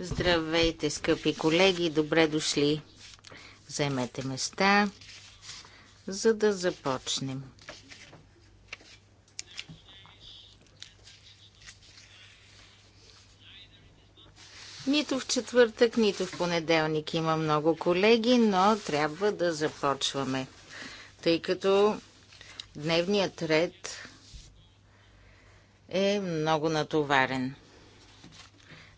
Здравейте, скъпи колеги, добре дошли. Займете места, за да започнем. Нито в четвъртък, нито в понеделник има много колеги, но трябва да започваме, тъй като дневният ред е много натоварен.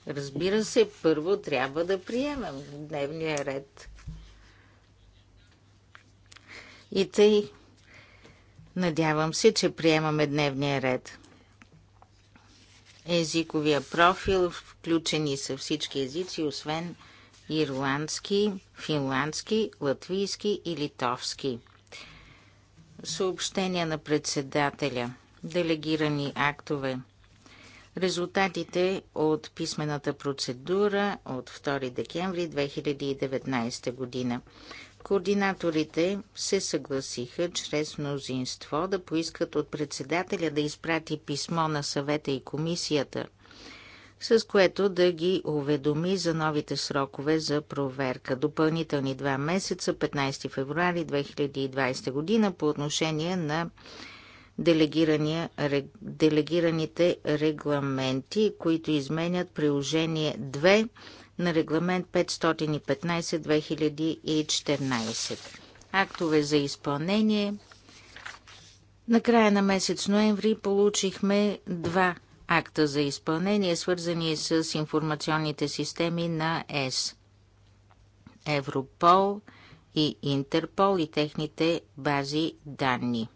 Разбира се, първо трябва да приемем дневния ред. И тъй, надявам се, че приемаме дневния ред. Езиковия профил, включени са всички езици, освен ирландски, финландски, латвийски и литовски. Съобщения на председателя. Делегирани актове. Резултатите от писмената процедура от 2 декември 2019 година. Координаторите се съгласиха чрез мнозинство да поискат от председателя да изпрати писмо на съвета и комисията, с което да ги уведоми за новите срокове за проверка. Допълнителни два месеца, 15 февруари 2020 година, по отношение на делегираните регламенти, които изменят приложение 2 на регламент 515-2014. Актове за изпълнение. На края на месец ноември получихме два акта за изпълнение, свързани с информационните системи на ЕС. Е Европол и Интерпол и техните бази данни.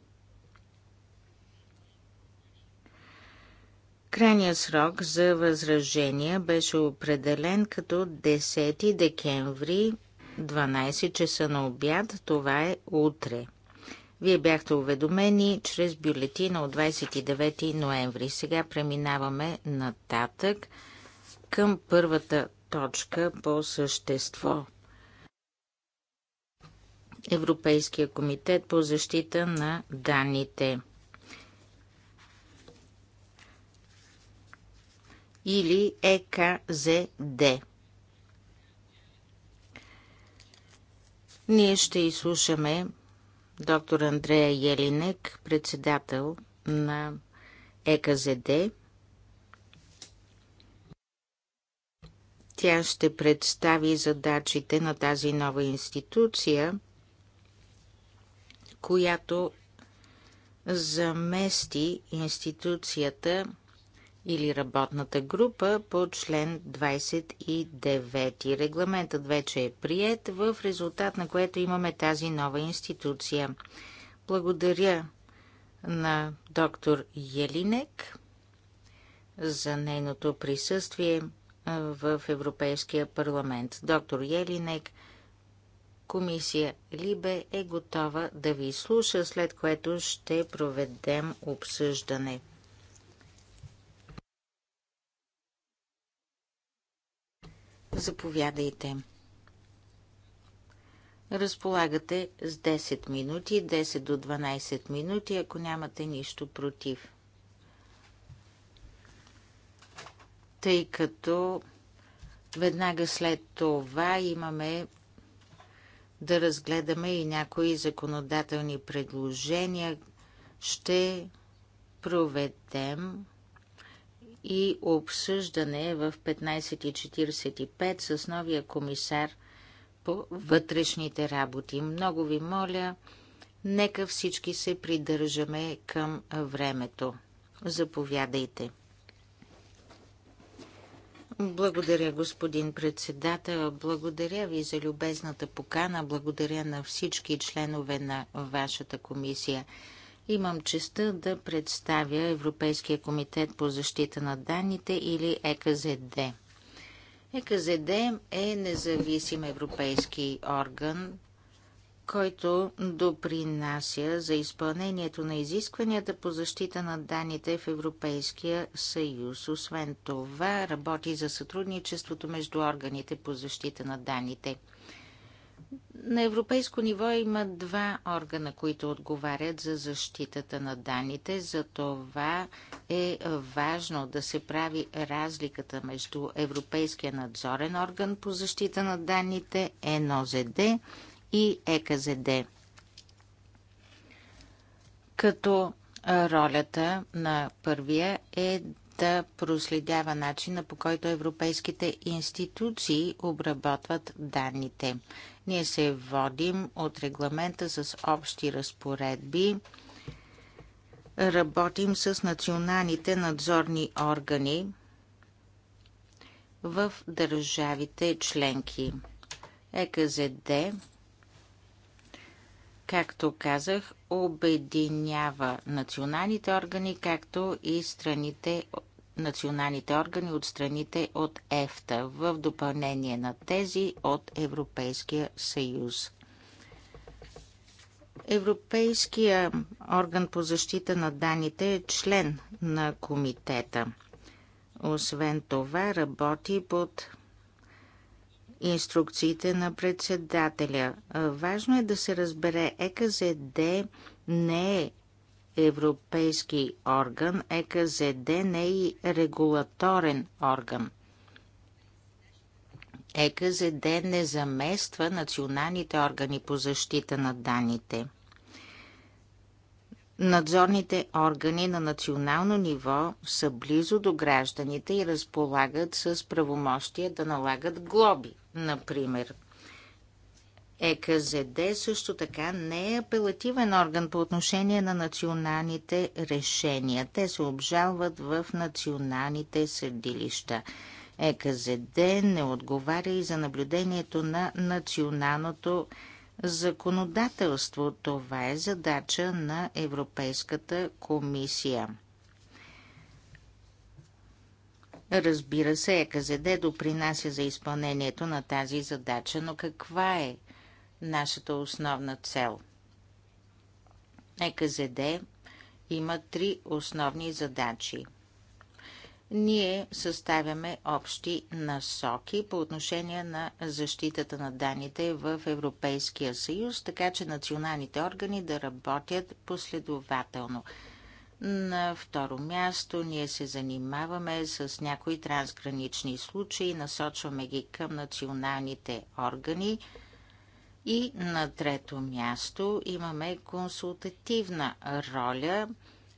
Крайният срок за възражения беше определен като 10 декември 12 часа на обяд. Това е утре. Вие бяхте уведомени чрез бюлетина от 29 ноември. Сега преминаваме нататък към първата точка по същество. Европейския комитет по защита на данните – или ЕКЗД. Ние ще изслушаме доктор Андрея Елинек, председател на ЕКЗД. Тя ще представи задачите на тази нова институция, която замести институцията или работната група по член 29. Регламентът вече е прият, в резултат на което имаме тази нова институция. Благодаря на доктор Елинек за нейното присъствие в Европейския парламент. Доктор Елинек, комисия Либе е готова да ви слуша, след което ще проведем обсъждане. Заповядайте. Разполагате с 10 минути, 10 до 12 минути, ако нямате нищо против. Тъй като веднага след това имаме да разгледаме и някои законодателни предложения. Ще проведем и обсъждане в 15.45 с новия комисар по вътрешните работи. Много ви моля, нека всички се придържаме към времето. Заповядайте. Благодаря, господин председател. Благодаря ви за любезната покана. Благодаря на всички членове на вашата комисия. Имам честа да представя Европейския комитет по защита на данните или ЕКЗД. ЕКЗД е независим европейски орган, който допринася за изпълнението на изискванията по защита на данните в Европейския съюз. Освен това, работи за сътрудничеството между органите по защита на данните – на европейско ниво има два органа, които отговарят за защитата на данните. За това е важно да се прави разликата между Европейския надзорен орган по защита на данните, НОЗД и ЕКЗД. Като ролята на първия е да проследява начина по който европейските институции обработват данните. Ние се водим от регламента с общи разпоредби. Работим с националните надзорни органи в държавите членки. ЕКЗД, както казах, обединява националните органи, както и страните националните органи от страните от ЕФТА в допълнение на тези от Европейския съюз. Европейския орган по защита на данните е член на комитета. Освен това работи под инструкциите на председателя. Важно е да се разбере ЕКЗД не е европейски орган, ЕКЗД не е и регулаторен орган. ЕКЗД не замества националните органи по защита на данните. Надзорните органи на национално ниво са близо до гражданите и разполагат с правомощия да налагат глоби, например. ЕКЗД също така не е апелативен орган по отношение на националните решения. Те се обжалват в националните съдилища. ЕКЗД не отговаря и за наблюдението на националното законодателство. Това е задача на Европейската комисия. Разбира се, ЕКЗД допринася за изпълнението на тази задача, но каква е нашата основна цел. ЕКЗД има три основни задачи. Ние съставяме общи насоки по отношение на защитата на данните в Европейския съюз, така че националните органи да работят последователно. На второ място ние се занимаваме с някои трансгранични случаи, насочваме ги към националните органи и на трето място имаме консултативна роля,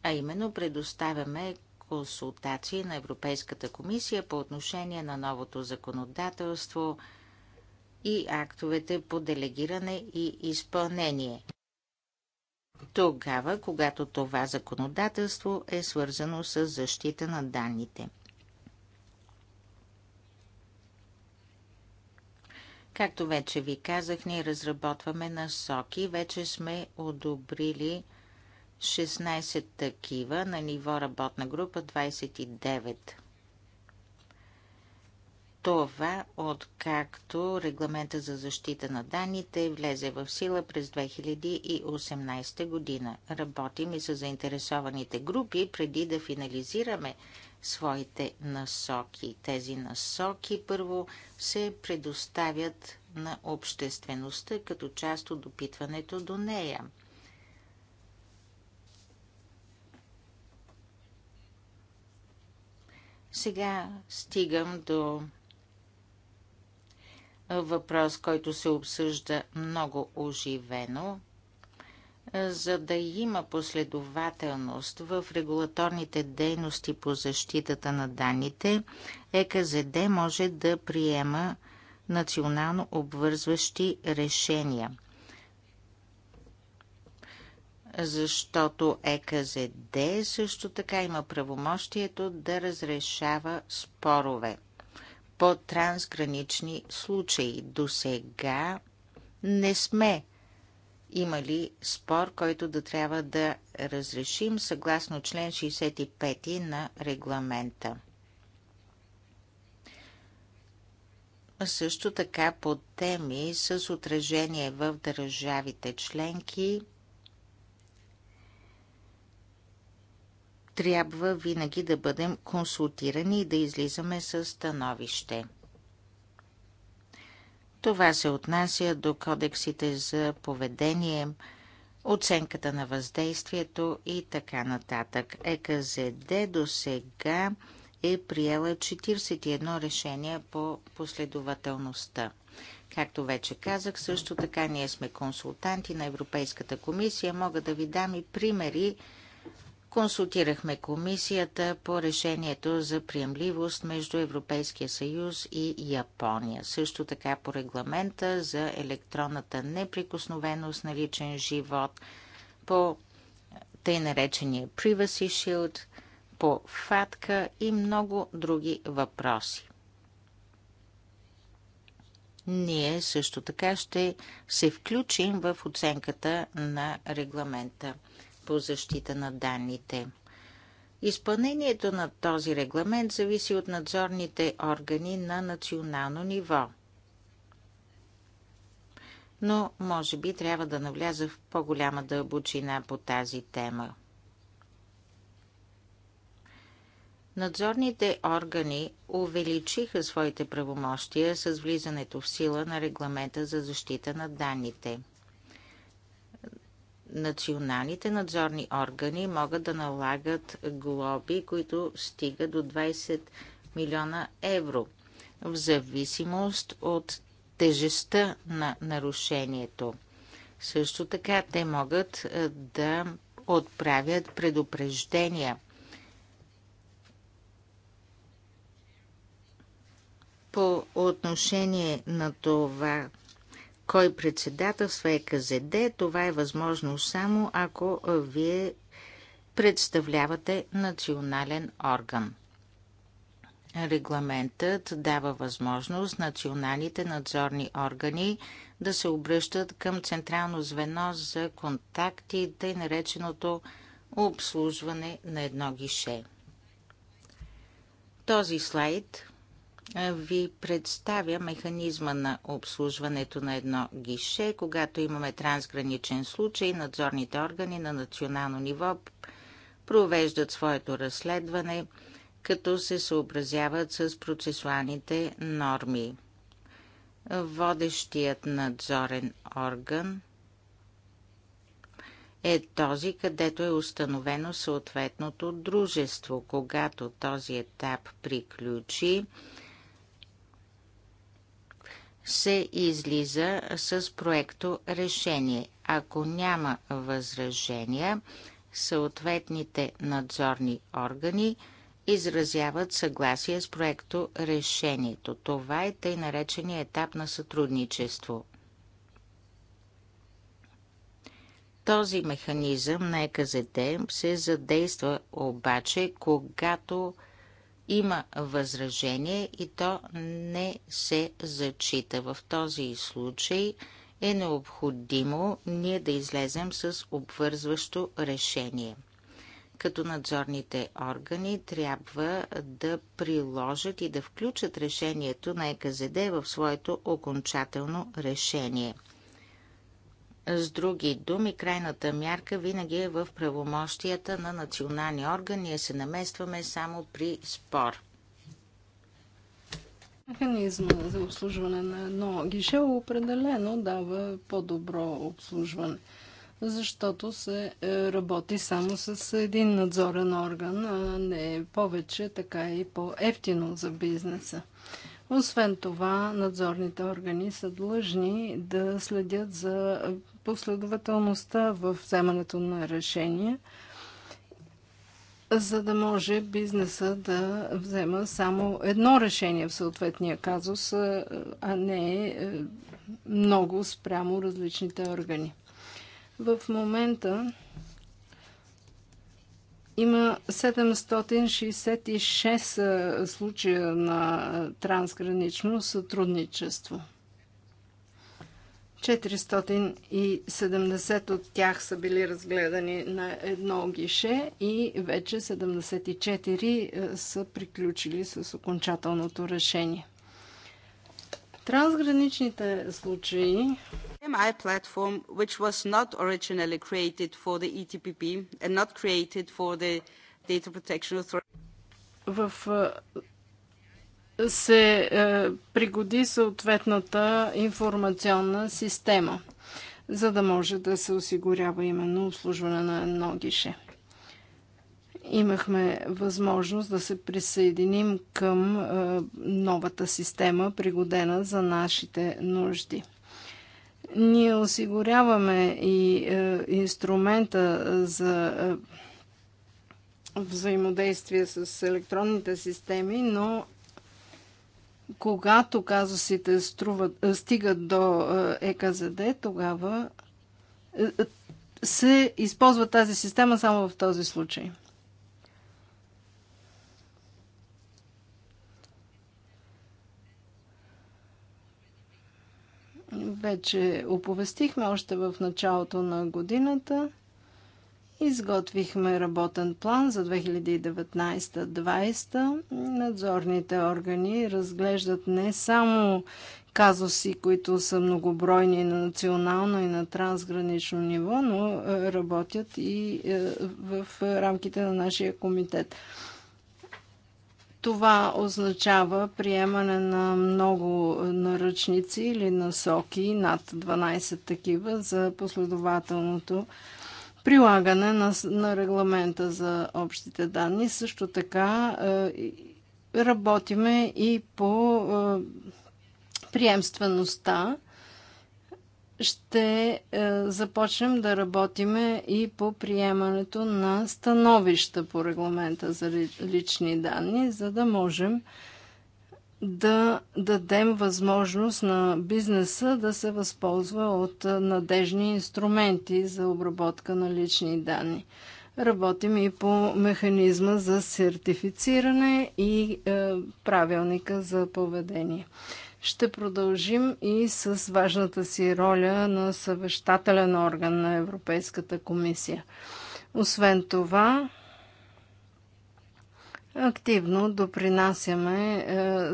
а именно предоставяме консултации на Европейската комисия по отношение на новото законодателство и актовете по делегиране и изпълнение. Тогава, когато това законодателство е свързано с защита на данните. Както вече ви казах, ние разработваме насоки. Вече сме одобрили 16 такива на ниво работна група 29. Това откакто регламента за защита на данните влезе в сила през 2018 година. Работим и с заинтересованите групи преди да финализираме своите насоки. Тези насоки първо се предоставят на обществеността като част от допитването до нея. Сега стигам до въпрос, който се обсъжда много оживено – за да има последователност в регулаторните дейности по защитата на данните, ЕКЗД може да приема национално обвързващи решения. Защото ЕКЗД също така има правомощието да разрешава спорове по трансгранични случаи. До сега не сме има ли спор, който да трябва да разрешим съгласно член 65 на регламента. Също така по теми с отражение в държавите членки трябва винаги да бъдем консултирани и да излизаме с становище. Това се отнася до кодексите за поведение, оценката на въздействието и така нататък. ЕКЗД до сега е приела 41 решения по последователността. Както вече казах, също така ние сме консултанти на Европейската комисия. Мога да ви дам и примери Консултирахме комисията по решението за приемливост между Европейския съюз и Япония. Също така по регламента за електронната неприкосновеност на личен живот, по тъй наречения Privacy Shield, по ФАТКА и много други въпроси. Ние също така ще се включим в оценката на регламента по защита на данните. Изпълнението на този регламент зависи от надзорните органи на национално ниво. Но може би трябва да навляза в по-голяма дълбочина по тази тема. Надзорните органи увеличиха своите правомощия с влизането в сила на регламента за защита на данните – националните надзорни органи могат да налагат глоби, които стигат до 20 милиона евро, в зависимост от тежестта на нарушението. Също така те могат е, да отправят предупреждения. По отношение на това кой председателства е КЗД, това е възможно само ако вие представлявате национален орган. Регламентът дава възможност националните надзорни органи да се обръщат към централно звено за контакти, тъй нареченото обслужване на едно гише. Този слайд ви представя механизма на обслужването на едно гише. Когато имаме трансграничен случай, надзорните органи на национално ниво провеждат своето разследване, като се съобразяват с процесуалните норми. Водещият надзорен орган е този, където е установено съответното дружество. Когато този етап приключи, се излиза с проекто решение. Ако няма възражения, съответните надзорни органи изразяват съгласие с проекто решението. Това е тъй наречения етап на сътрудничество. Този механизъм на ЕКЗТ се задейства обаче, когато има възражение и то не се зачита. В този случай е необходимо ние да излезем с обвързващо решение. Като надзорните органи трябва да приложат и да включат решението на ЕКЗД в своето окончателно решение – с други думи, крайната мярка винаги е в правомощията на национални органи. Ние се наместваме само при спор. Механизма за обслужване на едно гише определено дава по-добро обслужване, защото се е, работи само с един надзорен орган, а не повече, така и по-ефтино за бизнеса. Освен това, надзорните органи са длъжни да следят за последователността в вземането на решения, за да може бизнеса да взема само едно решение в съответния казус, а не е, много спрямо различните органи. В момента има 766 случая на трансгранично сътрудничество – 470 от тях са били разгледани на едно гише и вече 74 е, са приключили с окончателното решение. Трансграничните случаи MI platform, which was not originally created for the ETPP and not created for the Data Protection Authority. В е, се е, пригоди съответната информационна система, за да може да се осигурява именно обслужване на едно гише имахме възможност да се присъединим към е, новата система, пригодена за нашите нужди. Ние осигуряваме и е, инструмента за взаимодействие с електронните системи, но когато казусите струват, е, стигат до е, ЕКЗД, тогава е, се използва тази система само в този случай. Вече оповестихме още в началото на годината – Изготвихме работен план за 2019-2020. Надзорните органи разглеждат не само казуси, които са многобройни на национално и на трансгранично ниво, но е, работят и е, в рамките на нашия комитет. Това означава приемане на много е, наръчници или насоки, над 12 такива, за последователното прилагане на, на регламента за общите данни. Също така е, работиме и по е, приемствеността. Ще е, започнем да работиме и по приемането на становища по регламента за лични данни, за да можем да дадем възможност на бизнеса да се възползва от надежни инструменти за обработка на лични данни. Работим и по механизма за сертифициране и е, правилника за поведение. Ще продължим и с важната си роля на съвещателен орган на Европейската комисия. Освен това, активно допринасяме е,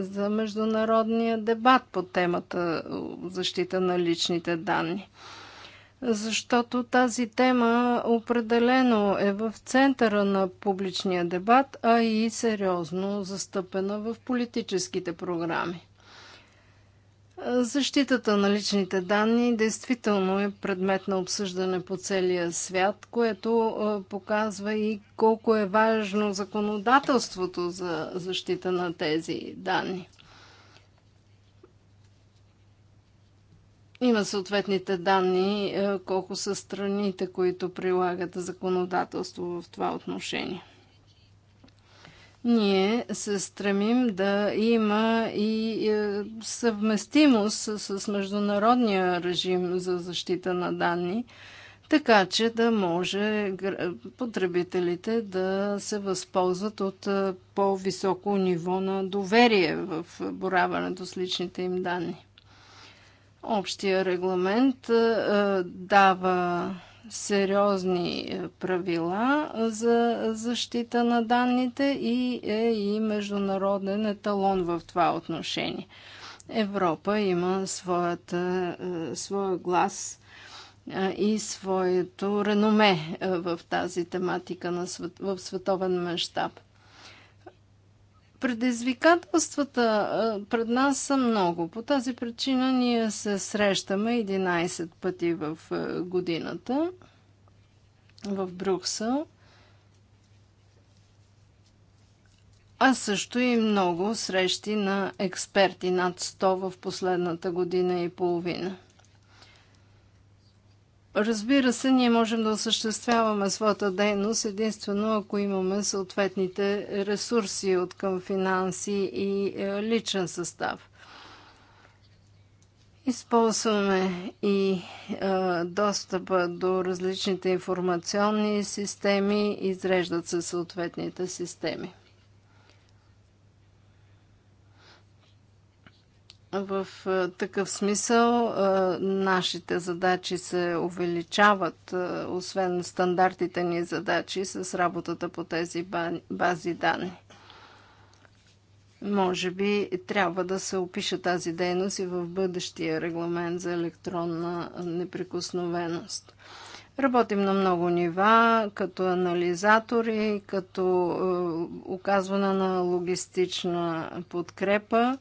за международния дебат по темата е, защита на личните данни. Защото тази тема определено е в центъра на публичния дебат, а и сериозно застъпена в политическите програми. Защитата на личните данни действително е предмет на обсъждане по целия свят, което показва и колко е важно законодателството за защита на тези данни. Има съответните данни колко са страните, които прилагат законодателство в това отношение ние се стремим да има и е, съвместимост с международния режим за защита на данни, така че да може потребителите да се възползват от е, по-високо ниво на доверие в бораването с личните им данни. Общия регламент е, дава сериозни е, правила за защита на данните и е и международен еталон в това отношение. Европа има своята, е, своя глас е, и своето реноме в тази тематика на свет, в световен мащаб. Предизвикателствата пред нас са много. По тази причина ние се срещаме 11 пъти в годината в Брюксел. а също и много срещи на експерти, над 100 в последната година и половина. Разбира се, ние можем да осъществяваме своята дейност единствено ако имаме съответните ресурси от към финанси и е, личен състав. Използваме и а, е, достъпа до различните информационни системи, изреждат се съответните системи. В такъв смисъл нашите задачи се увеличават, освен стандартите ни задачи с работата по тези бази данни. Може би трябва да се опише тази дейност и в бъдещия регламент за електронна неприкосновеност. Работим на много нива, като анализатори, като е, оказване на логистична подкрепа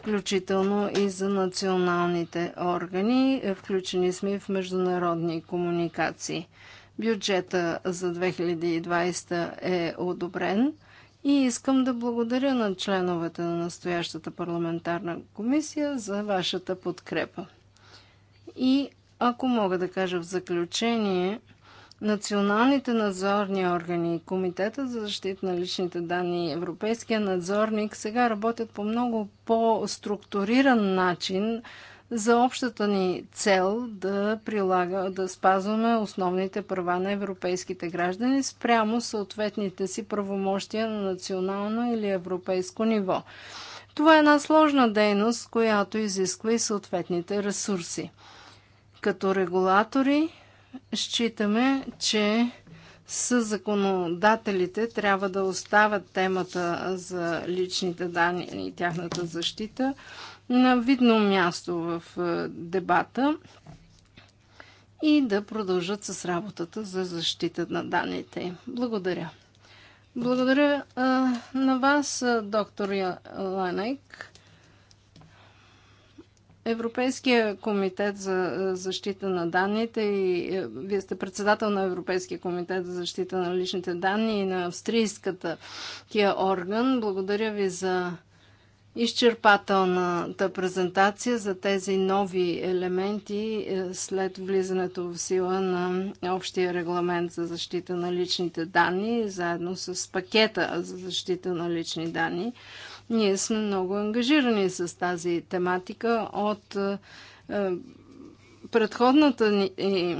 включително и за националните органи. Включени сме в международни комуникации. Бюджета за 2020 е одобрен и искам да благодаря на членовете на настоящата парламентарна комисия за вашата подкрепа. И ако мога да кажа в заключение, националните надзорни органи, Комитета за защита на личните данни, Европейския надзорник сега работят по много по-структуриран начин за общата ни цел да прилага, да спазваме основните права на европейските граждани спрямо съответните си правомощия на национално или европейско ниво. Това е една сложна дейност, която изисква и съответните ресурси. Като регулатори Считаме, че с законодателите трябва да остават темата за личните данни и тяхната защита на видно място в е, дебата и да продължат с работата за защита на данните Благодаря. Благодаря е, на вас, е, доктор Ланек. Европейския комитет за е, защита на данните и е, вие сте председател на Европейския комитет за защита на личните данни и на австрийската кия орган. Благодаря ви за изчерпателната презентация за тези нови елементи е, след влизането в сила на общия регламент за защита на личните данни, заедно с пакета за защита на лични данни. Ние сме много ангажирани с тази тематика от е, е, предходната ни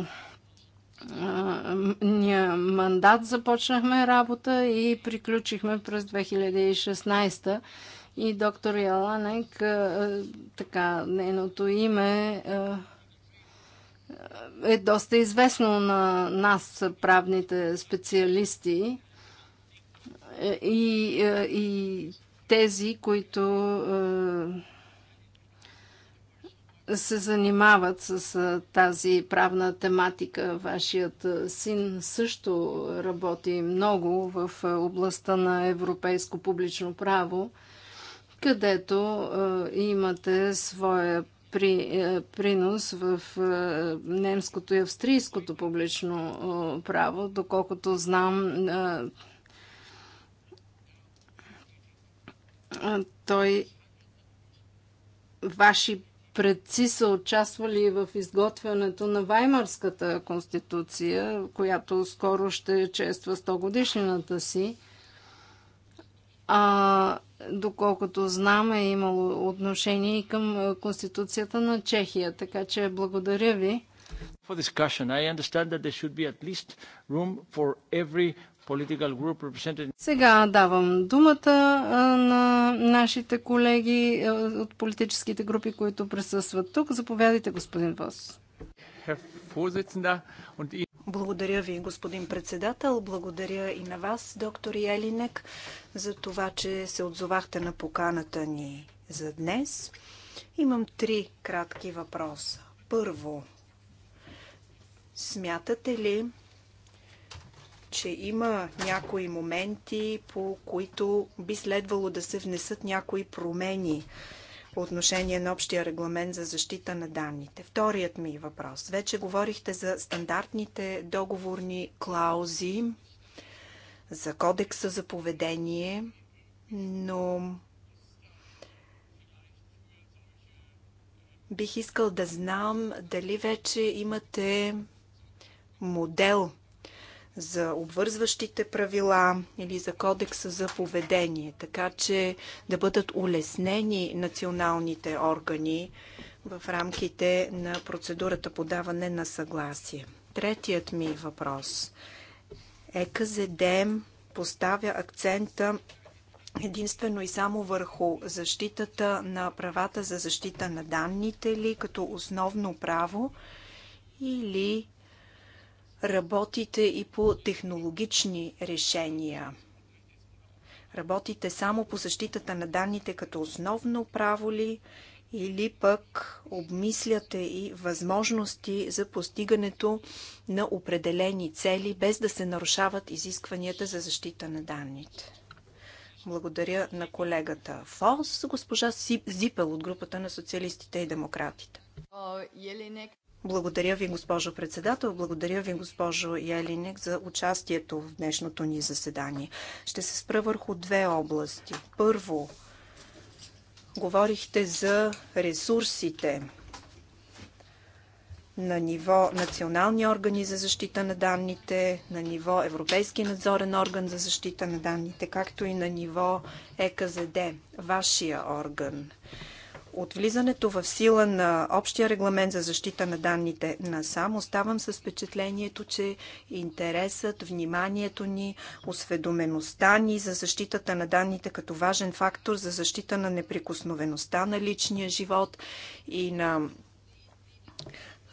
е, мандат започнахме работа и приключихме през 2016 и доктор Яланек, така, нейното име е доста известно на нас, правните специалисти. И, и тези, които е, се занимават с е, тази правна тематика. Вашият е, син също работи много в областта на европейско публично право, където имате своя при, принос в немското и австрийското публично право. Доколкото знам, той ваши предци са участвали в изготвянето на Ваймарската конституция, която скоро ще чества 100 годишнината си. А, доколкото знам, е имало отношение и към Конституцията на Чехия. Така че благодаря ви. For discussion, I understand that there should be at least room for every сега давам думата на нашите колеги от политическите групи, които присъстват тук. Заповядайте, господин Вос. Благодаря ви, господин председател. Благодаря и на вас, доктор Елинек, за това, че се отзовахте на поканата ни за днес. Имам три кратки въпроса. Първо, смятате ли, че има някои моменти, по които би следвало да се внесат някои промени по отношение на общия регламент за защита на данните. Вторият ми въпрос. Вече говорихте за стандартните договорни клаузи, за кодекса за поведение, но бих искал да знам дали вече имате модел за обвързващите правила или за кодекса за поведение, така че да бъдат улеснени националните органи в рамките на процедурата подаване на съгласие. Третият ми въпрос. ЕКЗД поставя акцента единствено и само върху защитата на правата за защита на данните ли като основно право или работите и по технологични решения. Работите само по защитата на данните като основно право ли или пък обмисляте и възможности за постигането на определени цели, без да се нарушават изискванията за защита на данните. Благодаря на колегата Фос, госпожа Зипел от групата на социалистите и демократите. Благодаря ви, госпожо председател. Благодаря ви, госпожо Елинек, за участието в днешното ни заседание. Ще се спра върху две области. Първо, говорихте за ресурсите на ниво национални органи за защита на данните, на ниво Европейски надзорен орган за защита на данните, както и на ниво ЕКЗД, вашия орган. От влизането в сила на общия регламент за защита на данните насам оставам с впечатлението, че интересът, вниманието ни, осведомеността ни за защитата на данните като важен фактор за защита на неприкосновеността на личния живот и на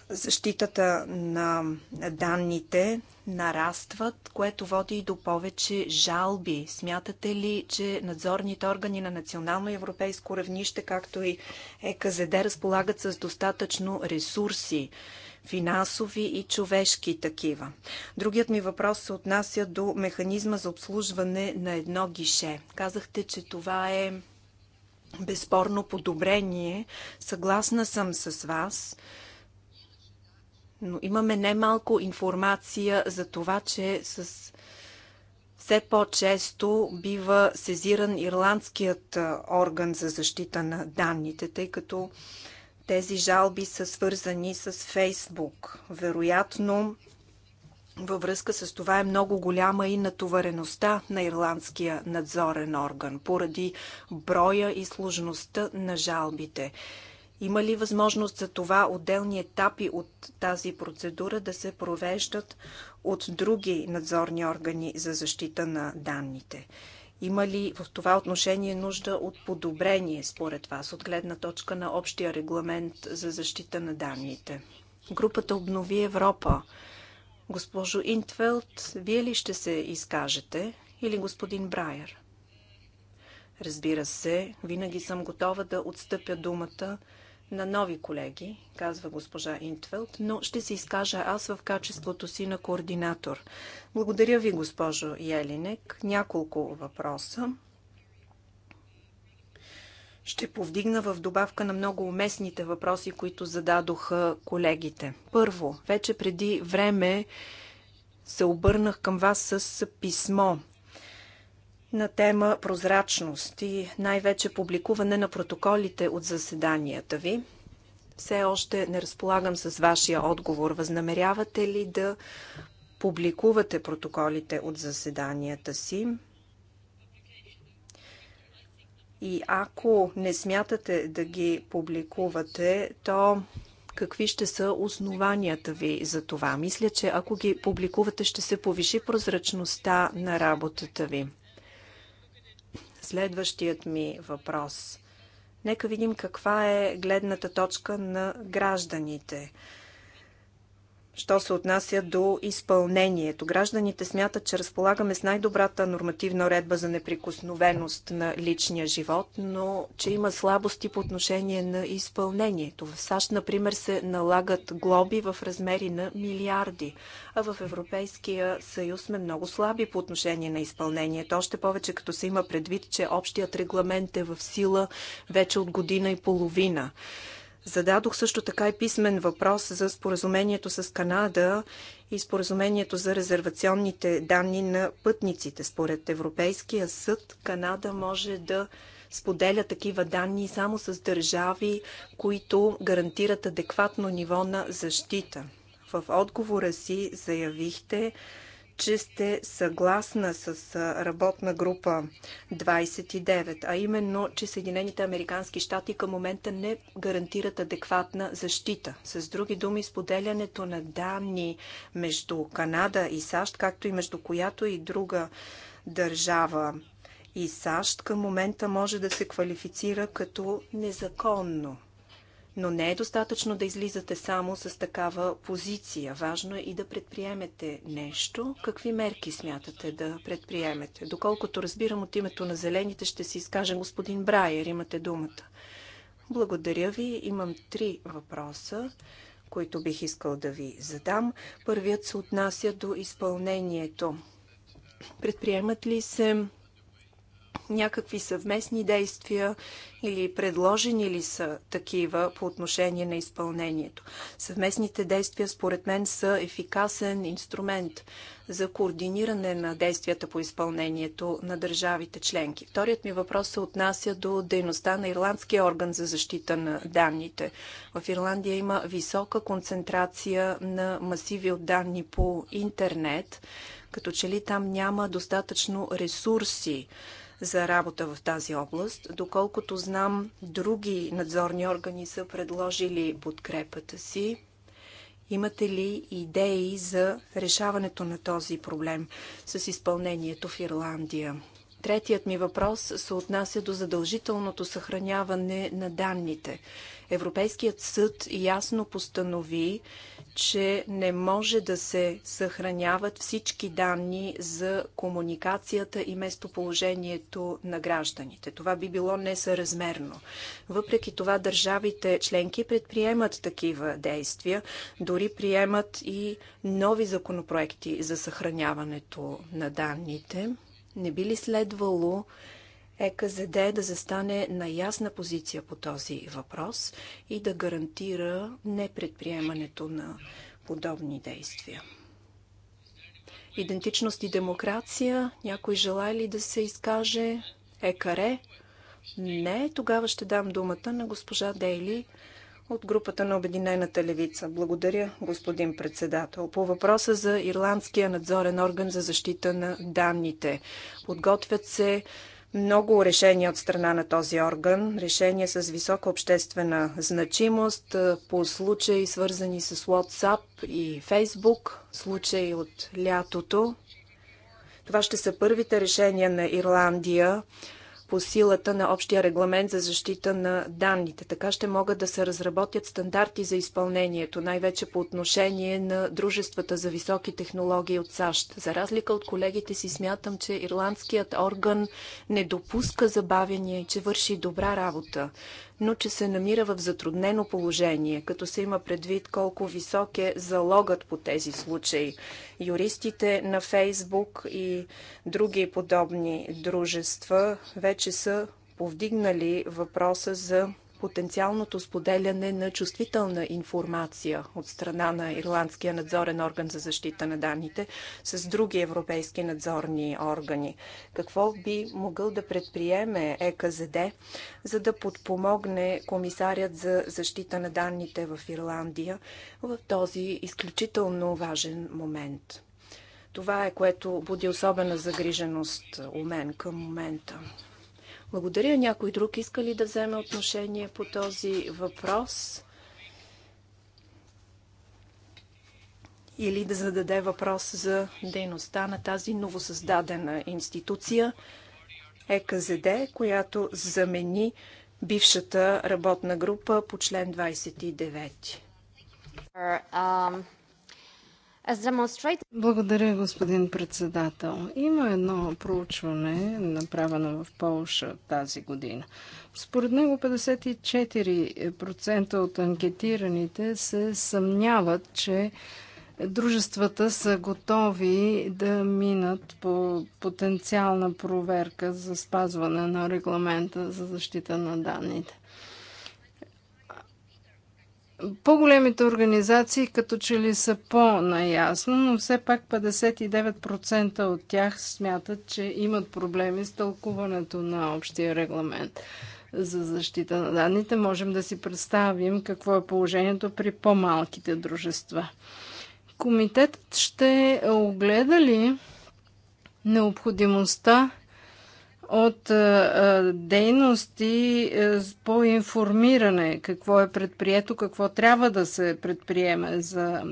защитата на данните нарастват, което води и до повече жалби. Смятате ли, че надзорните органи на национално и европейско равнище, както и ЕКЗД, разполагат с достатъчно ресурси, финансови и човешки такива? Другият ми въпрос се отнася до механизма за обслужване на едно гише. Казахте, че това е безспорно подобрение. Съгласна съм с вас но имаме немалко информация за това, че с все по-често бива сезиран ирландският орган за защита на данните, тъй като тези жалби са свързани с Фейсбук. Вероятно, във връзка с това е много голяма и натовареността на ирландския надзорен орган, поради броя и сложността на жалбите. Има ли възможност за това отделни етапи от тази процедура да се провеждат от други надзорни органи за защита на данните? Има ли в това отношение нужда от подобрение, според вас, от гледна точка на общия регламент за защита на данните? Групата Обнови Европа. Госпожо Интфелд, вие ли ще се изкажете или господин Брайер? Разбира се, винаги съм готова да отстъпя думата на нови колеги, казва госпожа Интфелд, но ще се изкажа аз в качеството си на координатор. Благодаря ви, госпожо Елинек. Няколко въпроса. Ще повдигна в добавка на много уместните въпроси, които зададоха колегите. Първо, вече преди време се обърнах към вас с писмо на тема прозрачност и най-вече публикуване на протоколите от заседанията ви. Все още не разполагам с вашия отговор. Възнамерявате ли да публикувате протоколите от заседанията си? И ако не смятате да ги публикувате, то какви ще са основанията ви за това? Мисля, че ако ги публикувате, ще се повиши прозрачността на работата ви. Следващият ми въпрос. Нека видим каква е гледната точка на гражданите що се отнася до изпълнението. Гражданите смятат, че разполагаме с най-добрата нормативна редба за неприкосновеност на личния живот, но че има слабости по отношение на изпълнението. В САЩ, например, се налагат глоби в размери на милиарди, а в Европейския съюз сме много слаби по отношение на изпълнението. Още повече като се има предвид, че общият регламент е в сила вече от година и половина. Зададох също така и писмен въпрос за споразумението с Канада и споразумението за резервационните данни на пътниците. Според Европейския съд Канада може да споделя такива данни само с държави, които гарантират адекватно ниво на защита. В отговора си заявихте, че сте съгласна с работна група 29, а именно, че Съединените Американски щати към момента не гарантират адекватна защита. С други думи, споделянето на данни между Канада и САЩ, както и между която и друга държава и САЩ към момента може да се квалифицира като незаконно. Но не е достатъчно да излизате само с такава позиция. Важно е и да предприемете нещо. Какви мерки смятате да предприемете? Доколкото разбирам от името на зелените, ще си изкаже господин Брайер. Имате думата. Благодаря ви. Имам три въпроса които бих искал да ви задам. Първият се отнася до изпълнението. Предприемат ли се някакви съвместни действия или предложени ли са такива по отношение на изпълнението. Съвместните действия, според мен, са ефикасен инструмент за координиране на действията по изпълнението на държавите членки. Вторият ми въпрос се отнася до дейността на Ирландския орган за защита на данните. В Ирландия има висока концентрация на масиви от данни по интернет, като че ли там няма достатъчно ресурси за работа в тази област. Доколкото знам, други надзорни органи са предложили подкрепата си. Имате ли идеи за решаването на този проблем с изпълнението в Ирландия? Третият ми въпрос се отнася до задължителното съхраняване на данните. Европейският съд ясно постанови, че не може да се съхраняват всички данни за комуникацията и местоположението на гражданите. Това би било несъразмерно. Въпреки това държавите членки предприемат такива действия, дори приемат и нови законопроекти за съхраняването на данните. Не би ли следвало ЕКЗД да застане на ясна позиция по този въпрос и да гарантира непредприемането на подобни действия. Идентичност и демокрация. Някой желая ли да се изкаже? Екаре? Не. Тогава ще дам думата на госпожа Дейли от групата на Обединената левица. Благодаря, господин председател. По въпроса за Ирландския надзорен орган за защита на данните. Подготвят се много решения от страна на този орган, решения с висока обществена значимост по случаи свързани с WhatsApp и Facebook, случаи от лятото. Това ще са първите решения на Ирландия по силата на общия регламент за защита на данните. Така ще могат да се разработят стандарти за изпълнението, най-вече по отношение на дружествата за високи технологии от САЩ. За разлика от колегите си смятам, че ирландският орган не допуска забавяния, и че върши добра работа но че се намира в затруднено положение, като се има предвид колко висок е залогът по тези случаи. Юристите на Фейсбук и други подобни дружества вече са повдигнали въпроса за потенциалното споделяне на чувствителна информация от страна на Ирландския надзорен орган за защита на данните с други европейски надзорни органи. Какво би могъл да предприеме ЕКЗД, за да подпомогне комисарят за защита на данните в Ирландия в този изключително важен момент? Това е което буди особена загриженост у мен към момента. Благодаря. Някой друг иска ли да вземе отношение по този въпрос? Или да зададе въпрос за дейността на тази новосъздадена институция ЕКЗД, която замени бившата работна група по член 29? Благодаря, господин председател. Има едно проучване, направено в Полша тази година. Според него 54% от анкетираните се съмняват, че дружествата са готови да минат по потенциална проверка за спазване на регламента за защита на данните. По-големите организации като че ли са по-наясно, но все пак 59% от тях смятат, че имат проблеми с тълкуването на общия регламент за защита на данните. Можем да си представим какво е положението при по-малките дружества. Комитетът ще огледа ли необходимостта от е, е, дейности е, по информиране, какво е предприето, какво трябва да се предприеме за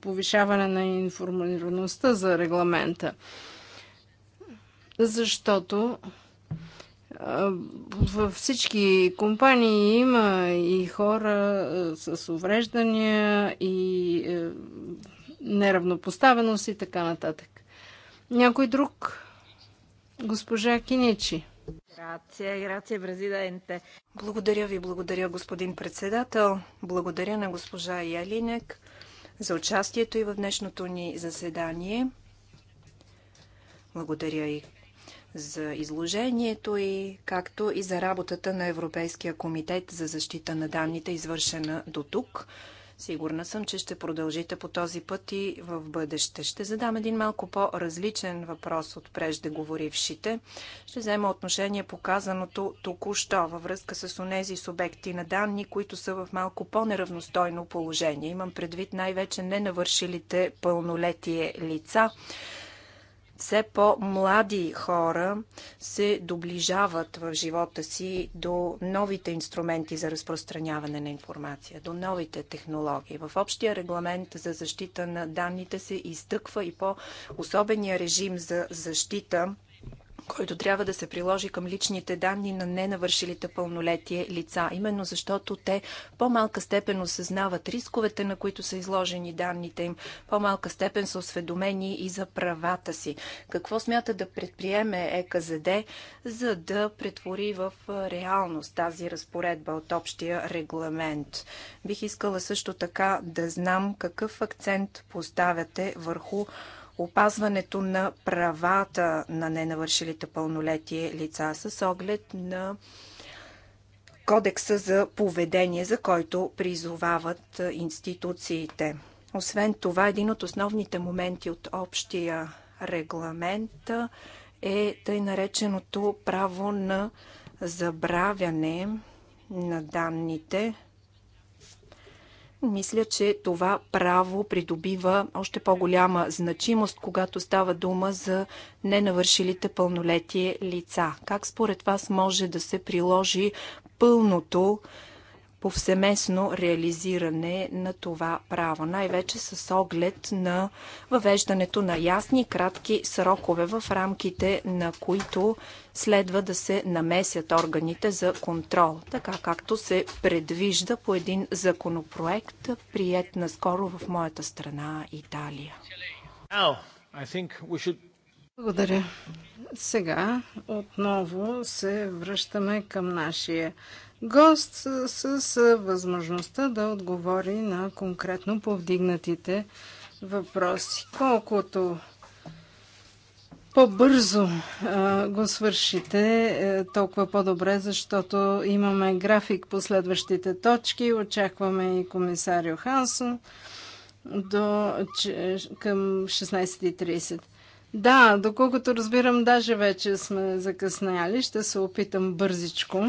повишаване на информираността за регламента. Защото във всички компании има и хора с увреждания и неравнопоставеност и така нататък. Някой друг Госпожа Киничи. Благодаря ви, благодаря господин председател. Благодаря на госпожа Ялинек за участието и в днешното ни заседание. Благодаря и за изложението и както и за работата на Европейския комитет за защита на данните, извършена до тук. Сигурна съм, че ще продължите по този път и в бъдеще. Ще задам един малко по-различен въпрос от преждеговорившите. Ще взема отношение по казаното току-що във връзка с онези субекти на данни, които са в малко по-неравностойно положение. Имам предвид най-вече ненавършилите пълнолетие лица, все по-млади хора се доближават в живота си до новите инструменти за разпространяване на информация, до новите технологии. В общия регламент за защита на данните се изтъква и по особения режим за защита който трябва да се приложи към личните данни на ненавършилите пълнолетие лица, именно защото те по-малка степен осъзнават рисковете, на които са изложени данните им, по-малка степен са осведомени и за правата си. Какво смята да предприеме ЕКЗД, за да претвори в реалност тази разпоредба от общия регламент? Бих искала също така да знам какъв акцент поставяте върху опазването на правата на ненавършилите пълнолетие лица с оглед на кодекса за поведение, за който призовават институциите. Освен това, един от основните моменти от общия регламент е тъй нареченото право на забравяне на данните, мисля, че това право придобива още по-голяма значимост, когато става дума за ненавършилите пълнолетие лица. Как според вас може да се приложи пълното повсеместно реализиране на това право, най-вече с оглед на въвеждането на ясни кратки срокове, в рамките на които следва да се намесят органите за контрол, така както се предвижда по един законопроект, прият наскоро в моята страна Италия. Благодаря. Сега отново се връщаме към нашия гост с, с, с възможността да отговори на конкретно повдигнатите въпроси. Колкото по-бързо го свършите, а, е, толкова по-добре, защото имаме график по следващите точки. Очакваме и комисар Йохансон до, че, към 16.30. Да, доколкото разбирам, даже вече сме закъсняли. Ще се опитам бързичко.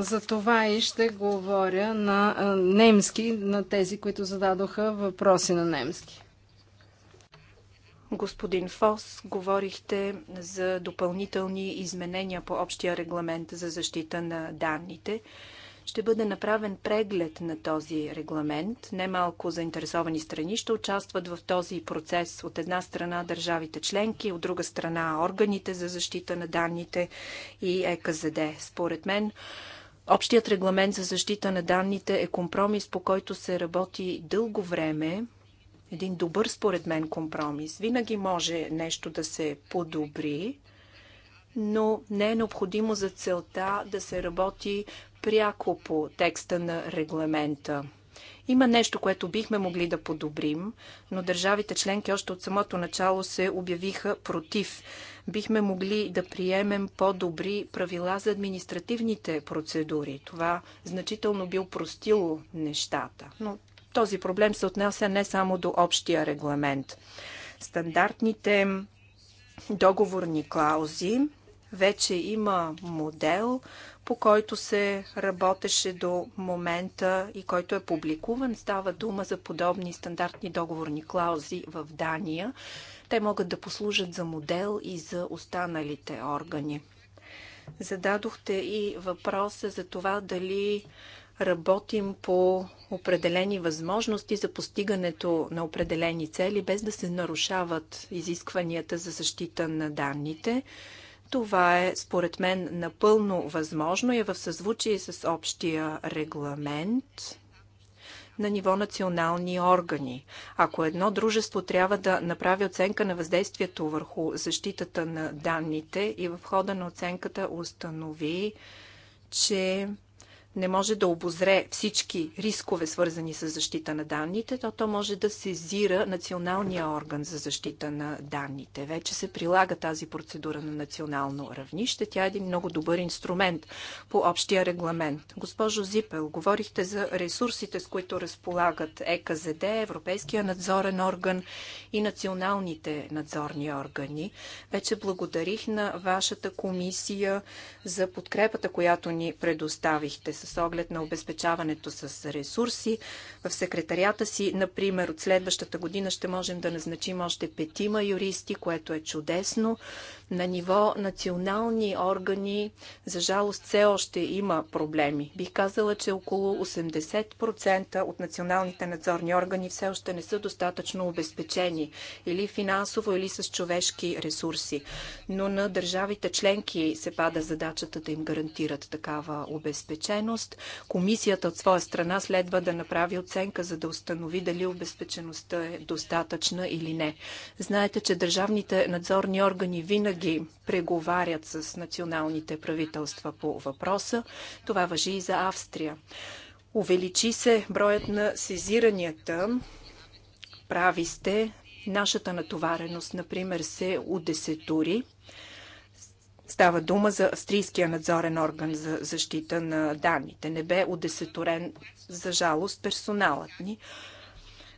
За това и ще говоря на немски, на тези, които зададоха въпроси на немски. Господин Фос, говорихте за допълнителни изменения по общия регламент за защита на данните ще бъде направен преглед на този регламент. Немалко заинтересовани страни ще участват в този процес. От една страна държавите членки, от друга страна органите за защита на данните и ЕКЗД. Според мен, Общият регламент за защита на данните е компромис, по който се работи дълго време. Един добър, според мен, компромис. Винаги може нещо да се подобри, но не е необходимо за целта да се работи пряко по текста на регламента. Има нещо, което бихме могли да подобрим, но държавите членки още от самото начало се обявиха против. Бихме могли да приемем по-добри правила за административните процедури. Това значително би упростило нещата. Но този проблем се отнася не само до общия регламент. Стандартните договорни клаузи вече има модел, по който се работеше до момента и който е публикуван. Става дума за подобни стандартни договорни клаузи в Дания. Те могат да послужат за модел и за останалите органи. Зададохте и въпроса за това дали работим по определени възможности за постигането на определени цели, без да се нарушават изискванията за защита на данните. Това е, според мен, напълно възможно и е в съзвучие с общия регламент на ниво национални органи. Ако едно дружество трябва да направи оценка на въздействието върху защитата на данните и в хода на оценката установи, че не може да обозре всички рискове, свързани с защита на данните, то то може да сезира националния орган за защита на данните. Вече се прилага тази процедура на национално равнище. Тя е един много добър инструмент по общия регламент. Госпожо Зипел, говорихте за ресурсите, с които разполагат ЕКЗД, Европейския надзорен орган и националните надзорни органи. Вече благодарих на вашата комисия за подкрепата, която ни предоставихте с с оглед на обезпечаването с ресурси. В секретарията си, например, от следващата година ще можем да назначим още петима юристи, което е чудесно. На ниво национални органи, за жалост, все още има проблеми. Бих казала, че около 80% от националните надзорни органи все още не са достатъчно обезпечени или финансово, или с човешки ресурси. Но на държавите членки се пада задачата да им гарантират такава обезпеченост. Комисията от своя страна следва да направи оценка, за да установи дали обезпечеността е достатъчна или не. Знаете, че държавните надзорни органи винаги ги преговарят с националните правителства по въпроса. Това въжи и за Австрия. Увеличи се броят на сезиранията. Прави сте. Нашата натовареност, например, се удесетури. Става дума за австрийския надзорен орган за защита на данните. Не бе удесетурен, за жалост, персоналът ни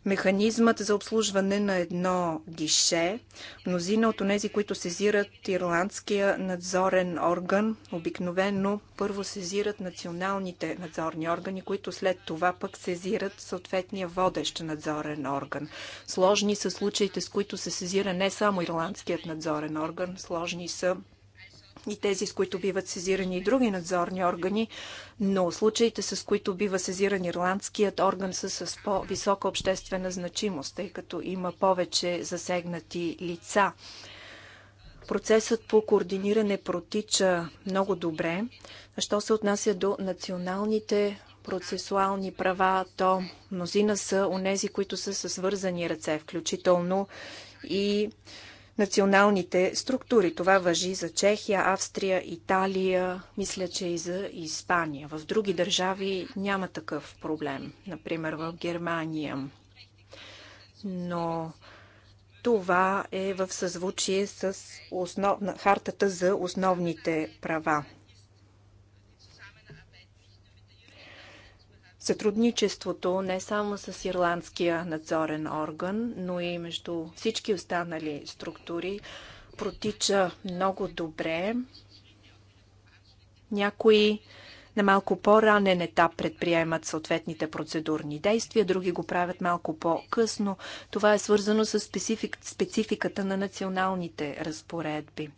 механизмът за обслужване на едно гише. Мнозина от тези, които сезират ирландския надзорен орган, обикновено първо сезират националните надзорни органи, които след това пък сезират съответния водещ надзорен орган. Сложни са случаите, с които се сезира не само ирландският надзорен орган, сложни са и тези, с които биват сезирани и други надзорни органи, но случаите, с които бива сезиран ирландският орган, са с по-висока обществена значимост, тъй като има повече засегнати лица. Процесът по координиране протича много добре. Що се отнася до националните процесуални права, то мнозина са нези, които са свързани ръце, включително и националните структури. Това въжи за Чехия, Австрия, Италия, мисля, че и за Испания. В други държави няма такъв проблем, например в Германия. Но това е в съзвучие с основна, хартата за основните права. сътрудничеството не само с ирландския надзорен орган, но и между всички останали структури протича много добре. Някои на малко по-ранен етап предприемат съответните процедурни действия, други го правят малко по-късно. Това е свързано с специфик, спецификата на националните разпоредби.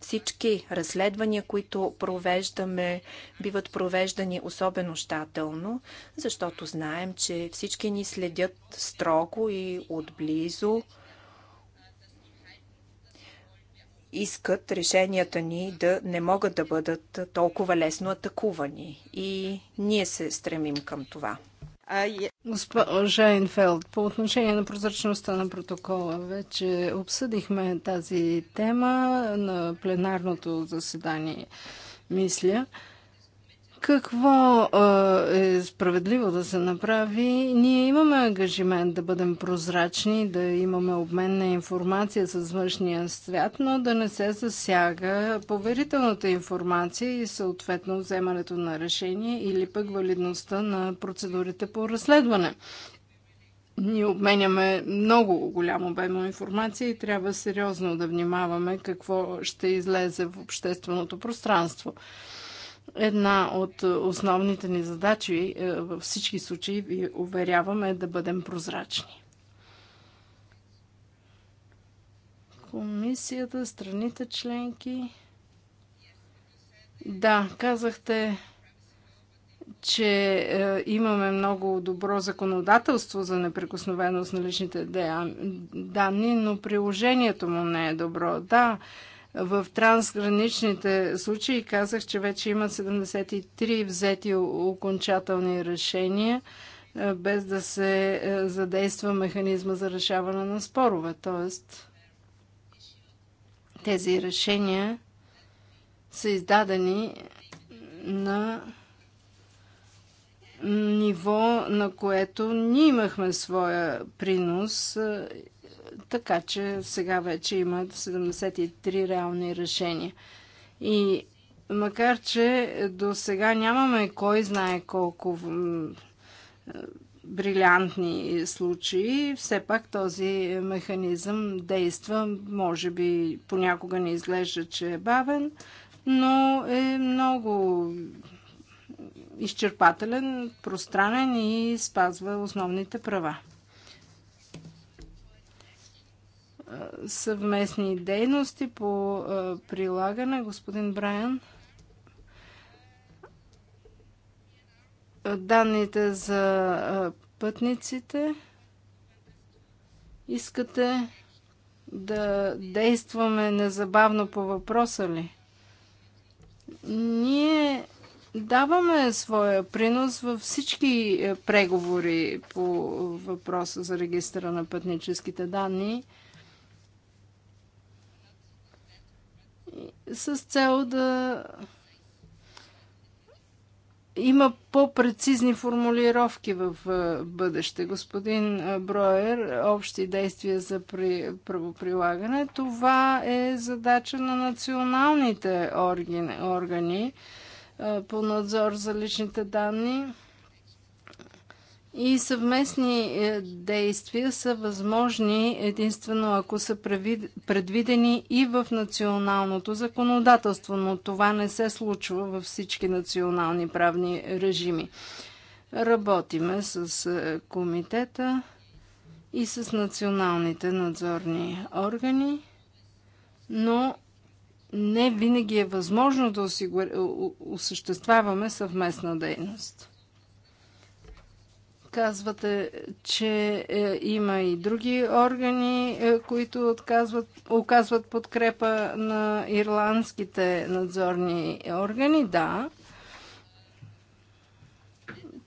Всички разследвания, които провеждаме, биват провеждани особено щателно, защото знаем, че всички ни следят строго и отблизо. искат решенията ни да не могат да бъдат толкова лесно атакувани. И ние се стремим към това. Госпожа Инфелд, по отношение на прозрачността на протокола, вече обсъдихме тази тема на пленарното заседание, мисля. Какво е справедливо да се направи? Ние имаме ангажимент да бъдем прозрачни, да имаме обмен на информация с външния свят, но да не се засяга поверителната информация и съответно вземането на решение или пък валидността на процедурите по разследване. Ние обменяме много голям обем информация и трябва сериозно да внимаваме какво ще излезе в общественото пространство. Една от основните ни задачи е, във всички случаи, ви уверяваме, е да бъдем прозрачни. Комисията, страните членки. Да, казахте, че е, имаме много добро законодателство за неприкосновеност на личните данни, но приложението му не е добро. Да, е, в трансграничните случаи казах, че вече има 73 взети окончателни решения, е, без да се е, задейства механизма за решаване на спорове. Тоест, тези решения са издадени на ниво, на което ние имахме своя принос е, така че сега вече има 73 реални решения. И макар, че до сега нямаме кой знае колко брилянтни случаи, все пак този механизъм действа. Може би понякога не изглежда, че е бавен, но е много изчерпателен, пространен и спазва основните права. съвместни дейности по прилагане. Господин Брайан. Данните за пътниците. Искате да действаме незабавно по въпроса ли? Ние даваме своя принос във всички е, преговори по въпроса за регистра на пътническите данни. с цел да има по-прецизни формулировки в е, бъдеще. Господин е, Броер, общи действия за при... правоприлагане, това е задача на националните органи е, по надзор за личните данни и съвместни е, действия са възможни единствено ако са предвидени и в националното законодателство, но това не се случва във всички национални правни режими. Работиме с е, комитета и с националните надзорни органи, но не винаги е възможно да осъществяваме съвместна дейност. Казвате, че е, има и други органи, е, които отказват, оказват подкрепа на ирландските надзорни органи. Да,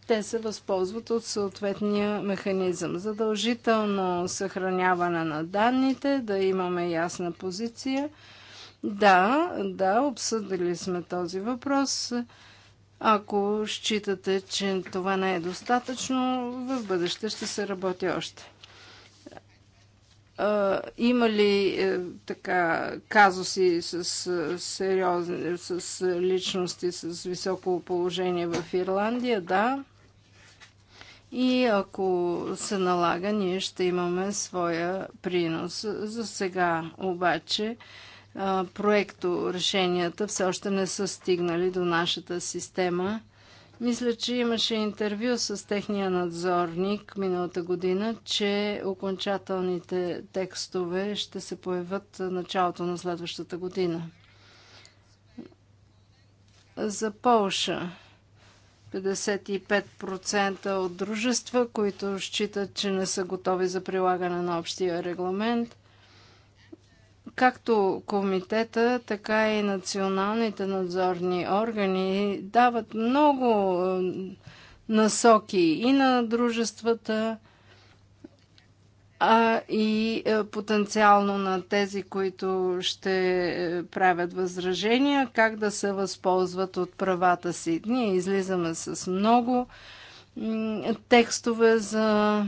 те се възползват от съответния механизъм. Задължително съхраняване на данните, да имаме ясна позиция. Да, да, обсъдили сме този въпрос. Ако считате, че това не е достатъчно, в бъдеще ще се работи още. Има ли е, така казуси с, е, сериозни, с личности с високо положение в Ирландия? Да. И ако се налага, ние ще имаме своя принос. За сега обаче проекто решенията все още не са стигнали до нашата система. Мисля, че имаше интервю с техния надзорник миналата година, че окончателните текстове ще се появят началото на следващата година. За Полша 55% от дружества, които считат, че не са готови за прилагане на общия регламент – както комитета, така и националните надзорни органи дават много е, насоки и на дружествата, а и е, потенциално на тези, които ще е, правят възражения, как да се възползват от правата си. Ние излизаме с много текстове за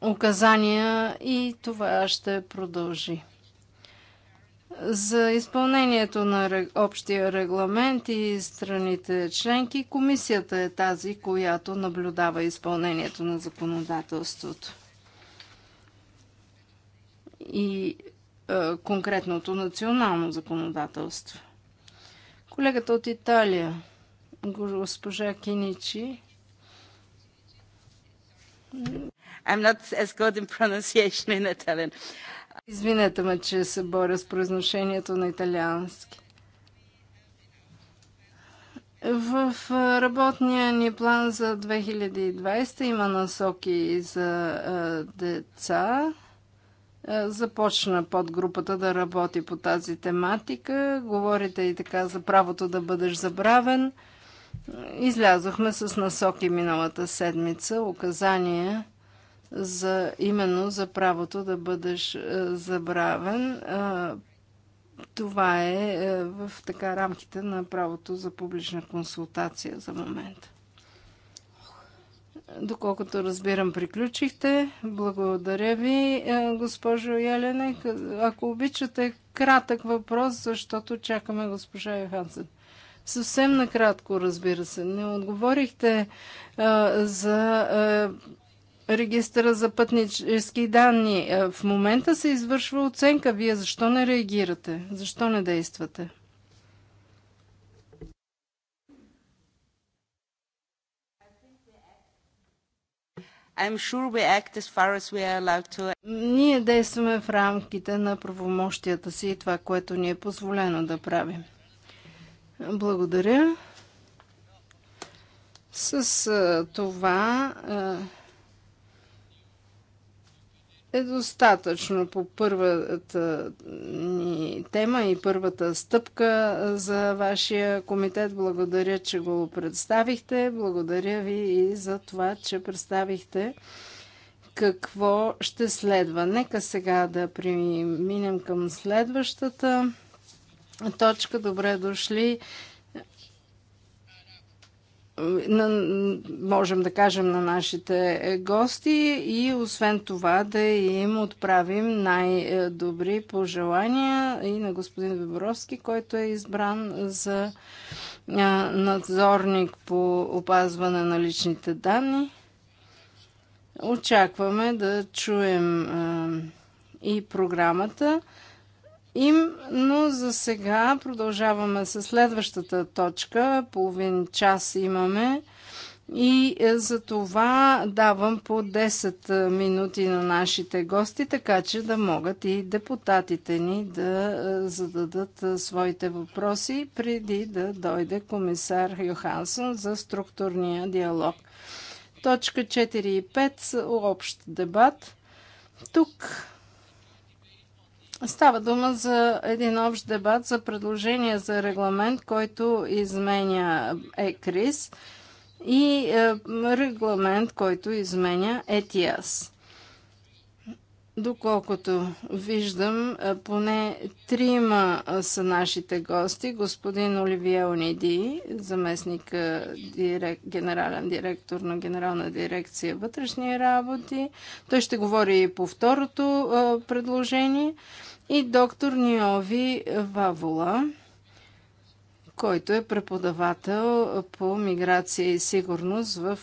указания и това ще продължи. За изпълнението на общия регламент и страните членки, комисията е тази, която наблюдава изпълнението на законодателството. И е, конкретното национално законодателство. Колегата от Италия, госпожа Киничи, I'm not as good in pronunciation in Italian. Извинете ме, че се боря с произношението на италиански. В работния ни план за 2020 има насоки за деца. Започна подгрупата да работи по тази тематика. Говорите и така за правото да бъдеш забравен. Излязохме с насоки миналата седмица, указания за, именно за правото да бъдеш е, забравен. Е, това е, е в така рамките на правото за публична консултация за момента. Доколкото разбирам, приключихте. Благодаря ви, госпожо Елене. Ако обичате, кратък въпрос, защото чакаме госпожа Йохансен. Съвсем накратко, разбира се. Не отговорихте а, за а, регистъра за пътнически данни. Е, в момента се извършва оценка. Вие защо не реагирате? Защо не действате? Sure as as to... Ние действаме в рамките на правомощията си и това, което ни е позволено да правим. Благодаря. С това е достатъчно по първата ни тема и първата стъпка за вашия комитет. Благодаря, че го представихте. Благодаря ви и за това, че представихте какво ще следва. Нека сега да преминем към следващата точка. Добре дошли на, можем да кажем на нашите гости и освен това да им отправим най-добри пожелания и на господин Виборовски, който е избран за надзорник по опазване на личните данни. Очакваме да чуем и програмата им, но за сега продължаваме с следващата точка. Половин час имаме и е, за това давам по 10 е, минути на нашите гости, така че да могат и депутатите ни да е, зададат своите въпроси преди да дойде комисар Йохансон за структурния диалог. Точка 4 и 5 общ дебат. Тук Става дума за един общ дебат за предложение за регламент, който изменя ЕКРИС и е, регламент, който изменя ЕТИАС. Доколкото виждам, е, поне трима е, са нашите гости. Господин Оливия Ониди, заместник дирек, генерален директор на Генерална дирекция вътрешни работи. Той ще говори и по второто предложение и доктор Ниови Вавола, който е преподавател по миграция и сигурност в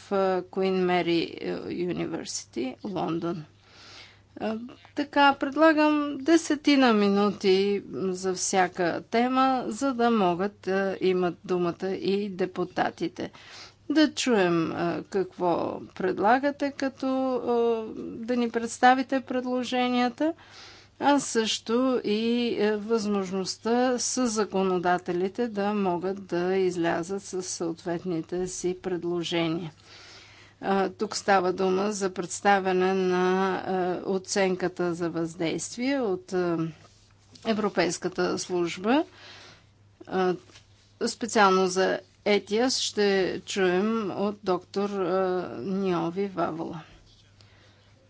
Queen Mary University, Лондон. Така, предлагам десетина минути за всяка тема, за да могат да имат думата и депутатите. Да чуем какво предлагате, като да ни представите предложенията а също и е, възможността с законодателите да могат да излязат с съответните си предложения. Тук става дума за представяне на е, оценката за въздействие от е, Европейската служба. Специално за ЕТИАС ще чуем от доктор Ниови Вавола.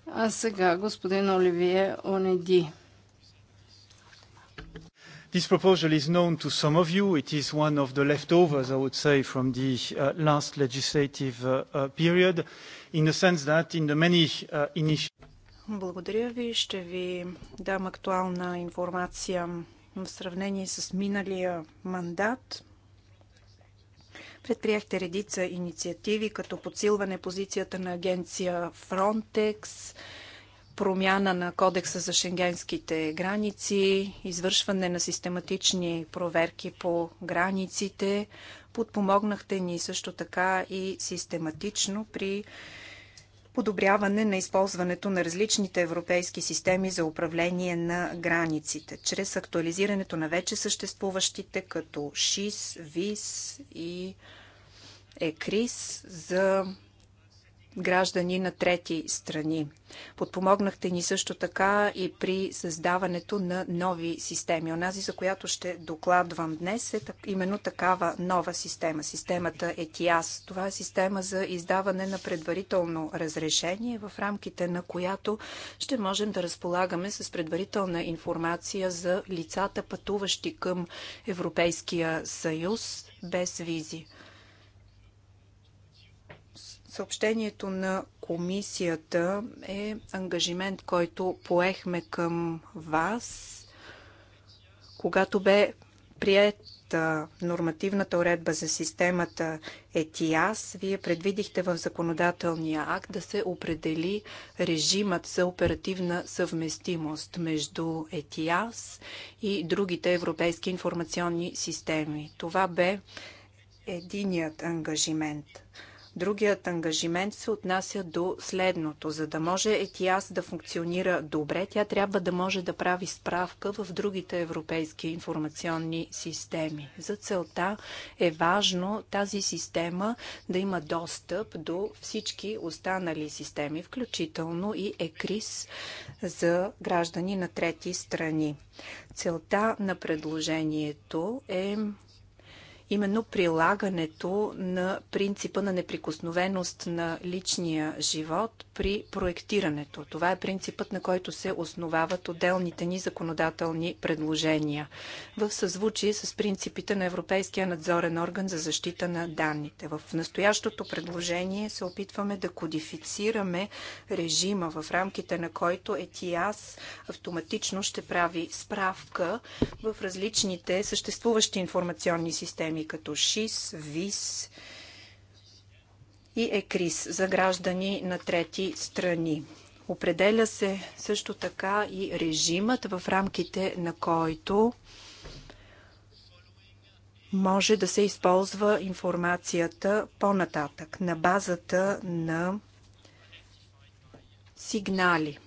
А сега господин Оливие Онеди. This proposal is known to some of you. It is one of the leftovers, I would say, from the uh, last legislative uh, uh, period, in the sense that in the many uh, initiatives. Благодаря ви. Ще ви дам актуална информация в сравнение с миналия мандат. Предприехте редица инициативи, като подсилване позицията на агенция Frontex, промяна на кодекса за шенгенските граници, извършване на систематични проверки по границите. Подпомогнахте ни също така и систематично при подобряване на използването на различните европейски системи за управление на границите, чрез актуализирането на вече съществуващите като ШИС, ВИС и ЕКРИС за граждани на трети страни. Подпомогнахте ни също така и при създаването на нови системи. Онази, за която ще докладвам днес, е именно такава нова система. Системата ETIAS. Това е система за издаване на предварително разрешение, в рамките на която ще можем да разполагаме с предварителна информация за лицата, пътуващи към Европейския съюз без визи. Съобщението на комисията е ангажимент, който поехме към вас, когато бе прият нормативната уредба за системата ETIAS, вие предвидихте в законодателния акт да се определи режимът за оперативна съвместимост между ETIAS и другите европейски информационни системи. Това бе единият ангажимент. Другият ангажимент се отнася до следното. За да може ЕТИАС да функционира добре, тя трябва да може да прави справка в другите европейски информационни системи. За целта е важно тази система да има достъп до всички останали системи, включително и ЕКРИС за граждани на трети страни. Целта на предложението е именно прилагането на принципа на неприкосновеност на личния живот при проектирането. Това е принципът, на който се основават отделните ни законодателни предложения в съзвучие с принципите на Европейския надзорен орган за защита на данните. В настоящото предложение се опитваме да кодифицираме режима, в рамките на който ETIAS автоматично ще прави справка в различните съществуващи информационни системи думи като ШИС, ВИС и ЕКРИС за граждани на трети страни. Определя се също така и режимът в рамките на който може да се използва информацията по-нататък на базата на сигнали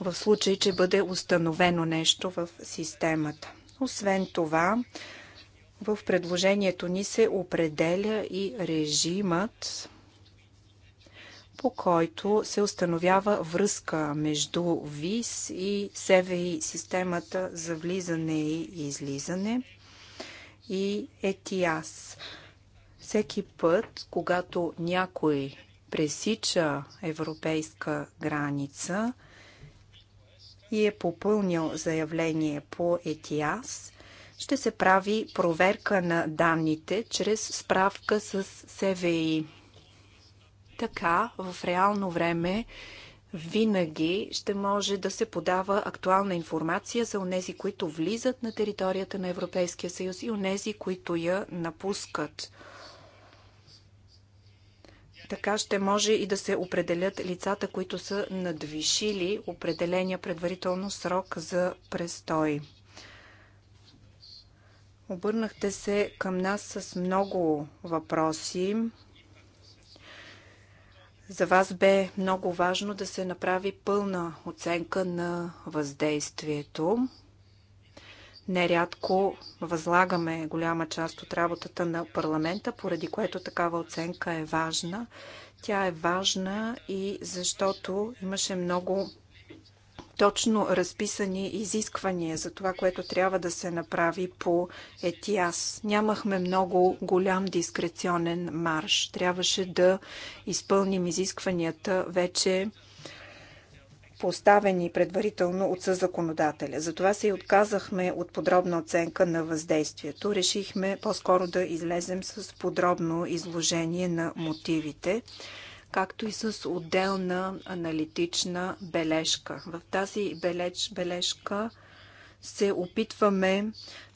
в случай, че бъде установено нещо в системата. Освен това, в предложението ни се определя и режимът, по който се установява връзка между ВИС и СВИ системата за влизане и излизане и ЕТИАС. Всеки път, когато някой пресича европейска граница и е попълнил заявление по ЕТИАС, ще се прави проверка на данните чрез справка с СВИ. Така в реално време винаги ще може да се подава актуална информация за онези, които влизат на територията на Европейския съюз и онези, които я напускат. Така ще може и да се определят лицата, които са надвишили определения предварително срок за престой. Обърнахте се към нас с много въпроси. За вас бе много важно да се направи пълна оценка на въздействието. Нерядко възлагаме голяма част от работата на парламента, поради което такава оценка е важна. Тя е важна и защото имаше много точно разписани изисквания за това, което трябва да се направи по ЕТИАС. Нямахме много голям дискреционен марш. Трябваше да изпълним изискванията вече поставени предварително от съзаконодателя. Затова се и отказахме от подробна оценка на въздействието. Решихме по-скоро да излезем с подробно изложение на мотивите както и с отделна аналитична бележка. В тази бележ, бележка се опитваме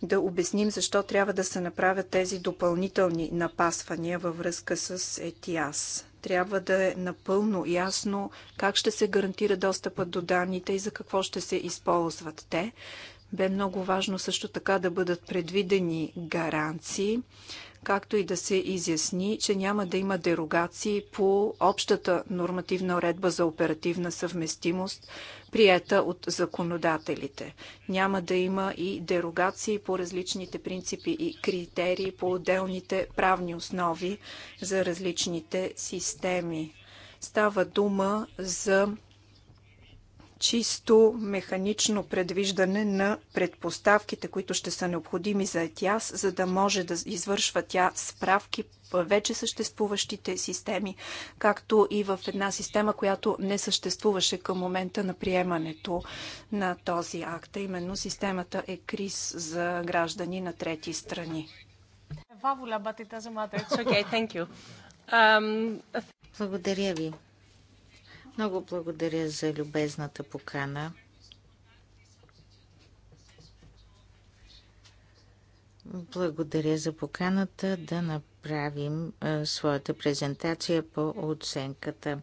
да обясним защо трябва да се направят тези допълнителни напасвания във връзка с ETIAS. Трябва да е напълно ясно как ще се гарантира достъпът до данните и за какво ще се използват те. Бе много важно също така да бъдат предвидени гаранции както и да се изясни, че няма да има дерогации по общата нормативна уредба за оперативна съвместимост, приета от законодателите. Няма да има и дерогации по различните принципи и критерии по отделните правни основи за различните системи. Става дума за чисто механично предвиждане на предпоставките, които ще са необходими за ЕТИАС, за да може да извършва тя справки в вече съществуващите системи, както и в една система, която не съществуваше към момента на приемането на този акт, а именно системата е крис за граждани на трети страни. Um, Благодаря ви. Много благодаря за любезната покана. Благодаря за поканата да направим своята презентация по оценката.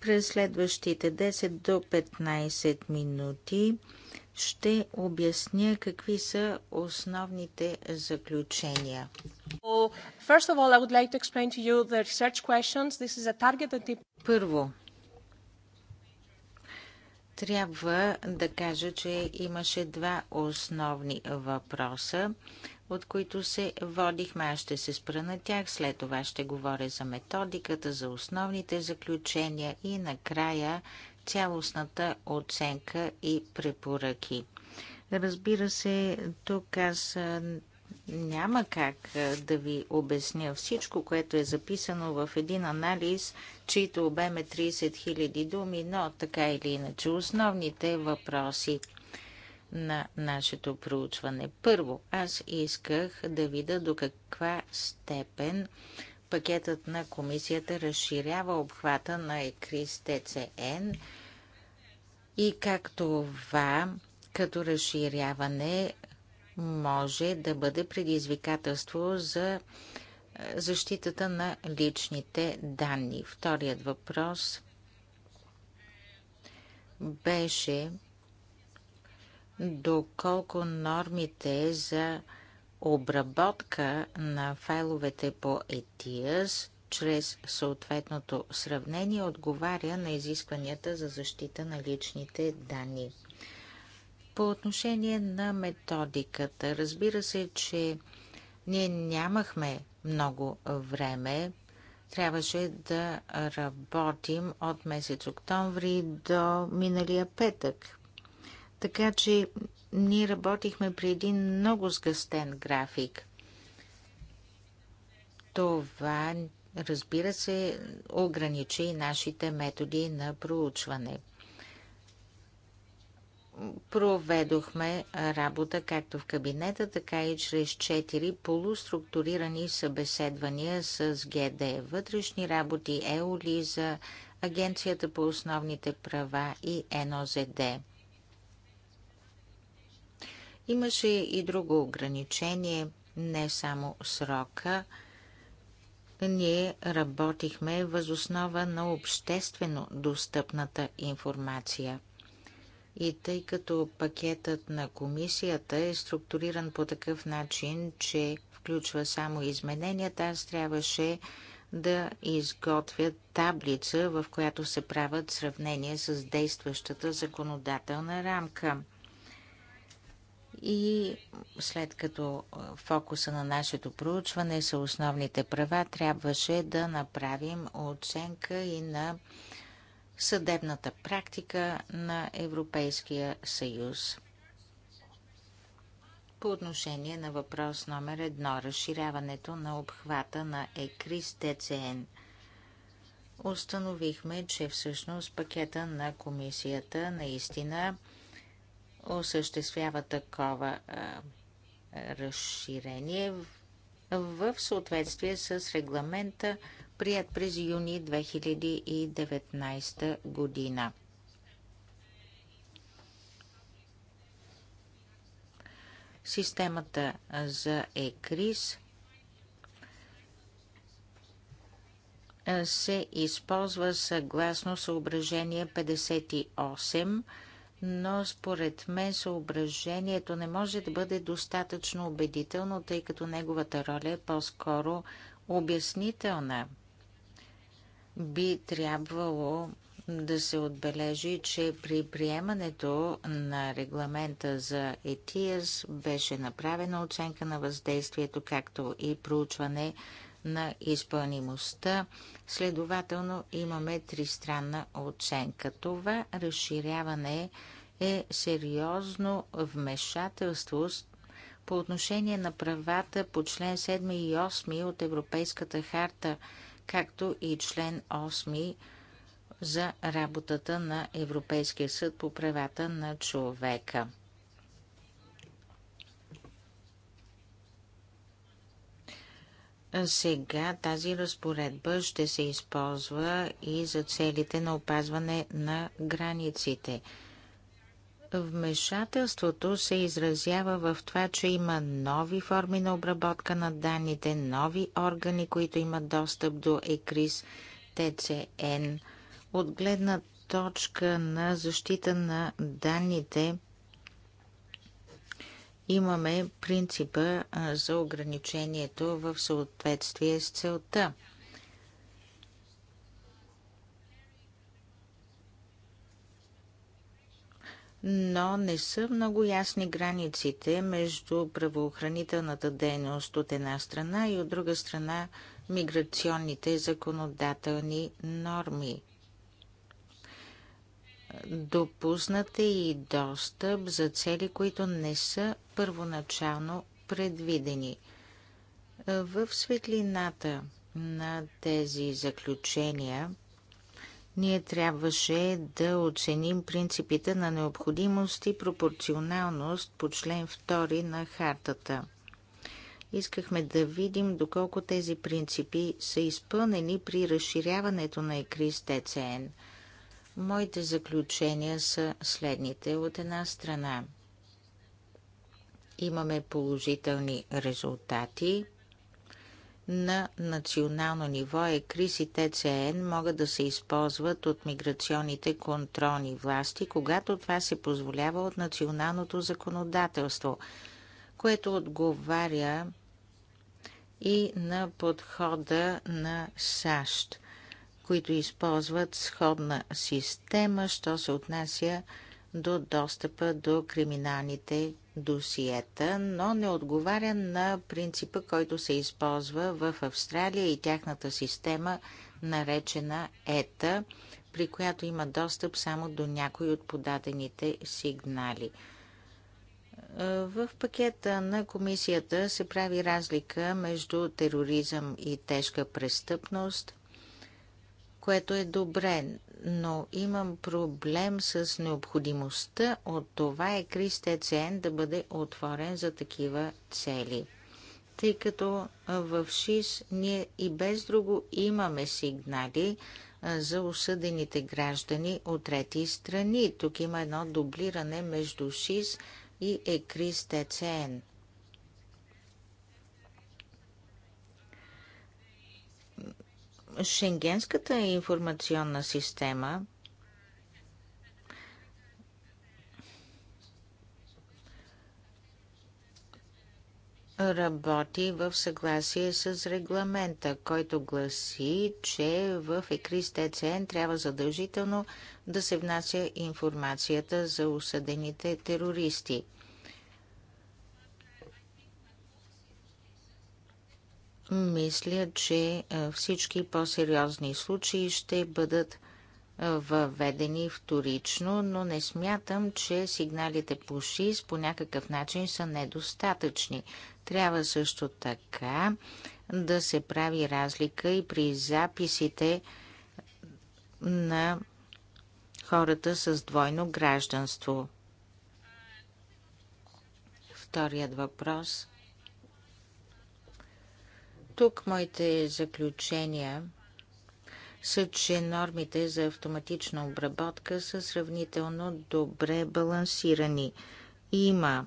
През следващите 10 до 15 минути ще обясня какви са основните заключения. Първо, трябва да кажа, че имаше два основни въпроса, от които се водихме. Аз ще се спра на тях, след това ще говоря за методиката, за основните заключения и накрая цялостната оценка и препоръки. Разбира се, тук аз няма как да ви обясня всичко, което е записано в един анализ, чийто обем е 30 000 думи, но така или иначе основните въпроси на нашето проучване. Първо, аз исках да видя до каква степен Пакетът на комисията разширява обхвата на ЕКРИС ТЦН и как това като разширяване може да бъде предизвикателство за е, защитата на личните данни. Вторият въпрос беше доколко нормите за обработка на файловете по ETIAS чрез съответното сравнение отговаря на изискванията за защита на личните данни. По отношение на методиката, разбира се, че ние нямахме много време. Трябваше да работим от месец октомври до миналия петък. Така че ние работихме при един много сгъстен график. Това, разбира се, ограничи нашите методи на проучване. Проведохме работа както в кабинета, така и чрез четири полуструктурирани събеседвания с ГД Вътрешни работи, ЕОЛИЗА, Агенцията по основните права и НОЗД. Имаше и друго ограничение, не само срока. Ние работихме възоснова на обществено достъпната информация. И тъй като пакетът на комисията е структуриран по такъв начин, че включва само измененията, аз трябваше да изготвя таблица, в която се правят сравнения с действащата законодателна рамка. И след като фокуса на нашето проучване са основните права, трябваше да направим оценка и на съдебната практика на Европейския съюз. По отношение на въпрос номер едно, разширяването на обхвата на ЕКРИС ТЦН, установихме, че всъщност пакета на комисията наистина осъществява такова а, разширение в, в съответствие с регламента, прият през юни 2019 година. Системата за ЕКРИС се използва съгласно съображение 58 но според мен съображението не може да бъде достатъчно убедително, тъй като неговата роля е по-скоро обяснителна. Би трябвало да се отбележи, че при приемането на регламента за ЕТИАС беше направена оценка на въздействието, както и проучване на изпълнимостта. Следователно имаме тристранна оценка. Това разширяване е е сериозно вмешателство по отношение на правата по член 7 и 8 от Европейската харта, както и член 8 за работата на Европейския съд по правата на човека. Сега тази разпоредба ще се използва и за целите на опазване на границите – Вмешателството се изразява в това, че има нови форми на обработка на данните, нови органи, които имат достъп до ЕКРИС, ТЦН. От гледна точка на защита на данните имаме принципа за ограничението в съответствие с целта – но не са много ясни границите между правоохранителната дейност от една страна и от друга страна миграционните законодателни норми. Допуснат е и достъп за цели, които не са първоначално предвидени. В светлината на тези заключения ние трябваше да оценим принципите на необходимост и пропорционалност по член 2 на хартата. Искахме да видим доколко тези принципи са изпълнени при разширяването на ЕКРИС ТЦН. Моите заключения са следните. От една страна имаме положителни резултати на национално ниво е КРИС и ТЦН могат да се използват от миграционните контролни власти, когато това се позволява от националното законодателство, което отговаря и на подхода на САЩ, които използват сходна система, що се отнася до достъпа до криминалните досиета, но не отговаря на принципа, който се използва в Австралия и тяхната система, наречена ЕТА, при която има достъп само до някои от подадените сигнали. В пакета на комисията се прави разлика между тероризъм и тежка престъпност, което е добре, но имам проблем с необходимостта от това е Крис да бъде отворен за такива цели. Тъй като в ШИС ние и без друго имаме сигнали за осъдените граждани от трети страни. Тук има едно дублиране между ШИС и Екристе Цен. Шенгенската информационна система работи в съгласие с регламента, който гласи, че в ЕКРИС ТЦН трябва задължително да се внася информацията за осъдените терористи – Мисля, че е, всички по-сериозни случаи ще бъдат е, въведени вторично, но не смятам, че сигналите по ШИС по някакъв начин са недостатъчни. Трябва също така да се прави разлика и при записите на хората с двойно гражданство. Вторият въпрос тук моите заключения са, че нормите за автоматична обработка са сравнително добре балансирани. Има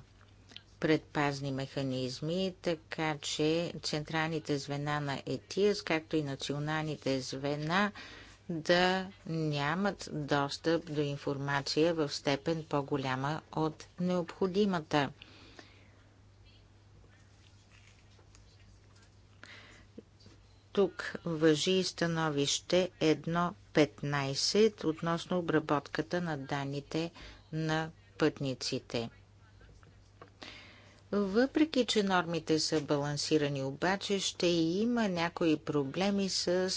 предпазни механизми, така че централните звена на ЕТИАС, както и националните звена, да нямат достъп до информация в степен по-голяма от необходимата. Тук въжи и становище 1.15 относно обработката на данните на пътниците. Въпреки, че нормите са балансирани, обаче ще има някои проблеми с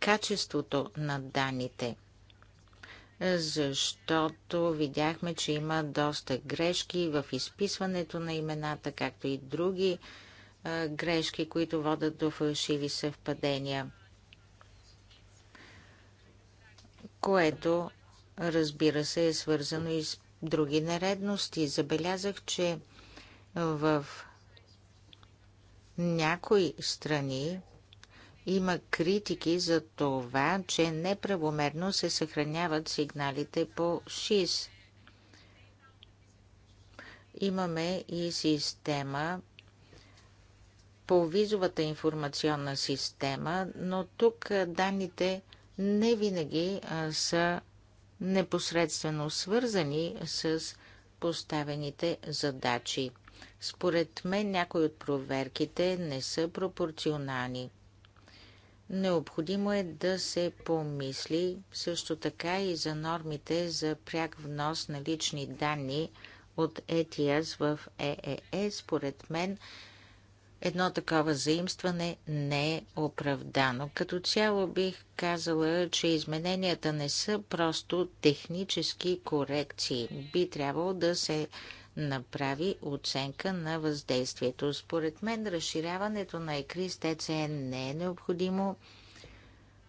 качеството на данните. Защото видяхме, че има доста грешки в изписването на имената, както и други грешки, които водат до фалшиви съвпадения, което, разбира се, е свързано и с други нередности. Забелязах, че в някои страни има критики за това, че неправомерно се съхраняват сигналите по ШИС. Имаме и система по визовата информационна система, но тук данните не винаги са непосредствено свързани с поставените задачи. Според мен някои от проверките не са пропорционални. Необходимо е да се помисли също така и за нормите за пряк внос на лични данни от ETS е в ЕЕС. Е. Според мен едно такова заимстване не е оправдано. Като цяло бих казала, че измененията не са просто технически корекции. Би трябвало да се направи оценка на въздействието. Според мен разширяването на ЕКРИС ТЦН не е необходимо,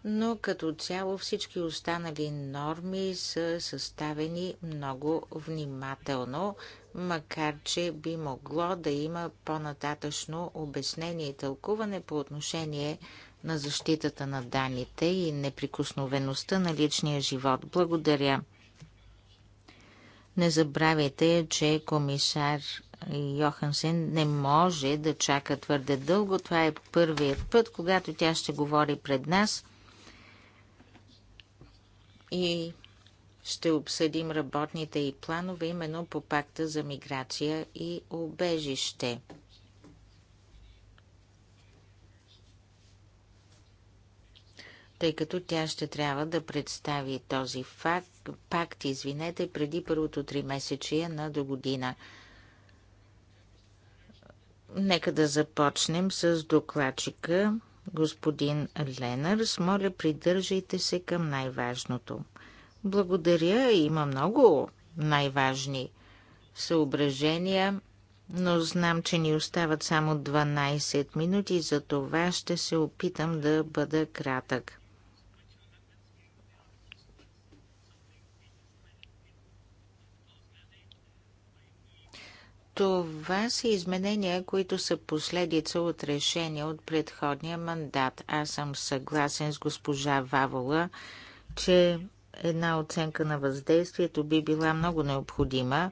но като цяло всички останали норми са съставени много внимателно, макар че би могло да има по-нататъчно обяснение и тълкуване по отношение на защитата на данните и неприкосновеността на личния живот. Благодаря. Не забравяйте, че комисар Йохансен не може да чака твърде дълго. Това е първият път, когато тя ще говори пред нас. И ще обсъдим работните и планове именно по пакта за миграция и убежище. тъй като тя ще трябва да представи този факт, пакт, извинете, преди първото три месечие на до година. Нека да започнем с докладчика господин Ленърс. Моля, придържайте се към най-важното. Благодаря. Има много най-важни съображения, но знам, че ни остават само 12 минути, за това ще се опитам да бъда кратък. Това са изменения, които са последица от решение от предходния мандат. Аз съм съгласен с госпожа Вавола, че една оценка на въздействието би била много необходима.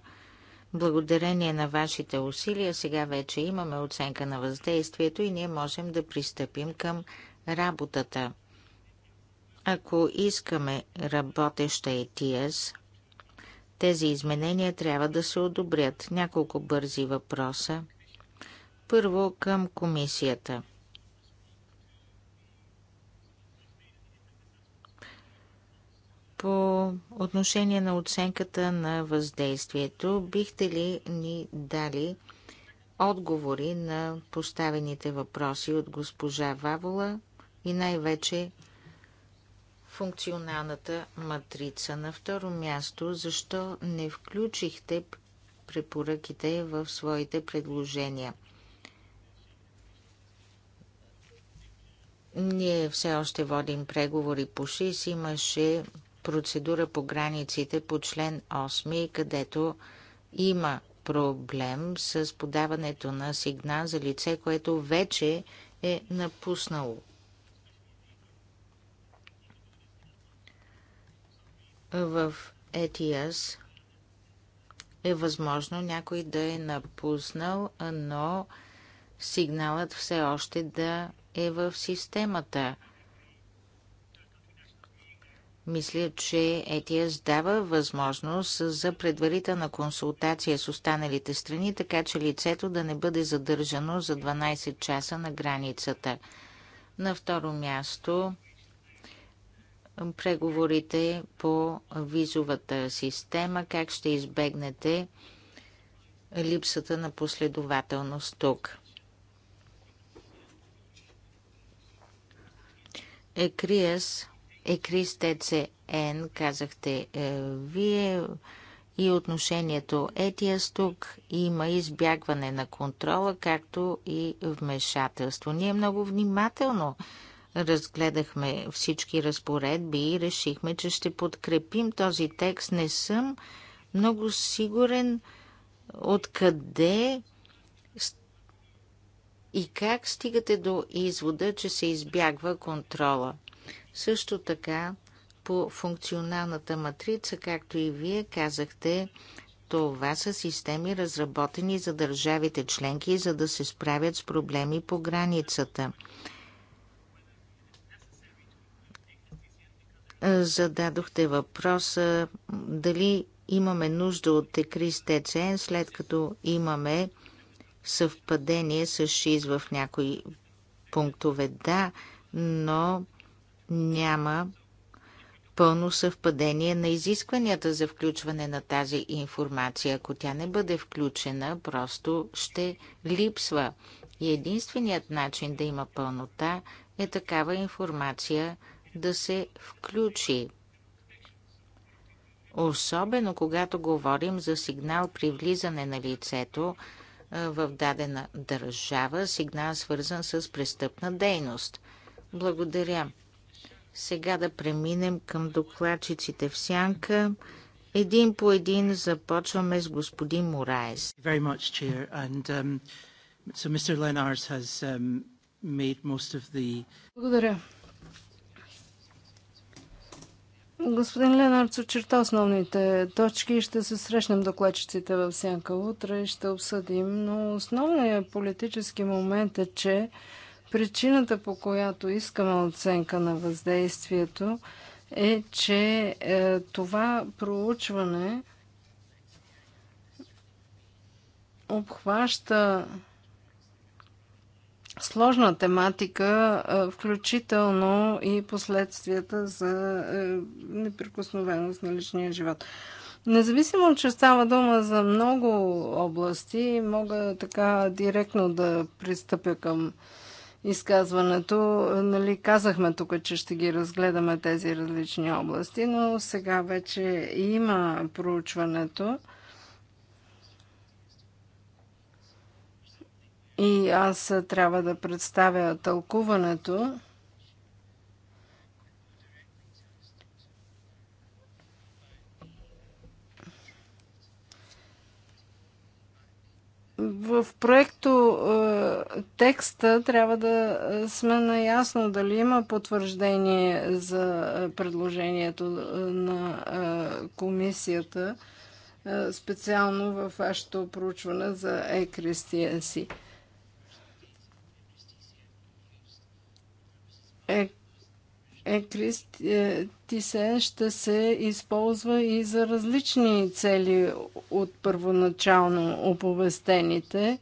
Благодарение на вашите усилия сега вече имаме оценка на въздействието и ние можем да пристъпим към работата. Ако искаме работеща ETS, тези изменения трябва да се одобрят. Няколко бързи въпроса. Първо към комисията. По отношение на оценката на въздействието, бихте ли ни дали отговори на поставените въпроси от госпожа Вавола и най-вече функционалната матрица. На второ място, защо не включихте препоръките в своите предложения? Ние все още водим преговори по ШИС. Имаше процедура по границите по член 8, където има проблем с подаването на сигнал за лице, което вече е напуснало в ETS е възможно някой да е напуснал, но сигналът все още да е в системата. Мисля, че ЕТИАС дава възможност за предварителна консултация с останалите страни, така че лицето да не бъде задържано за 12 часа на границата. На второ място преговорите по визовата система, как ще избегнете липсата на последователност тук. Екриас е, Теце Ен, казахте е, вие, и отношението ЕТИАС тук има избягване на контрола, както и вмешателство. Ние много внимателно разгледахме всички разпоредби и решихме, че ще подкрепим този текст. Не съм много сигурен откъде и как стигате до извода, че се избягва контрола. Също така по функционалната матрица, както и вие казахте, това са системи разработени за държавите членки, за да се справят с проблеми по границата. Зададохте въпроса дали имаме нужда от ЕКРИС ТЦН, след като имаме съвпадение с ШИЗ в някои пунктове. Да, но няма пълно съвпадение на изискванията за включване на тази информация. Ако тя не бъде включена, просто ще липсва. И единственият начин да има пълнота е такава информация да се включи. Особено когато говорим за сигнал при влизане на лицето в дадена държава, сигнал свързан с престъпна дейност. Благодаря. Сега да преминем към докладчиците в сянка. Един по един започваме с господин Мораес. Um, um, Благодаря. Господин Ленарц очерта основните точки. Ще се срещнем докладчиците в сянка утре и ще обсъдим. Но основният политически момент е, че Причината, по която искаме оценка на въздействието, е, че е, това проучване обхваща сложна тематика, е, включително и последствията за е, неприкосновеност на личния живот. Независимо, че става дума за много области, мога така директно да пристъпя към изказването. Нали, казахме тук, че ще ги разгледаме тези различни области, но сега вече има проучването. И аз трябва да представя тълкуването. в проекто е, текста трябва да сме наясно дали има потвърждение за е, предложението е, на комисията, специално в вашето проучване за екристиенси. Е, Екрис е, Тисе ще се използва и за различни цели от първоначално оповестените.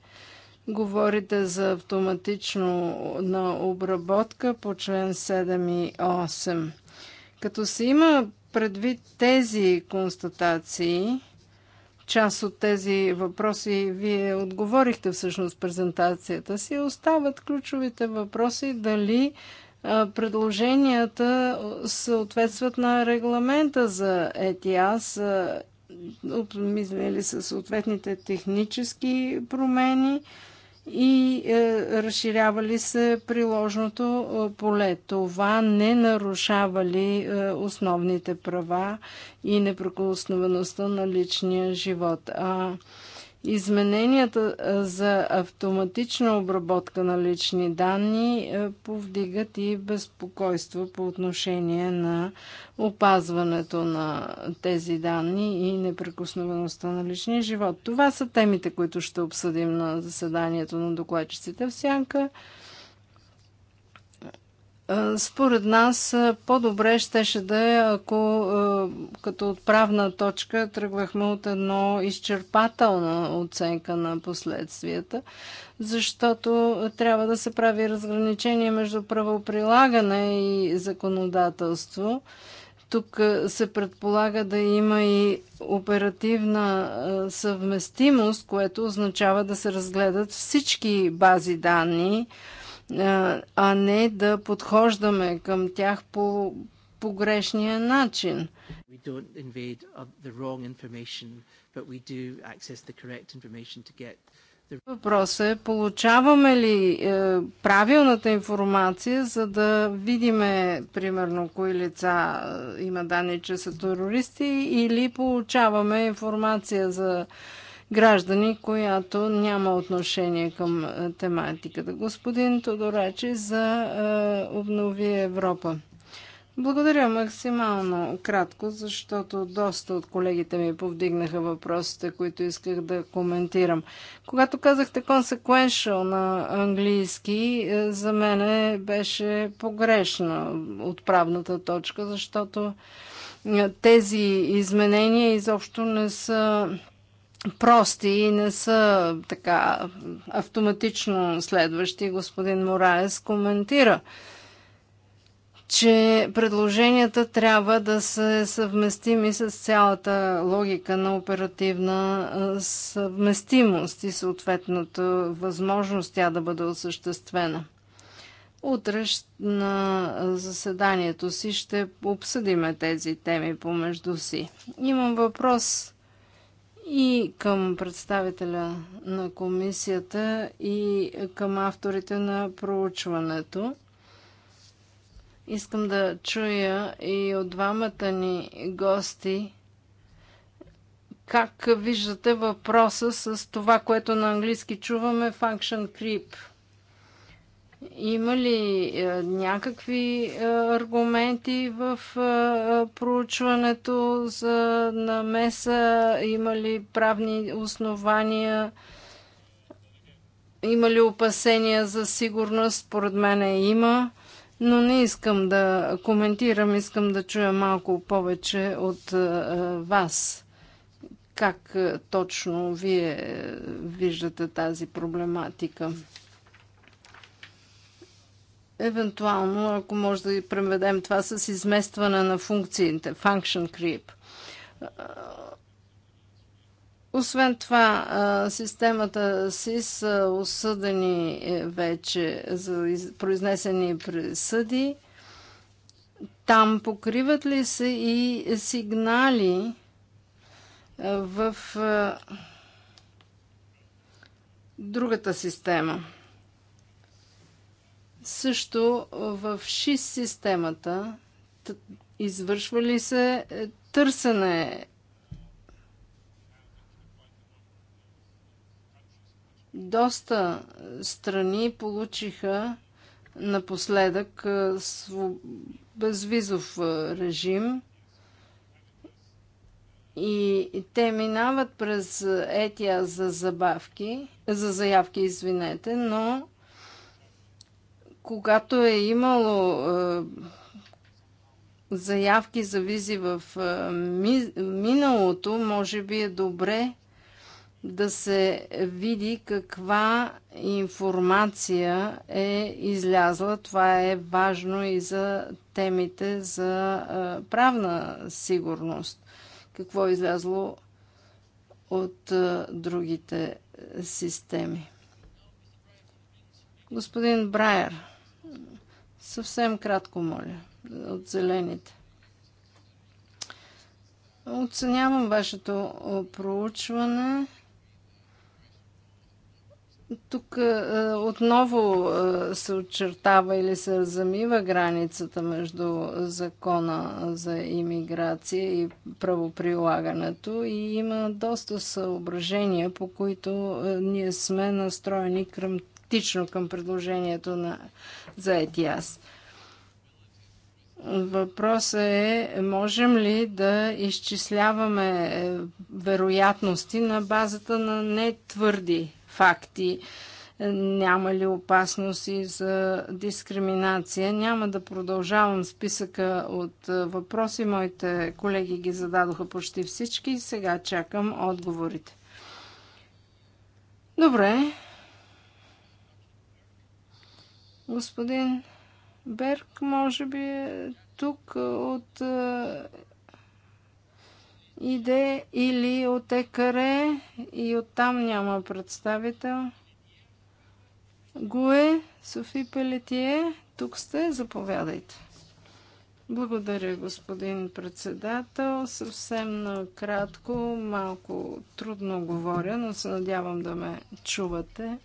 Говорите за автоматично на обработка по член 7 и 8. Като се има предвид тези констатации, част от тези въпроси вие отговорихте всъщност презентацията си, остават ключовите въпроси дали предложенията съответстват на регламента за ЕТИАС. Обмислили са съответните технически промени и е, разширявали се приложното е, поле. Това не нарушава ли е, основните права и неприкосновеността на личния живот? А Измененията за автоматична обработка на лични данни повдигат и безпокойство по отношение на опазването на тези данни и неприкосновеността на личния живот. Това са темите, които ще обсъдим на заседанието на докладчиците в Сянка. Е, според нас е, по-добре щеше да е, ако е, като отправна точка тръгвахме от едно изчерпателна оценка на последствията, защото трябва да се прави разграничение между правоприлагане и законодателство. Тук се предполага да има и оперативна съвместимост, което означава да се разгледат всички бази данни, е, а не да подхождаме към тях по погрешния начин. Uh, Въпросът е, получаваме ли е, правилната информация, за да видиме, примерно, кои лица е, има данни, че са терористи, или получаваме информация за е, граждани, която няма отношение към е, тематиката. Господин Тодорачи за е, Обнови Европа. Благодаря максимално кратко, защото доста от колегите ми повдигнаха въпросите, които исках да коментирам. Когато казахте consequential на английски, е, за мен беше погрешна отправната точка, защото тези изменения изобщо не са прости и не са така автоматично следващи. Господин Моралес коментира, че предложенията трябва да се съвместими с цялата логика на оперативна съвместимост и съответната възможност тя да бъде осъществена. Утре на заседанието си ще обсъдиме тези теми помежду си. Имам въпрос и към представителя на комисията и към авторите на проучването. Искам да чуя и от двамата ни гости как виждате въпроса с това, което на английски чуваме function creep – има ли е, някакви е, аргументи в е, проучването за намеса? Има ли правни основания? Има ли опасения за сигурност? Според мен има, но не искам да коментирам, искам да чуя малко повече от вас. Как точно вие виждате тази проблематика? Евентуално, ако може да преведем това с изместване на функциите, function creep. Освен това, системата СИС осъдени е, вече за произнесени присъди. Там покриват ли се и сигнали в другата система? Също в ШИС системата извършва ли се е, търсене доста е, страни получиха напоследък е, безвизов режим и те минават през Етия за забавки, за заявки, извинете, но когато е имало е, заявки за визи в е, миналото, може би е добре да се види каква информация е излязла. Това е важно и за темите за е, правна сигурност. Какво е излязло от другите системи. Господин Брайер. Съвсем кратко, моля, от зелените. Оценявам вашето проучване. Тук отново се очертава или се замива границата между закона за иммиграция и правоприлагането и има доста съображения, по които ние сме настроени към, скептично към предложението на, за ЕТИАС. Въпросът е, можем ли да изчисляваме е, вероятности на базата на нетвърди факти? Няма ли опасност и за дискриминация? Няма да продължавам списъка от е, въпроси. Моите колеги ги зададоха почти всички. Сега чакам отговорите. Добре, Господин Берг, може би е тук от е, иде или от ЕКАРЕ и оттам няма представител. Гуе, Софи Пелетие, тук сте, заповядайте. Благодаря, господин председател. Съвсем накратко, малко трудно говоря, но се надявам да ме чувате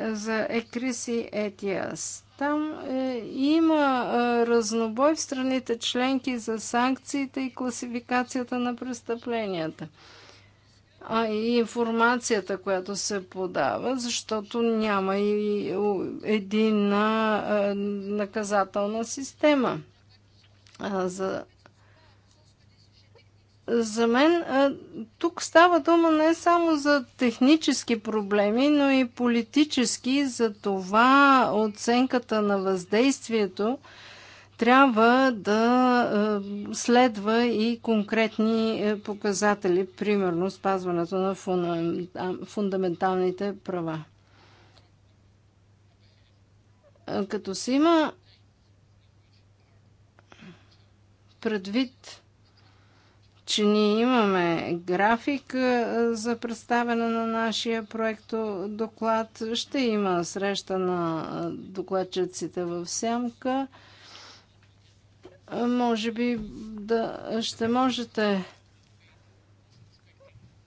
за ЕКРИС и ЕТИАС. Там е, има е, разнобой в страните членки за санкциите и класификацията на престъпленията. А и информацията, която се подава, защото няма и единна е, наказателна система за за мен тук става дума не само за технически проблеми, но и политически. За това оценката на въздействието трябва да следва и конкретни показатели, примерно спазването на фундаменталните права. Като си има предвид че ние имаме график за представяне на нашия проект доклад. Ще има среща на докладчиците в Сямка. Може би да ще можете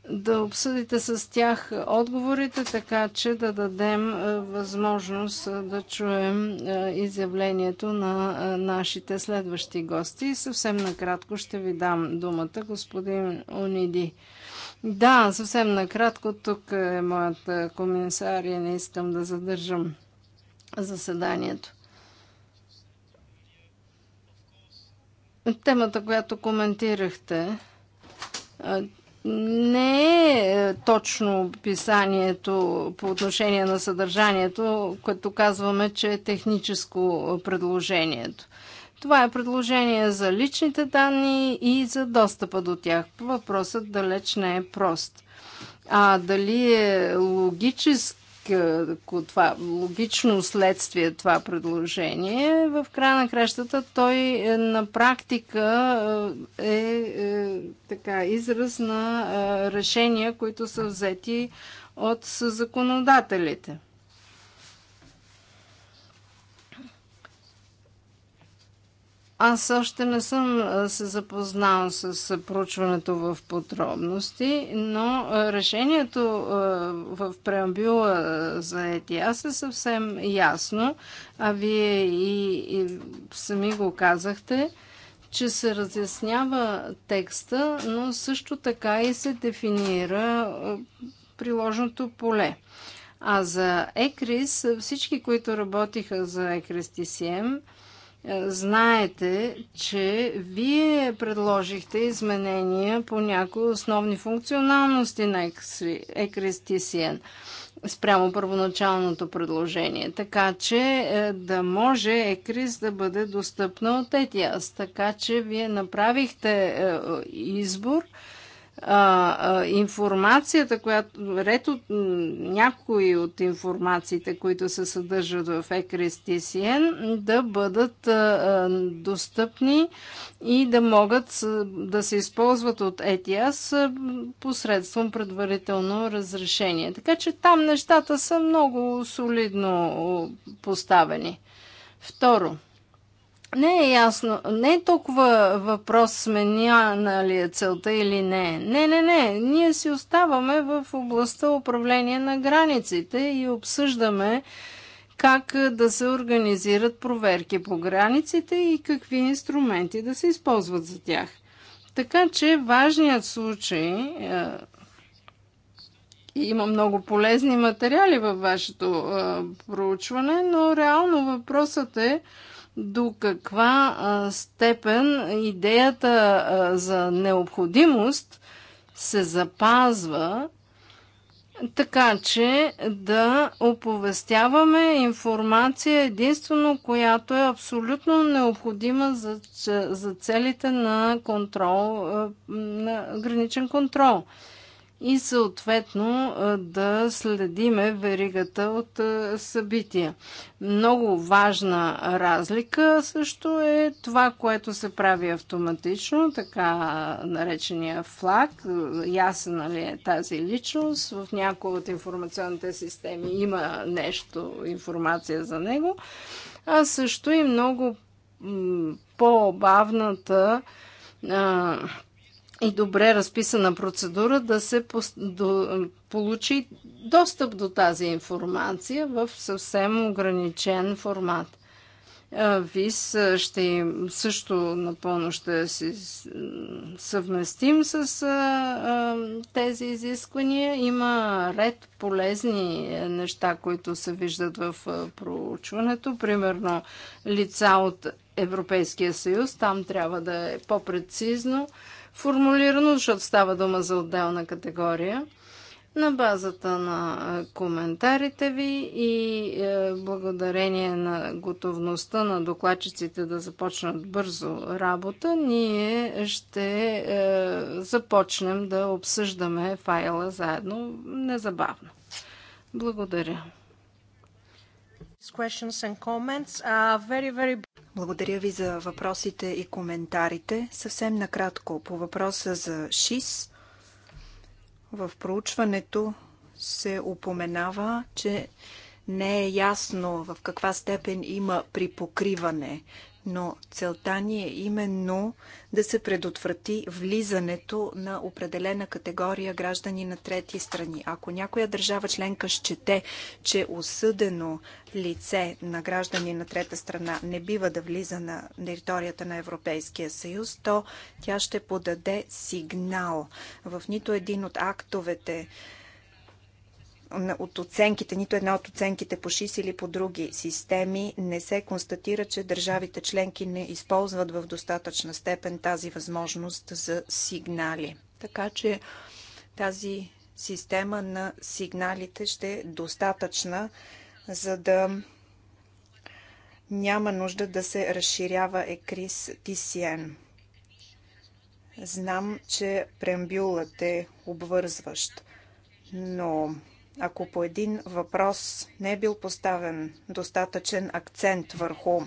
да обсъдите с тях отговорите, така че да дадем е, възможност е, да чуем е, изявлението на нашите следващи гости. Съвсем накратко ще ви дам думата, господин Униди. Да, съвсем накратко, тук е моят комисар и не искам да задържам заседанието. Темата, която коментирахте, не е, е точно писанието по отношение на съдържанието, като казваме, че е техническо е, предложението. Това е предложение за личните данни и за достъпа до тях. Въпросът далеч не е прост. А дали е логически е, това, логично следствие това предложение, в края на кращата той е, на практика е, е така израз на е, решения, които са взети от законодателите. Аз още не съм се запознал с проучването в подробности, но решението в преамбюла за ЕТИАС е съвсем ясно, а вие и, и сами го казахте, че се разяснява текста, но също така и се дефинира приложното поле. А за ЕКРИС, всички, които работиха за ЕКРИС ТСМ, знаете, че вие предложихте изменения по някои основни функционалности на Екристисиен спрямо първоначалното предложение, така че е, да може ЕКРИС да бъде достъпна от Етиас. Така че вие направихте е, е, избор, а, информацията, която ред от някои от информациите, които се съдържат в ecris да бъдат а, достъпни и да могат да се използват от ЕТИАС посредством предварително разрешение. Така че там нещата са много солидно поставени. Второ, не е ясно. Не е толкова въпрос сменяна ли е целта или не. Не, не, не. Ние си оставаме в областта управление на границите и обсъждаме как да се организират проверки по границите и какви инструменти да се използват за тях. Така че важният случай, е, има много полезни материали във вашето е, проучване, но реално въпросът е, до каква степен идеята за необходимост се запазва, така че да оповестяваме информация единствено, която е абсолютно необходима за, за целите на контрол, на граничен контрол и съответно да следиме веригата от събития. Много важна разлика също е това, което се прави автоматично, така наречения флаг. Ясна ли е тази личност? В някои от информационните системи има нещо, информация за него. А също и много по-бавната и добре разписана процедура да се по, до, получи достъп до тази информация в съвсем ограничен формат. ВИС ще също напълно ще си съвместим с тези изисквания. Има ред полезни е, неща, които се виждат в проучването. Примерно лица от Европейския съюз, там трябва да е по-прецизно формулирано, защото става дума за отделна категория. На базата на коментарите ви и е, благодарение на готовността на докладчиците да започнат бързо работа, ние ще е, започнем да обсъждаме файла заедно незабавно. Благодаря. Благодаря ви за въпросите и коментарите. Съвсем накратко по въпроса за ШИС. В проучването се упоменава, че не е ясно в каква степен има припокриване но целта ни е именно да се предотврати влизането на определена категория граждани на трети страни. Ако някоя държава членка счете, че осъдено лице на граждани на трета страна не бива да влиза на територията на Европейския съюз, то тя ще подаде сигнал. В нито един от актовете, от оценките, нито една от оценките по ШИС или по други системи не се констатира, че държавите членки не използват в достатъчна степен тази възможност за сигнали. Така че тази система на сигналите ще е достатъчна, за да няма нужда да се разширява екрис ТСН. Знам, че преамбюлът е обвързващ, но ако по един въпрос не е бил поставен достатъчен акцент върху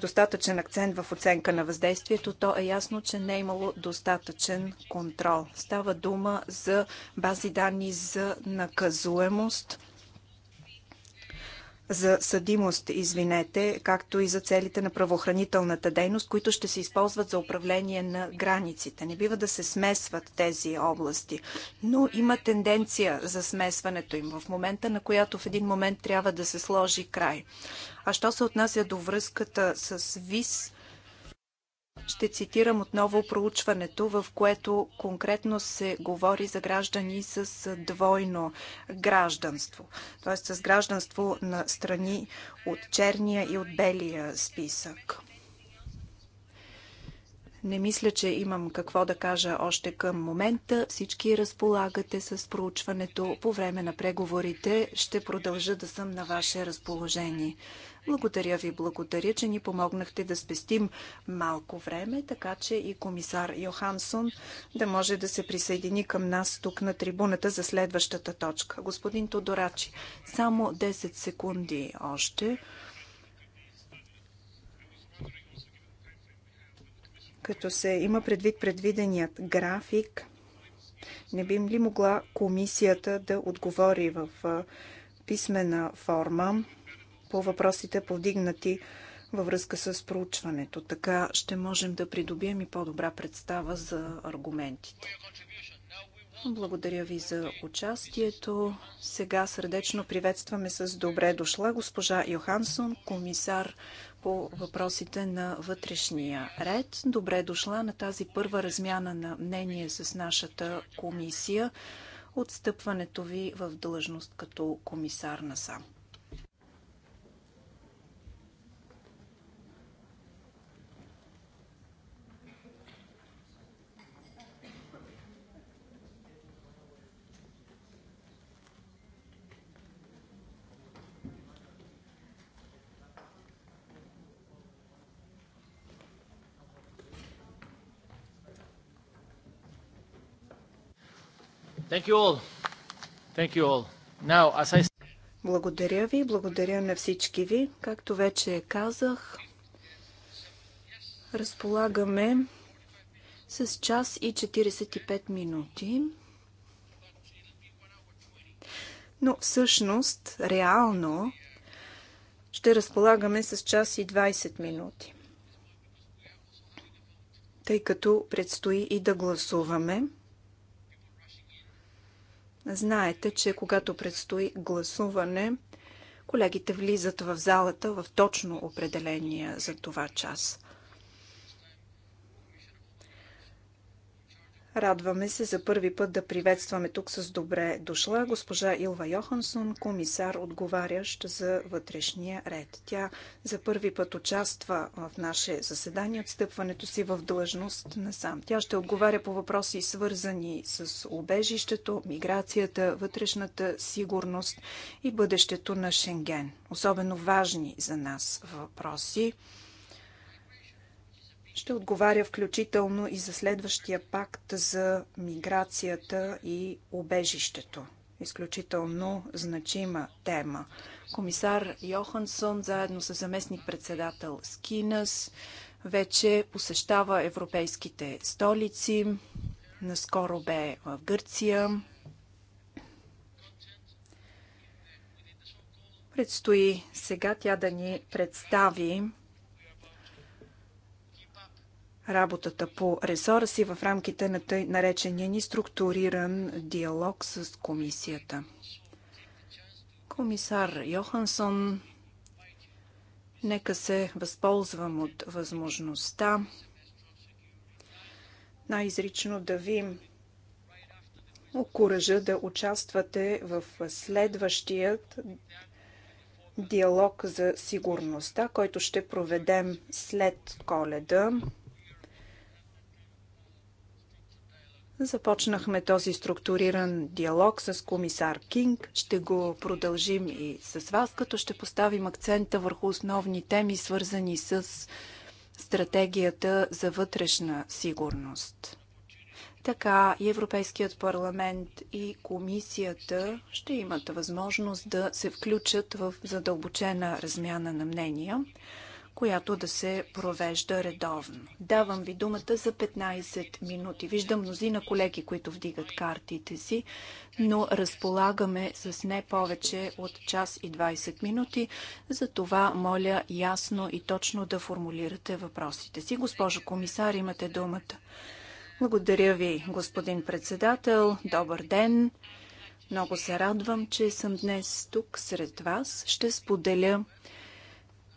достатъчен акцент в оценка на въздействието, то е ясно, че не е имало достатъчен контрол. Става дума за бази данни за наказуемост, за съдимост, извинете, както и за целите на правоохранителната дейност, които ще се използват за управление на границите. Не бива да се смесват тези области, но има тенденция за смесването им в момента, на която в един момент трябва да се сложи край. А що се отнася до връзката с ВИС, ще цитирам отново проучването, в което конкретно се говори за граждани с двойно гражданство, т.е. с гражданство на страни от черния и от белия списък. Не мисля, че имам какво да кажа още към момента. Всички разполагате с проучването. По време на преговорите ще продължа да съм на ваше разположение. Благодаря ви, благодаря, че ни помогнахте да спестим малко време, така че и комисар Йохансон да може да се присъедини към нас тук на трибуната за следващата точка. Господин Тодорачи, само 10 секунди още. Като се има предвид предвиденият график, не би ли могла комисията да отговори в писмена форма по въпросите повдигнати във връзка с проучването. Така ще можем да придобием и по-добра представа за аргументите. Благодаря ви за участието. Сега сърдечно приветстваме с добре дошла госпожа Йохансон, комисар по въпросите на вътрешния ред. Добре дошла на тази първа размяна на мнение с нашата комисия от стъпването ви в длъжност като комисар на сам. Благодаря ви, благодаря на всички ви. Както вече казах, разполагаме с час и 45 минути. Но всъщност, реално, ще разполагаме с час и 20 минути. Тъй като предстои и да гласуваме. Знаете, че когато предстои гласуване, колегите влизат в залата в точно определения за това час. Радваме се за първи път да приветстваме тук с добре дошла госпожа Илва Йохансон, комисар, отговарящ за вътрешния ред. Тя за първи път участва в наше заседание от стъпването си в длъжност насам. Тя ще отговаря по въпроси свързани с убежището, миграцията, вътрешната сигурност и бъдещето на Шенген. Особено важни за нас въпроси ще отговаря включително и за следващия пакт за миграцията и обежището. Изключително значима тема. Комисар Йохансон, заедно с заместник-председател Скинас, вече посещава европейските столици. Наскоро бе в Гърция. Предстои сега тя да ни представи работата по ресора си в рамките на тъй наречения ни структуриран диалог с комисията. Комисар Йохансон, нека се възползвам от възможността най-изрично да ви окуража да участвате в следващият диалог за сигурността, който ще проведем след коледа Започнахме този структуриран диалог с комисар Кинг. Ще го продължим и с вас, като ще поставим акцента върху основни теми, свързани с стратегията за вътрешна сигурност. Така и Европейският парламент и комисията ще имат възможност да се включат в задълбочена размяна на мнения която да се провежда редовно. Давам ви думата за 15 минути. Виждам мнозина колеги, които вдигат картите си, но разполагаме с не повече от час и 20 минути. За това моля ясно и точно да формулирате въпросите си. Госпожо комисар, имате думата. Благодаря ви, господин председател. Добър ден. Много се радвам, че съм днес тук сред вас. Ще споделя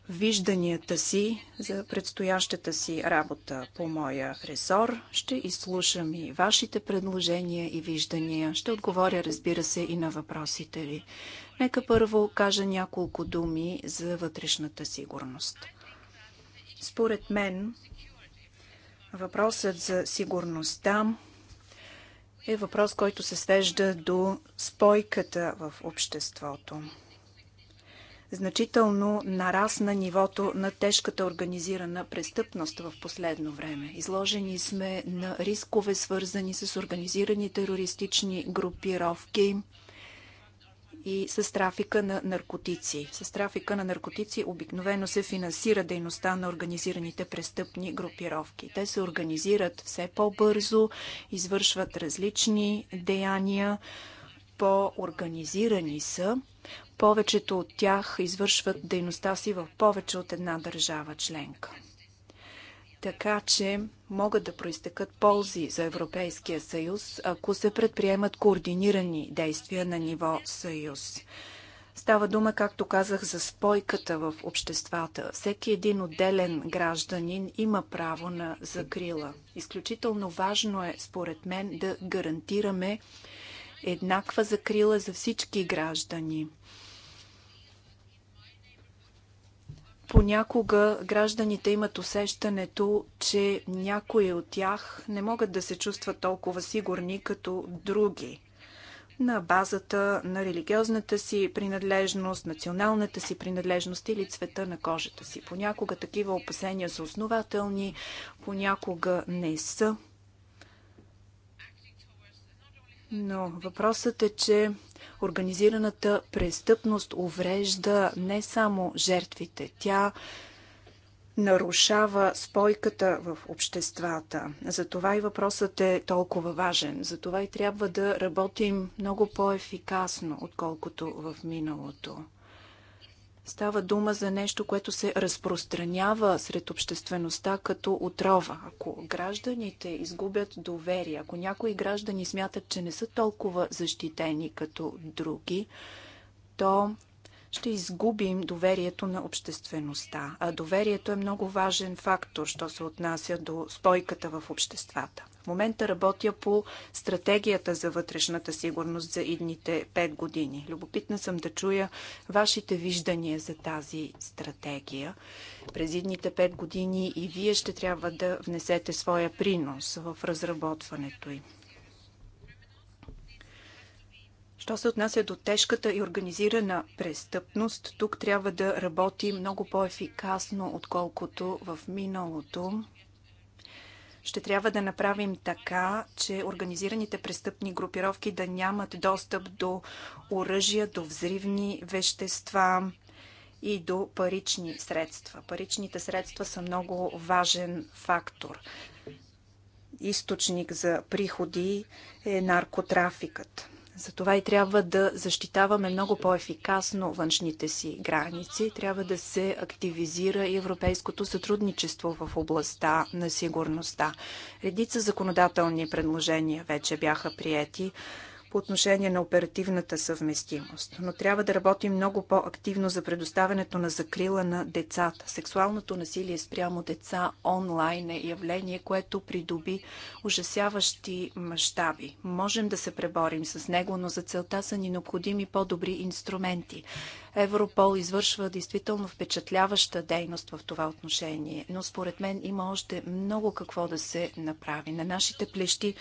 вижданията си за предстоящата си работа по моя ресор. Ще изслушам и вашите предложения и виждания. Ще отговоря, разбира се, и на въпросите ви. Нека първо кажа няколко думи за вътрешната сигурност. Според мен, въпросът за сигурността е въпрос, който се свежда до спойката в обществото. Значително нарасна нивото на тежката организирана престъпност в последно време. Изложени сме на рискове, свързани с организирани терористични групировки, и с трафика на наркотици. С трафика на наркотици обикновено се финансира дейността на организираните престъпни групировки. Те се организират все по-бързо, извършват различни деяния, по-организирани са. Повечето от тях извършват дейността си в повече от една държава членка. Така че могат да проистекат ползи за Европейския съюз, ако се предприемат координирани действия на ниво съюз. Става дума, както казах, за спойката в обществата. Всеки един отделен гражданин има право на закрила. Изключително важно е, според мен, да гарантираме еднаква закрила за всички граждани. Понякога гражданите имат усещането, че някои от тях не могат да се чувстват толкова сигурни като други на базата на религиозната си принадлежност, националната си принадлежност или цвета на кожата си. Понякога такива опасения са основателни, понякога не са. Но въпросът е, че организираната престъпност уврежда не само жертвите. Тя нарушава спойката в обществата. Затова и въпросът е толкова важен. Затова и трябва да работим много по-ефикасно, отколкото в миналото. Става дума за нещо, което се разпространява сред обществеността като отрова. Ако гражданите изгубят доверие, ако някои граждани смятат, че не са толкова защитени като други, то ще изгубим доверието на обществеността. А доверието е много важен фактор, що се отнася до стойката в обществата. В момента работя по стратегията за вътрешната сигурност за идните 5 години. Любопитна съм да чуя вашите виждания за тази стратегия. През идните 5 години и вие ще трябва да внесете своя принос в разработването й. Що се отнася до тежката и организирана престъпност, тук трябва да работи много по-ефикасно, отколкото в миналото. Ще трябва да направим така, че организираните престъпни групировки да нямат достъп до оръжия, до взривни вещества и до парични средства. Паричните средства са много важен фактор. Източник за приходи е наркотрафикът. Затова и трябва да защитаваме много по-ефикасно външните си граници. Трябва да се активизира и европейското сътрудничество в областта на сигурността. Редица законодателни предложения вече бяха приети по отношение на оперативната съвместимост, но трябва да работим много по-активно за предоставянето на закрила на децата. Сексуалното насилие спрямо деца онлайн е явление, което придоби ужасяващи мащаби. Можем да се преборим с него, но за целта са ни необходими по-добри инструменти. Европол извършва действително впечатляваща дейност в това отношение, но според мен има още много какво да се направи. На нашите плещи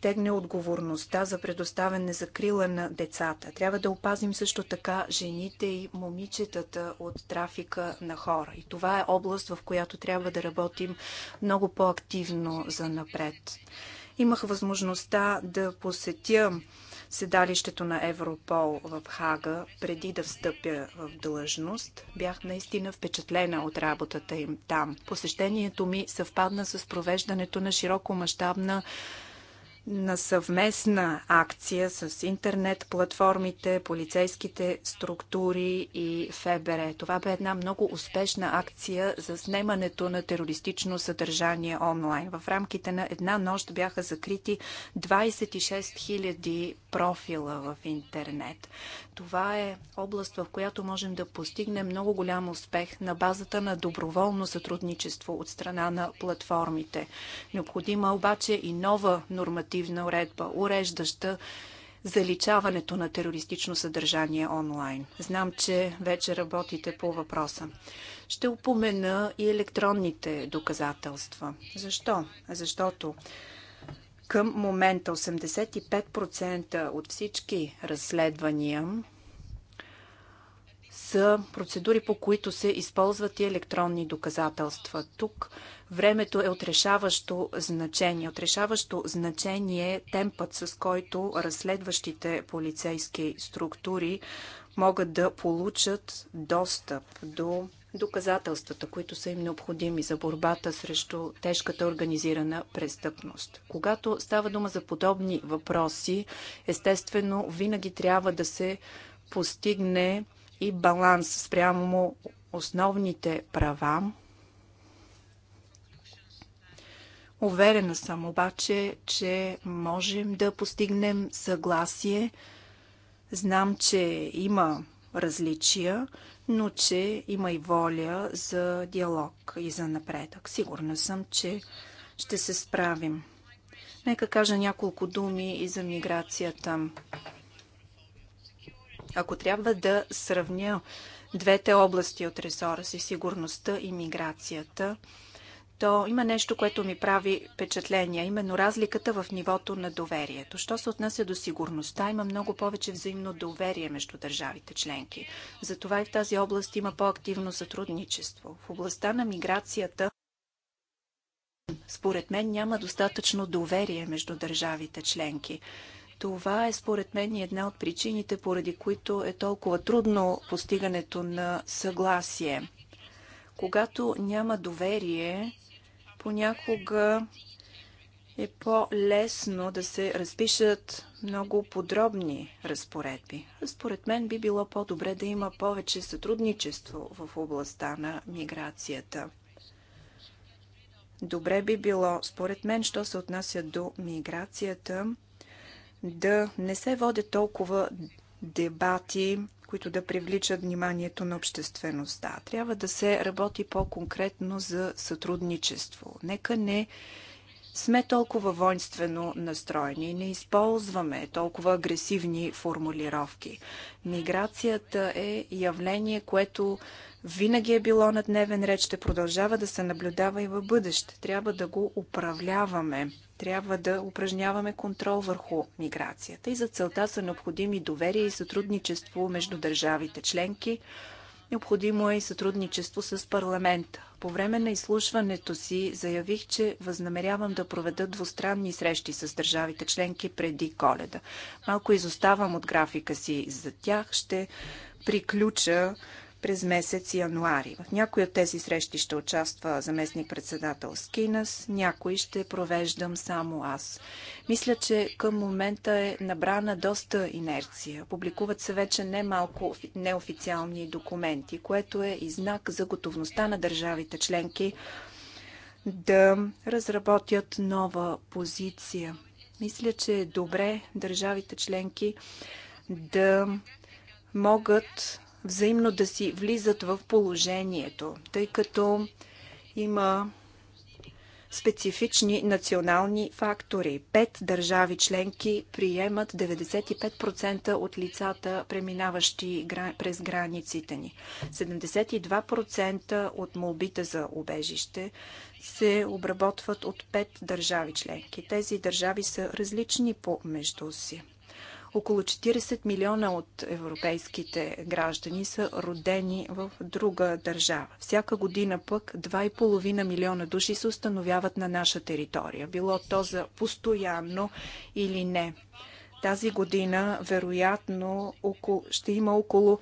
тегне отговорността за предоставяне закрила на децата. Трябва да опазим също така жените и момичетата от трафика на хора. И това е област, в която трябва да работим много по-активно за напред. Имах възможността да посетя седалището на Европол в Хага, преди да встъпя в длъжност, бях наистина впечатлена от работата им там. Посещението ми съвпадна с провеждането на широко мащабна на съвместна акция с интернет платформите, полицейските структури и ФБР. Това бе една много успешна акция за снимането на терористично съдържание онлайн. В рамките на една нощ бяха закрити 26 000 профила в интернет. Това е област, в която можем да постигнем много голям успех на базата на доброволно сътрудничество от страна на платформите. Необходима обаче и нова нормативна уредба, уреждаща заличаването на терористично съдържание онлайн. Знам, че вече работите по въпроса. Ще упомена и електронните доказателства. Защо? Защото към момента 85% от всички разследвания са процедури, по които се използват и електронни доказателства. Тук времето е отрешаващо значение. Отрешаващо значение е темпът, с който разследващите полицейски структури могат да получат достъп до доказателствата, които са им необходими за борбата срещу тежката организирана престъпност. Когато става дума за подобни въпроси, естествено, винаги трябва да се постигне и баланс спрямо основните права. Уверена съм обаче, че можем да постигнем съгласие. Знам, че има различия, но че има и воля за диалог и за напредък. Сигурна съм, че ще се справим. Нека кажа няколко думи и за миграцията. Ако трябва да сравня двете области от ресора си, сигурността и миграцията, то има нещо, което ми прави впечатление, именно разликата в нивото на доверието. Що се отнася до сигурността, има много повече взаимно доверие между държавите членки. Затова и в тази област има по-активно сътрудничество. В областта на миграцията според мен няма достатъчно доверие между държавите членки. Това е според мен една от причините, поради които е толкова трудно постигането на съгласие. Когато няма доверие, Понякога е по-лесно да се разпишат много подробни разпоредби. Според мен би било по-добре да има повече сътрудничество в областта на миграцията. Добре би било, според мен, що се отнася до миграцията, да не се водят толкова дебати които да привличат вниманието на обществеността. Трябва да се работи по-конкретно за сътрудничество. Нека не сме толкова воинствено настроени не използваме толкова агресивни формулировки. Миграцията е явление, което винаги е било на дневен ред, ще продължава да се наблюдава и в бъдеще. Трябва да го управляваме. Трябва да упражняваме контрол върху миграцията и за целта са необходими доверие и сътрудничество между държавите членки. Необходимо е и сътрудничество с парламента. По време на изслушването си заявих, че възнамерявам да проведа двустранни срещи с държавите членки преди коледа. Малко изоставам от графика си за тях. Ще приключа през месец януари. В някои от тези срещи ще участва заместник-председател Скинас, някои ще провеждам само аз. Мисля, че към момента е набрана доста инерция. Публикуват се вече немалко неофициални документи, което е и знак за готовността на държавите членки да разработят нова позиция. Мисля, че е добре държавите членки да могат взаимно да си влизат в положението, тъй като има специфични национални фактори. Пет държави членки приемат 95% от лицата, преминаващи през границите ни. 72% от молбите за убежище се обработват от пет държави членки. Тези държави са различни помежду си. Около 40 милиона от европейските граждани са родени в друга държава. Всяка година пък 2,5 милиона души се установяват на наша територия, било то за постоянно или не. Тази година, вероятно, около, ще има около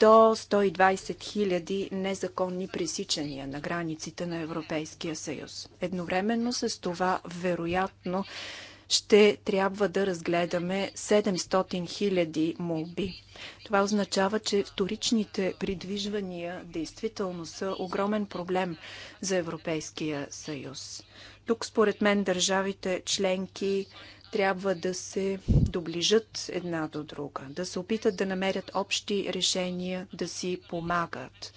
100-120 хиляди незаконни пресичания на границите на Европейския съюз. Едновременно с това, вероятно, ще трябва да разгледаме 700 хиляди молби. Това означава, че вторичните придвижвания действително са огромен проблем за Европейския съюз. Тук, според мен, държавите членки трябва да се доближат една до друга, да се опитат да намерят общи решения, да си помагат.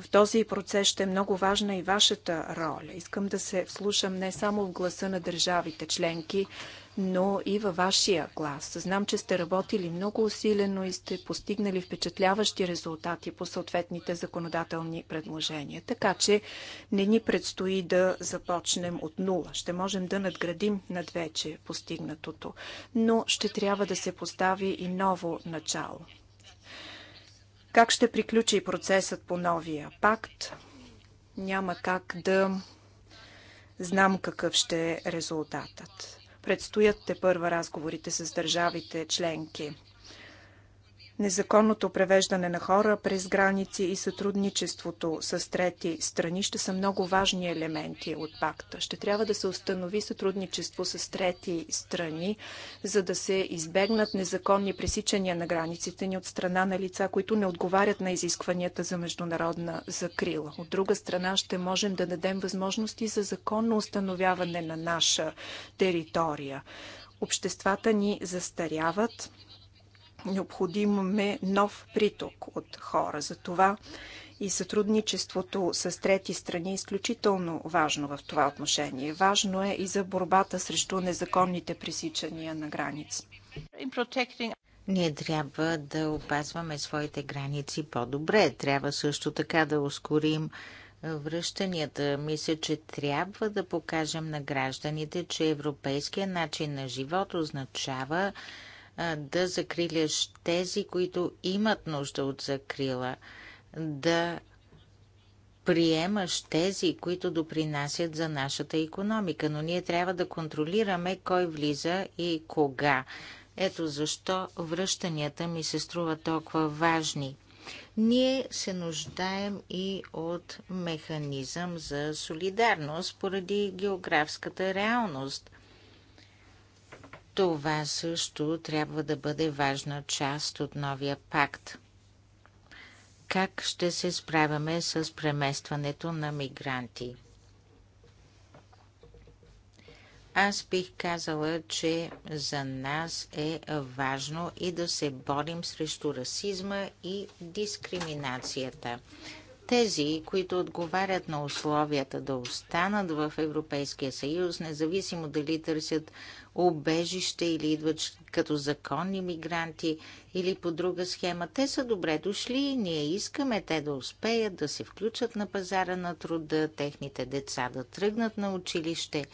В този процес ще е много важна и вашата роля. Искам да се вслушам не само в гласа на държавите членки, но и във вашия глас. Знам, че сте работили много усилено и сте постигнали впечатляващи резултати по съответните законодателни предложения. Така че не ни предстои да започнем от нула. Ще можем да надградим над вече постигнатото, но ще трябва да се постави и ново начало. Как ще приключи процесът по новия пакт? Няма как да знам какъв ще е резултатът. Предстоят те първа разговорите с държавите членки незаконното превеждане на хора през граници и сътрудничеството с трети страни ще са много важни елементи от пакта. Ще трябва да се установи сътрудничество с трети страни, за да се избегнат незаконни пресичания на границите ни от страна на лица, които не отговарят на изискванията за международна закрила. От друга страна ще можем да дадем възможности за законно установяване на наша територия. Обществата ни застаряват, Необходим е нов приток от хора. Затова и сътрудничеството с трети страни е изключително важно в това отношение. Важно е и за борбата срещу незаконните пресичания на граници. Ние трябва да опазваме своите граници по-добре. Трябва също така да ускорим връщанията. Мисля, че трябва да покажем на гражданите, че европейския начин на живот означава да закриляш тези, които имат нужда от закрила, да приемаш тези, които допринасят за нашата економика, но ние трябва да контролираме кой влиза и кога. Ето защо връщанията ми се струват толкова важни. Ние се нуждаем и от механизъм за солидарност поради географската реалност. Това също трябва да бъде важна част от новия пакт. Как ще се справяме с преместването на мигранти? Аз бих казала, че за нас е важно и да се борим срещу расизма и дискриминацията тези, които отговарят на условията да останат в Европейския съюз, независимо дали търсят убежище или идват като законни мигранти или по друга схема, те са добре дошли и ние искаме те да успеят да се включат на пазара на труда, техните деца да тръгнат на училище –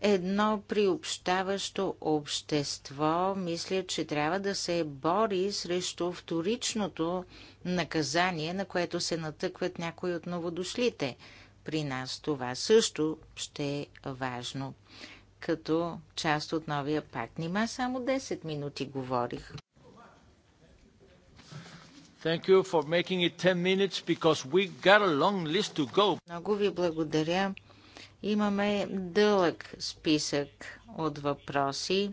едно приобщаващо общество, мисля, че трябва да се бори срещу вторичното наказание, на което се натъкват някои от новодошлите. При нас това също ще е важно. Като част от новия пакт. Нима само 10 минути говорих. Thank you for making it 10 minutes because we got a long list to go. Много ви благодаря. Имаме дълъг списък от въпроси.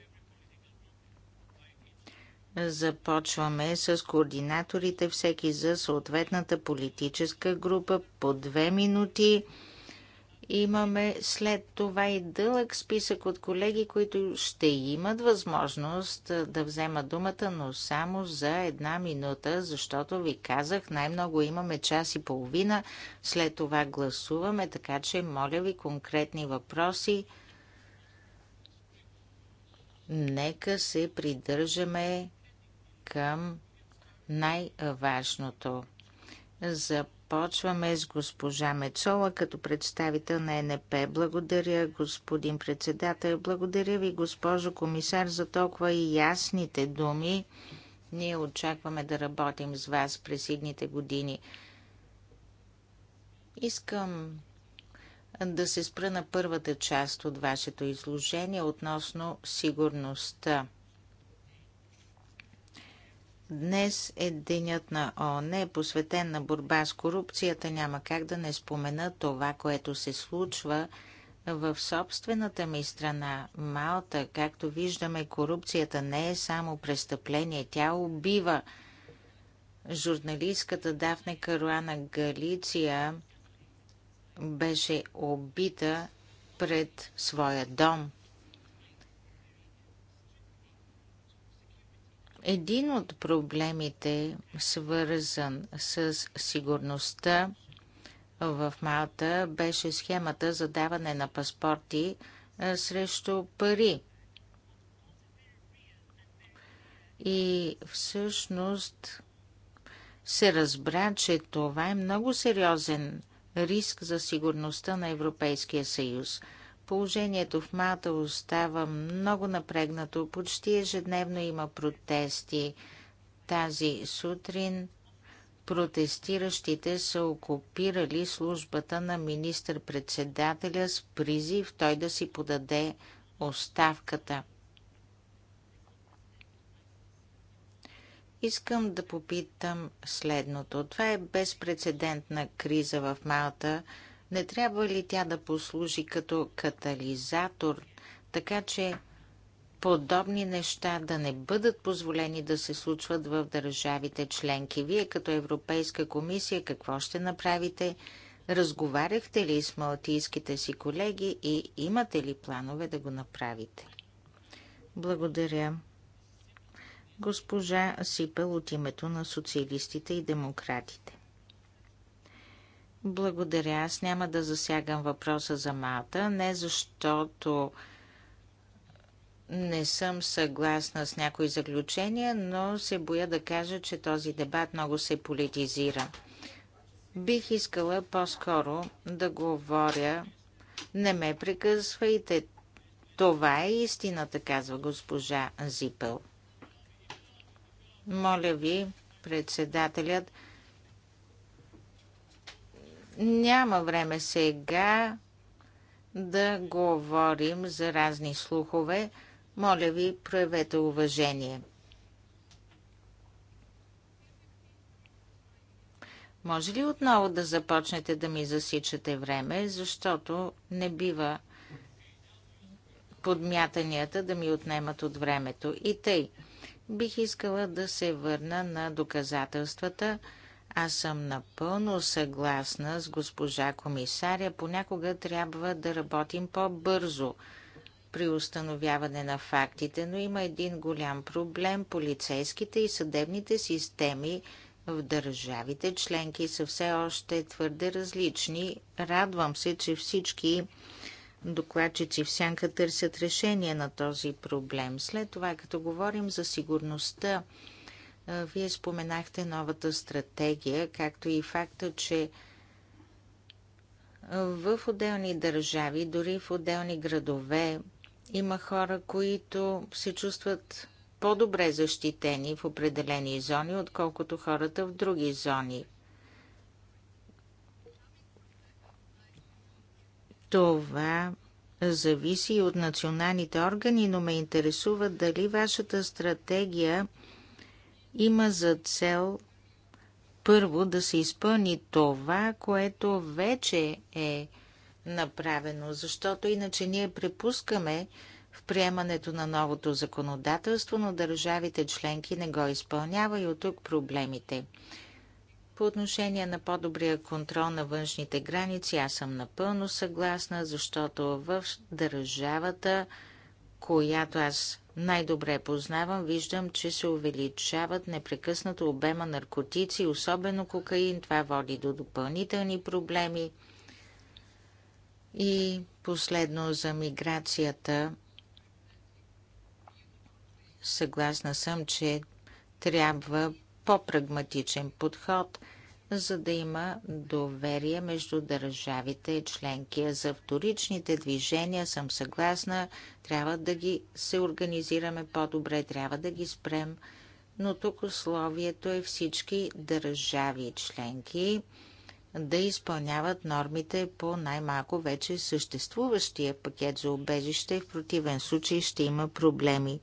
Започваме с координаторите, всеки за съответната политическа група по две минути. Имаме след това и дълъг списък от колеги, които ще имат възможност да вземат думата, но само за една минута, защото ви казах, най-много имаме час и половина. След това гласуваме, така че моля ви конкретни въпроси. Нека се придържаме към най-важното. За Започваме с госпожа Мецола като представител на НП. Благодаря, господин председател. Благодаря ви, госпожо комисар, за толкова и ясните думи. Ние очакваме да работим с вас през идните години. Искам да се спра на първата част от вашето изложение относно сигурността. Днес е денят на ООН, е посветен на борба с корупцията. Няма как да не спомена това, което се случва в собствената ми страна, Малта. Както виждаме, корупцията не е само престъпление, тя убива. Журналистката Дафне Каруана Галиция беше убита пред своя дом – Един от проблемите, свързан с сигурността в Малта, беше схемата за даване на паспорти срещу пари. И всъщност се разбра, че това е много сериозен риск за сигурността на Европейския съюз – Положението в Малта остава много напрегнато. Почти ежедневно има протести. Тази сутрин протестиращите са окупирали службата на министър-председателя с призив той да си подаде оставката. Искам да попитам следното. Това е безпредседентна криза в Малта – не трябва ли тя да послужи като катализатор, така че подобни неща да не бъдат позволени да се случват в държавите членки? Вие като Европейска комисия какво ще направите? Разговаряхте ли с малтийските си колеги и имате ли планове да го направите? Благодаря. Госпожа Сипел от името на социалистите и демократите. Благодаря. Аз няма да засягам въпроса за Малта, не защото не съм съгласна с някои заключения, но се боя да кажа, че този дебат много се политизира. Бих искала по-скоро да говоря. Не ме прекъсвайте. Това е истината, казва госпожа Зипел. Моля ви, председателят, няма време сега да говорим за разни слухове. Моля ви, проявете уважение. Може ли отново да започнете да ми засичате време, защото не бива подмятанията да ми отнемат от времето. И тъй, бих искала да се върна на доказателствата, аз съм напълно съгласна с госпожа комисаря. Понякога трябва да работим по-бързо при установяване на фактите, но има един голям проблем. Полицейските и съдебните системи в държавите членки са все още твърде различни. Радвам се, че всички докладчици в сянка търсят решение на този проблем. След това, като говорим за сигурността вие споменахте новата стратегия, както и факта, че в отделни държави, дори в отделни градове, има хора, които се чувстват по-добре защитени в определени зони, отколкото хората в други зони. Това зависи от националните органи, но ме интересува дали вашата стратегия има за цел първо да се изпълни това, което вече е направено, защото иначе ние препускаме в приемането на новото законодателство, но държавите членки не го изпълнява и от тук проблемите. По отношение на по-добрия контрол на външните граници, аз съм напълно съгласна, защото в държавата която аз най-добре познавам, виждам, че се увеличават непрекъснато обема наркотици, особено кокаин. Това води до допълнителни проблеми. И последно за миграцията. Съгласна съм, че трябва по-прагматичен подход – за да има доверие между държавите членки. За вторичните движения съм съгласна, трябва да ги се организираме по-добре, трябва да ги спрем, но тук условието е всички държави членки да изпълняват нормите по най-малко вече съществуващия пакет за обежище, в противен случай ще има проблеми.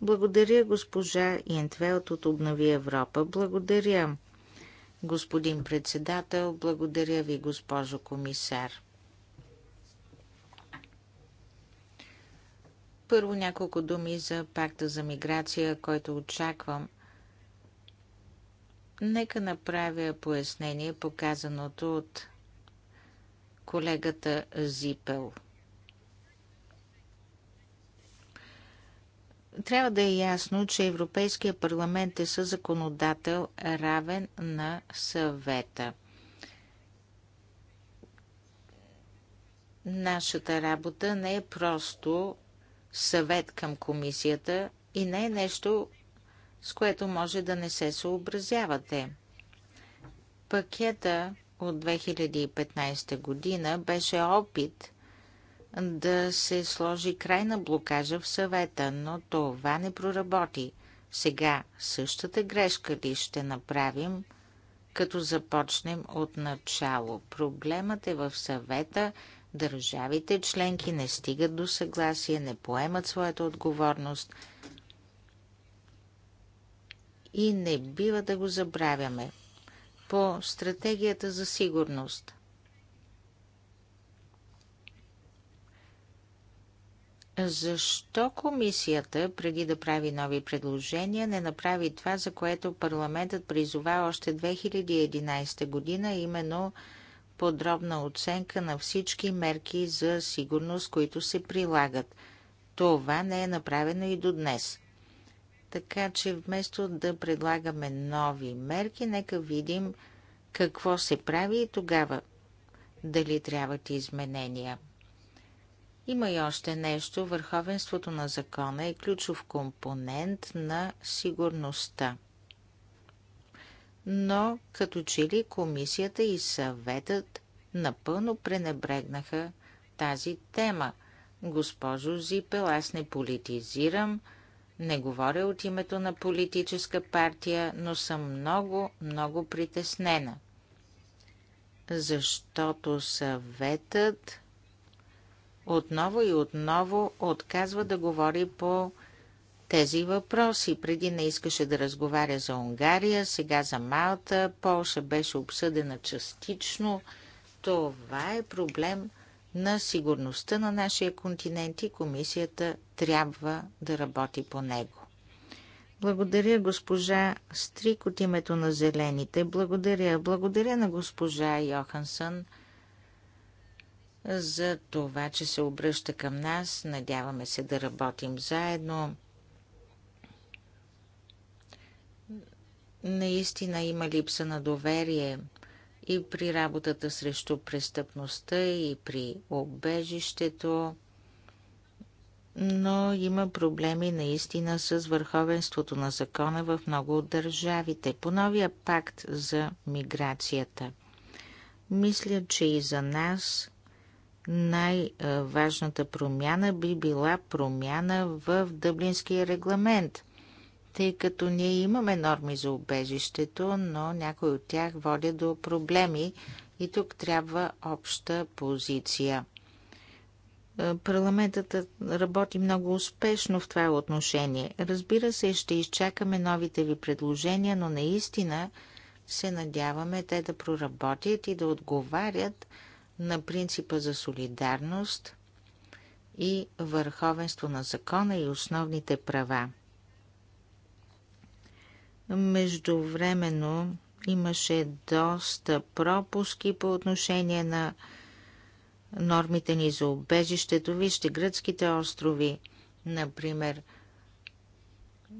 Благодаря госпожа Интвелт от Обнови Европа. Благодаря господин председател. Благодаря ви, госпожо комисар. Първо няколко думи за пакта за миграция, който очаквам. Нека направя пояснение показаното от колегата Зипел – Трябва да е ясно, че Европейския парламент е със законодател равен на съвета. Нашата работа не е просто съвет към комисията и не е нещо, с което може да не се съобразявате. Пакета от 2015 година беше опит да се сложи край на блокажа в съвета, но това не проработи. Сега същата грешка ли ще направим, като започнем от начало? Проблемът е в съвета. Държавите членки не стигат до съгласие, не поемат своята отговорност и не бива да го забравяме. По стратегията за сигурност – Защо комисията, преди да прави нови предложения, не направи това, за което парламентът призова още 2011 година, именно подробна оценка на всички мерки за сигурност, които се прилагат? Това не е направено и до днес. Така че вместо да предлагаме нови мерки, нека видим какво се прави и тогава дали трябват изменения. Има и още нещо. Върховенството на закона е ключов компонент на сигурността. Но като че ли комисията и съветът напълно пренебрегнаха тази тема. Госпожо Зипел, аз не политизирам, не говоря от името на политическа партия, но съм много, много притеснена. Защото съветът отново и отново отказва да говори по тези въпроси. Преди не искаше да разговаря за Унгария, сега за Малта, Полша беше обсъдена частично. Това е проблем на сигурността на нашия континент и комисията трябва да работи по него. Благодаря госпожа Стрик от името на Зелените. Благодаря. Благодаря на госпожа Йохансън за това, че се обръща към нас. Надяваме се да работим заедно. Наистина има липса на доверие и при работата срещу престъпността, и при обежището, но има проблеми наистина с върховенството на закона в много от държавите. По новия пакт за миграцията. Мисля, че и за нас най-важната промяна би била промяна в Дъблинския регламент, тъй като ние имаме норми за убежището, но някои от тях водят до проблеми и тук трябва обща позиция. Е, парламентът работи много успешно в това отношение. Разбира се, ще изчакаме новите ви предложения, но наистина се надяваме те да проработят и да отговарят на принципа за солидарност и върховенство на закона и основните права. Междувременно имаше доста пропуски по отношение на нормите ни за убежището. Вижте гръцките острови, например.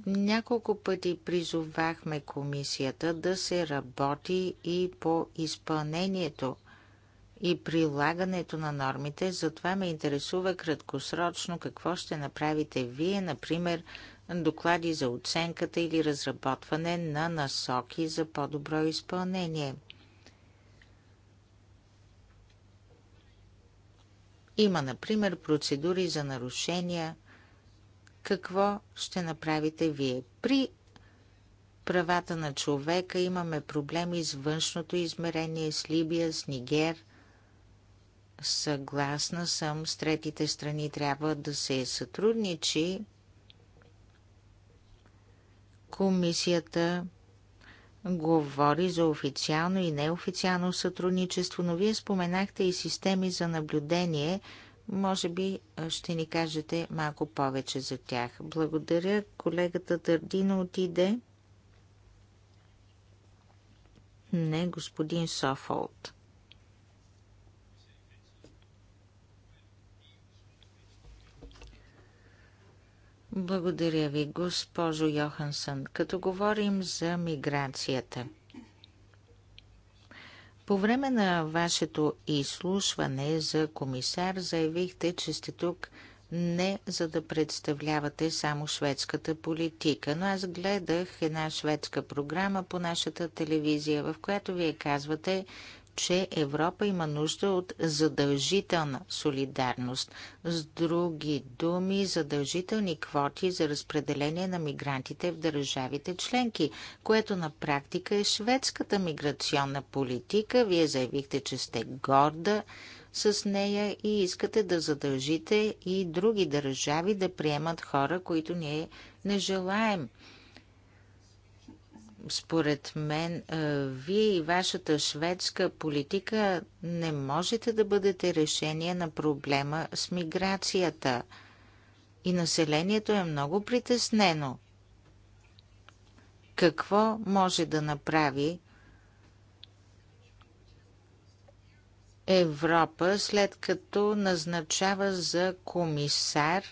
Няколко пъти призовахме комисията да се работи и по изпълнението – и прилагането на нормите, затова ме интересува краткосрочно какво ще направите вие, например, доклади за оценката или разработване на насоки за по-добро изпълнение. Има, например, процедури за нарушения. Какво ще направите вие? При правата на човека имаме проблеми с външното измерение, с Либия, с Нигер – Съгласна съм, с третите страни трябва да се сътрудничи комисията говори за официално и неофициално сътрудничество, но вие споменахте и системи за наблюдение. Може би ще ни кажете малко повече за тях. Благодаря. Колегата Търдино отиде. Не, господин Софолт. Благодаря ви, госпожо Йохансън. Като говорим за миграцията, по време на вашето изслушване за комисар заявихте, че сте тук не за да представлявате само шведската политика, но аз гледах една шведска програма по нашата телевизия, в която вие казвате, че Европа има нужда от задължителна солидарност. С други думи, задължителни квоти за разпределение на мигрантите в държавите членки, което на практика е шведската миграционна политика. Вие заявихте, че сте горда с нея и искате да задължите и други държави да приемат хора, които ние не желаем според мен, вие и вашата шведска политика не можете да бъдете решение на проблема с миграцията. И населението е много притеснено. Какво може да направи Европа, след като назначава за комисар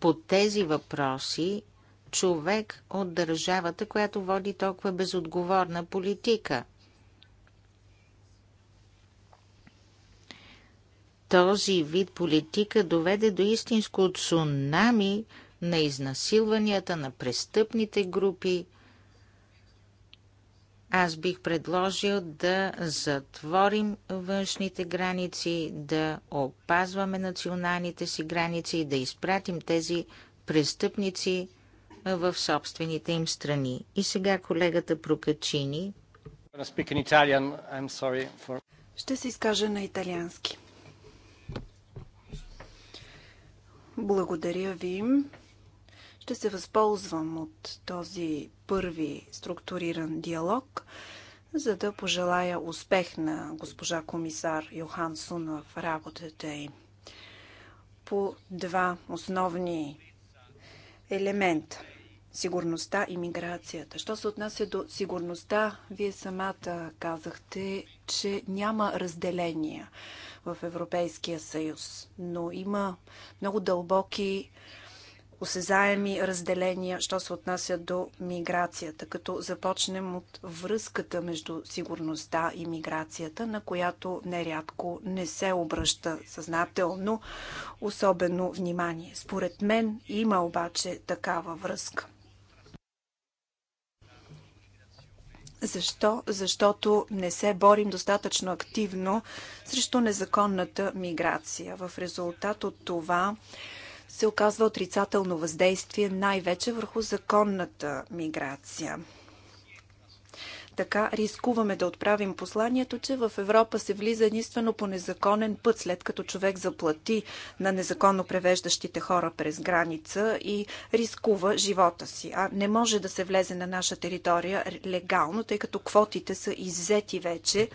по тези въпроси човек от държавата, която води толкова безотговорна политика. Този вид политика доведе до истинско цунами на изнасилванията на престъпните групи. Аз бих предложил да затворим външните граници, да опазваме националните си граници и да изпратим тези престъпници в собствените им страни. И сега колегата Прокачини. Ще се изкажа на италиански. Благодаря ви. Ще се възползвам от този първи структуриран диалог, за да пожелая успех на госпожа комисар Йохансон в работата й. По два основни елемента сигурността и миграцията. Що се отнася до сигурността, вие самата казахте, че няма разделения в Европейския съюз, но има много дълбоки осезаеми разделения, що се отнася до миграцията, като започнем от връзката между сигурността и миграцията, на която нерядко не се обръща съзнателно особено внимание. Според мен има обаче такава връзка. Защо? Защото не се борим достатъчно активно срещу незаконната миграция. В резултат от това се оказва отрицателно въздействие най-вече върху законната миграция. Така рискуваме да отправим посланието, че в Европа се влиза единствено по незаконен път, след като човек заплати на незаконно превеждащите хора през граница и рискува живота си. А не може да се влезе на наша територия легално, тъй като квотите са иззети вече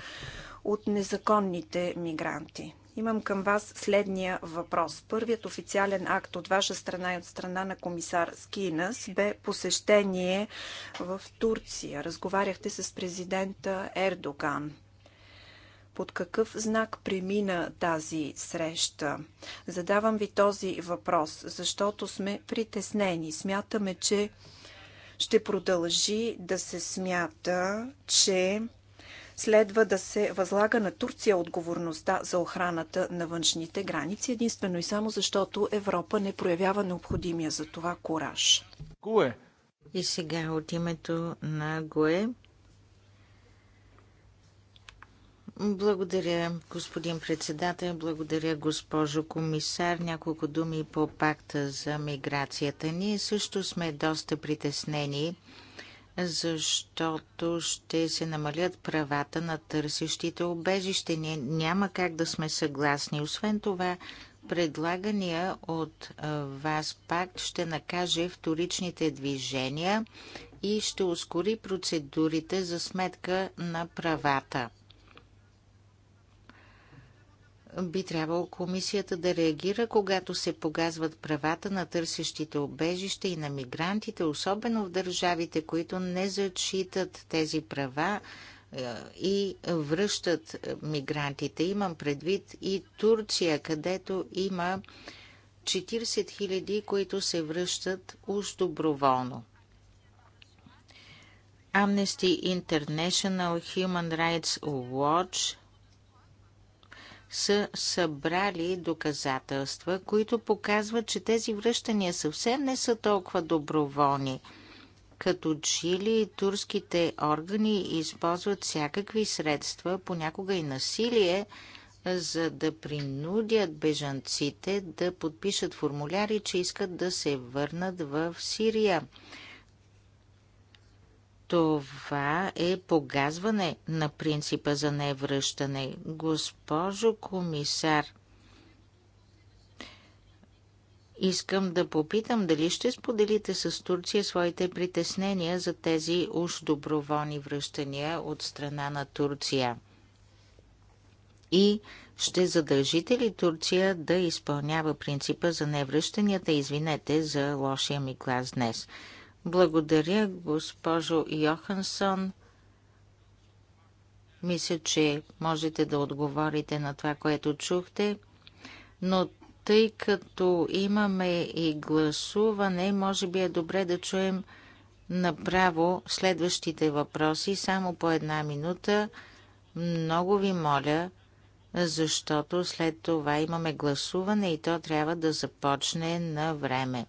от незаконните мигранти. Имам към вас следния въпрос. Първият официален акт от ваша страна и от страна на комисар Скинас бе посещение в Турция. Разговаряхте с президента Ердоган. Под какъв знак премина тази среща? Задавам ви този въпрос, защото сме притеснени. Смятаме, че ще продължи да се смята, че следва да се възлага на Турция отговорността за охраната на външните граници, единствено и само защото Европа не проявява необходимия за това кураж. Кое? И сега от името на Гое. Благодаря, господин председател. Благодаря, госпожо комисар. Няколко думи по пакта за миграцията. Ние също сме доста притеснени защото ще се намалят правата на търсещите обежище. Ние няма как да сме съгласни. Освен това, предлагания от вас пакт ще накаже вторичните движения и ще ускори процедурите за сметка на правата би трябвало комисията да реагира, когато се погазват правата на търсещите обежище и на мигрантите, особено в държавите, които не зачитат тези права е, и връщат мигрантите. Имам предвид и Турция, където има 40 000, които се връщат уж доброволно. Amnesty International, Human Rights Watch са събрали доказателства, които показват, че тези връщания съвсем не са толкова доброволни. Като чили турските органи използват всякакви средства, понякога и насилие, за да принудят бежанците да подпишат формуляри, че искат да се върнат в Сирия това е погазване на принципа за невръщане. Госпожо комисар, искам да попитам дали ще споделите с Турция своите притеснения за тези уж доброволни връщания от страна на Турция. И ще задължите ли Турция да изпълнява принципа за невръщанията? Извинете за лошия ми глас днес. Благодаря, госпожо Йохансон. Мисля, че можете да отговорите на това, което чухте, но тъй като имаме и гласуване, може би е добре да чуем направо следващите въпроси, само по една минута. Много ви моля, защото след това имаме гласуване и то трябва да започне на време.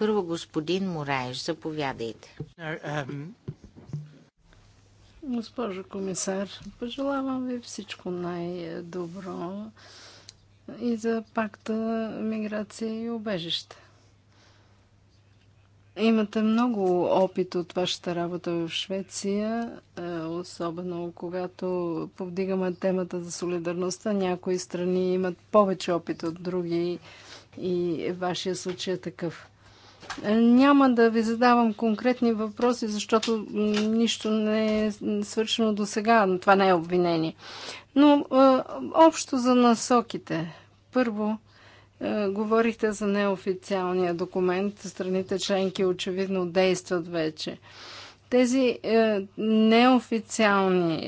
Първо господин Мораеш, заповядайте. Госпожо комисар, пожелавам ви всичко най-добро и за пакта миграция и убежище. Имате много опит от вашата работа в Швеция, е, особено когато повдигаме темата за солидарността. Някои страни имат повече опит от други и вашия случай е такъв. Е, няма да ви задавам конкретни въпроси, защото нищо не е свършено до сега. Това не е обвинение. Но е, общо за насоките. Първо, е, говорихте за неофициалния документ. Страните членки очевидно действат вече. Тези неофициални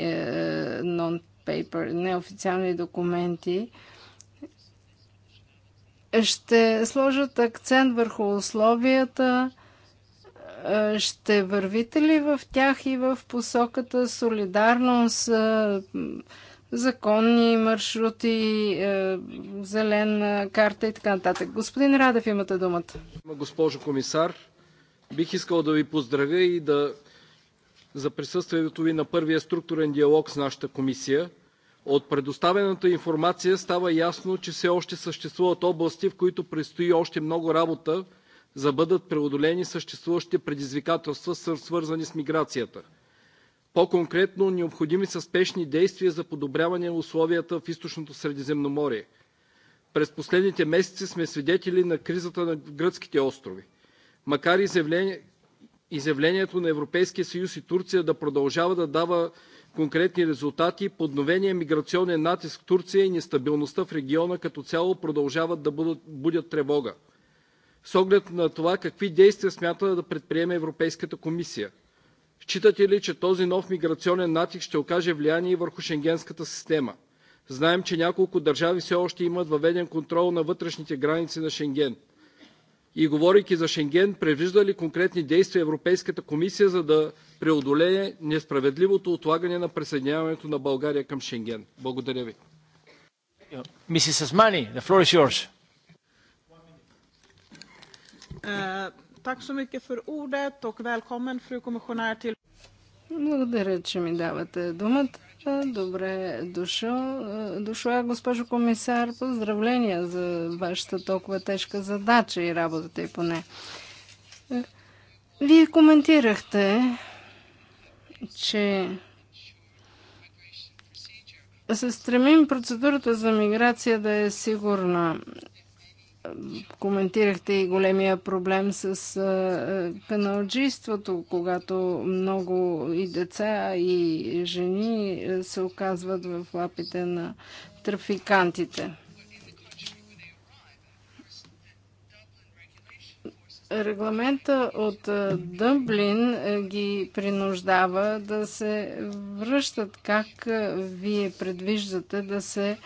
нон-пейпер, неофициални документи, ще сложат акцент върху условията, е, ще вървите ли в тях и в посоката солидарност, е, законни маршрути, е, зелена карта и така нататък. Господин Радев, имате думата. Госпожо комисар, бих искал да ви поздравя и да за присъствието ви на първия структурен диалог с нашата комисия – от предоставената информация става ясно, че все още съществуват области, в които предстои още много работа, за да бъдат преодолени съществуващите предизвикателства, свързани с миграцията. По-конкретно, необходими са спешни действия за подобряване на условията в източното Средиземноморие. През последните месеци сме свидетели на кризата на гръцките острови. Макар изявлението на Европейския съюз и Турция да продължава да дава конкретни резултати, подновения миграционен натиск в Турция и нестабилността в региона като цяло продължават да будят тревога. С оглед на това, какви действия смята да предприеме Европейската комисия? Считате ли, че този нов миграционен натиск ще окаже влияние и върху шенгенската система? Знаем, че няколко държави все още имат въведен контрол на вътрешните граници на Шенген. И говорейки за Шенген, предвижда ли конкретни действия Европейската комисия, за да преодолее несправедливото отлагане на присъединяването на България към Шенген. Благодаря ви. Mrs. Asmani, the floor is yours. Tack så mycket för ordet ток велкомен fru kommissionär till... Благодаря, че ми давате думата. Добре дошъл. Е, дошла, госпожо комисар. Поздравления за вашата толкова тежка задача и работата и поне. Е, вие коментирахте че се стремим процедурата за миграция да е сигурна. Коментирахте и големия проблем с пеналджийството, когато много и деца, и жени се оказват в лапите на трафикантите. регламента от е, Дъблин е, ги принуждава да се връщат. Как е, вие предвиждате да се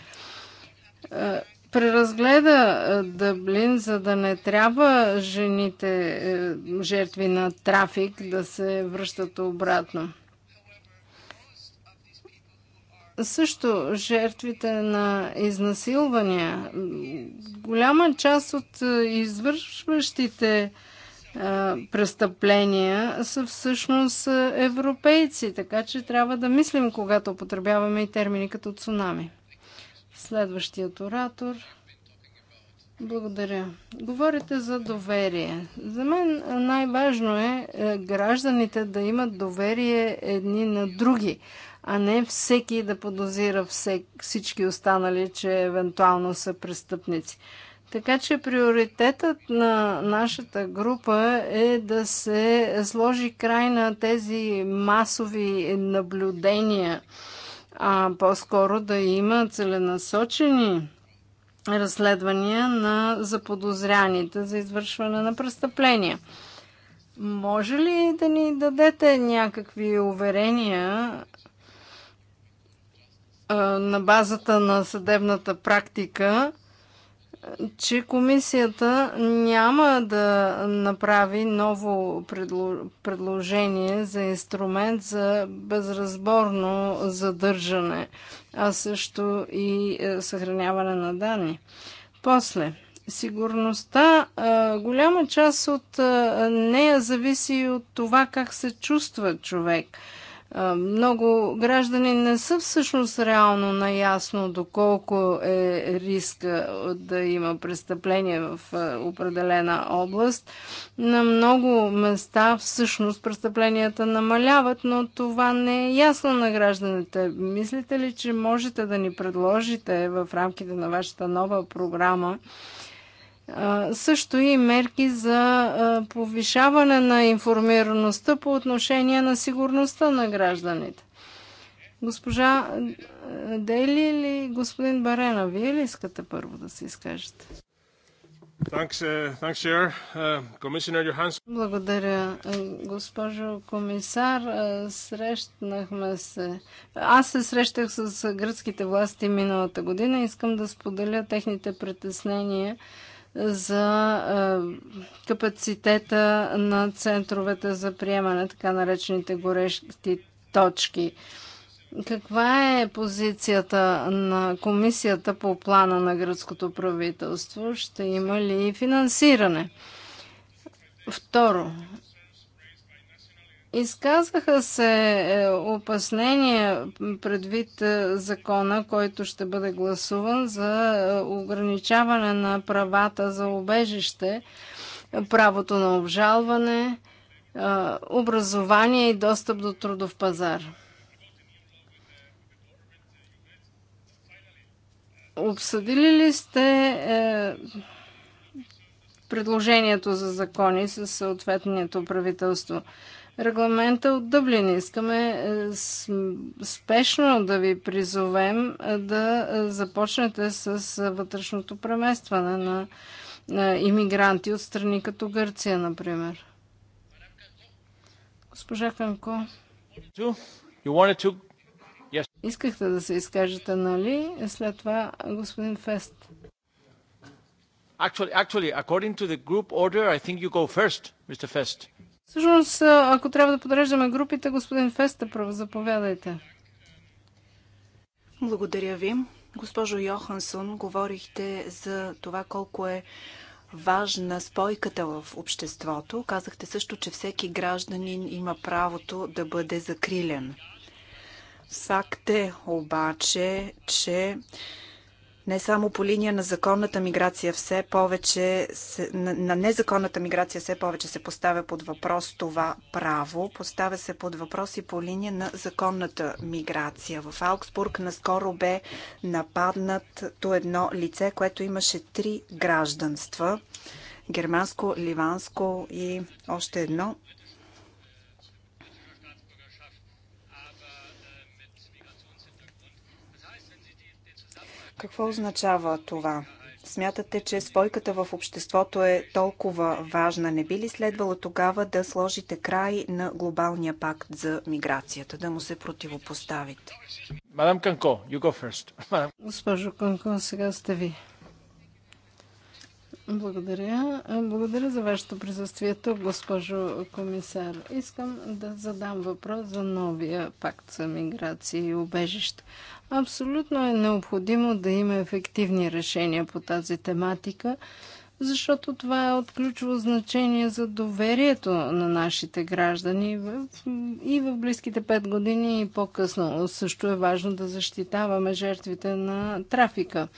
преразгледа Дъблин, за да не трябва жените жертви на трафик да се връщат обратно? също жертвите на изнасилвания. Голяма част от извършващите престъпления са всъщност европейци, така че трябва да мислим, когато употребяваме и термини като цунами. Следващият оратор. Благодаря. Говорите за доверие. За мен най-важно е гражданите да имат доверие едни на други, а не всеки да подозира всички останали, че евентуално са престъпници. Така че приоритетът на нашата група е да се сложи край на тези масови наблюдения, а по-скоро да има целенасочени разследвания на заподозряните за извършване на престъпления. Може ли да ни дадете някакви уверения на базата на съдебната практика, че комисията няма да направи ново предложение за инструмент за безразборно задържане, а също и е, съхраняване на данни. После, сигурността, голяма част от нея зависи от това как се чувства човек – много граждани не са всъщност реално наясно доколко е риска да има престъпление в определена област. На много места всъщност престъпленията намаляват, но това не е ясно на гражданите. Мислите ли, че можете да ни предложите в рамките на вашата нова програма? също и мерки за повишаване на информираността по отношение на сигурността на гражданите. Госпожа Дели или господин Барена, вие ли искате първо да се изкажете? Uh, uh, Благодаря, госпожо комисар. Срещнахме се. Аз се срещах с гръцките власти миналата година. Искам да споделя техните притеснения за е, капацитета на центровете за приемане, така наречените горещи точки. Каква е позицията на комисията по плана на гръцкото правителство? Ще има ли финансиране? Второ, Изказаха се е, опаснения предвид е, закона, който ще бъде гласуван за е, ограничаване на правата за обежище, правото на обжалване, образование и достъп до трудов пазар. Обсъдили ли сте предложението за закони със съответното правителство? регламента от Дъблин. Искаме е, спешно да ви призовем е, да е, започнете с вътрешното преместване на, иммигранти от страни като Гърция, например. Госпожа Канко. Искахте да се изкажете, нали? След това господин Фест. Actually, actually, according to the group order, I think you go first, Mr. Fest. Всъщност, ако трябва да подреждаме групите, господин Фестъпров, заповядайте. Благодаря ви. Госпожо Йохансон, говорихте за това колко е важна спойката в обществото. Казахте също, че всеки гражданин има правото да бъде закрилен. Факт е обаче, че не само по линия на законната миграция все повече, на, на незаконната миграция все повече се поставя под въпрос това право, поставя се под въпрос и по линия на законната миграция. В Аугсбург наскоро бе нападнато едно лице, което имаше три гражданства германско, ливанско и още едно. Какво означава това? Смятате, че спойката в обществото е толкова важна. Не би ли следвало тогава да сложите край на глобалния пакт за миграцията, да му се противопоставите? Мадам Канко, you go first. Госпожо Канко, сега сте ви. Благодаря. Благодаря за вашето присъствие тук, госпожо комисар. Искам да задам въпрос за новия пакт за миграция и убежище. Абсолютно е необходимо да има ефективни решения по тази тематика, защото това е от ключово значение за доверието на нашите граждани и в близките пет години и по-късно. Също е важно да защитаваме жертвите на трафика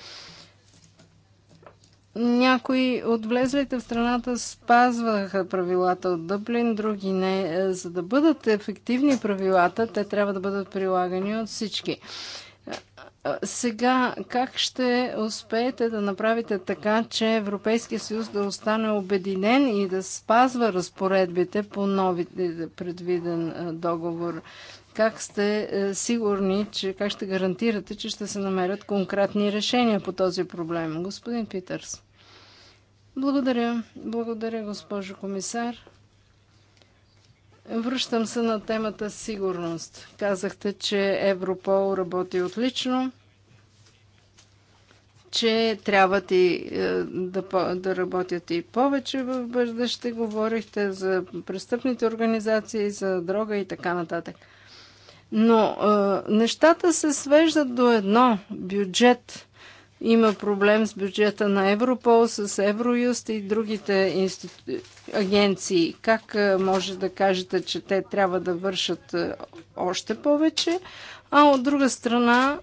някои от влезлите в страната спазваха правилата от Дъблин, други не. Е, за да бъдат ефективни правилата, те трябва да бъдат прилагани от всички. Е, е, сега, как ще успеете да направите така, че Европейския съюз да остане обединен и да спазва разпоредбите по новите предвиден договор? Как сте сигурни, че как ще гарантирате, че ще се намерят конкретни решения по този проблем? Господин Питърс. Благодаря. Благодаря, госпожо комисар. Връщам се на темата сигурност. Казахте, че Европол работи отлично, че трябва и, е, да, да работят и повече в бъдеще. Говорихте за престъпните организации, за дрога и така нататък. Но е, нещата се свеждат до едно бюджет. Има проблем с бюджета на Европол, с Евроюст и другите институ... агенции. Как може да кажете, че те трябва да вършат още повече, а от друга страна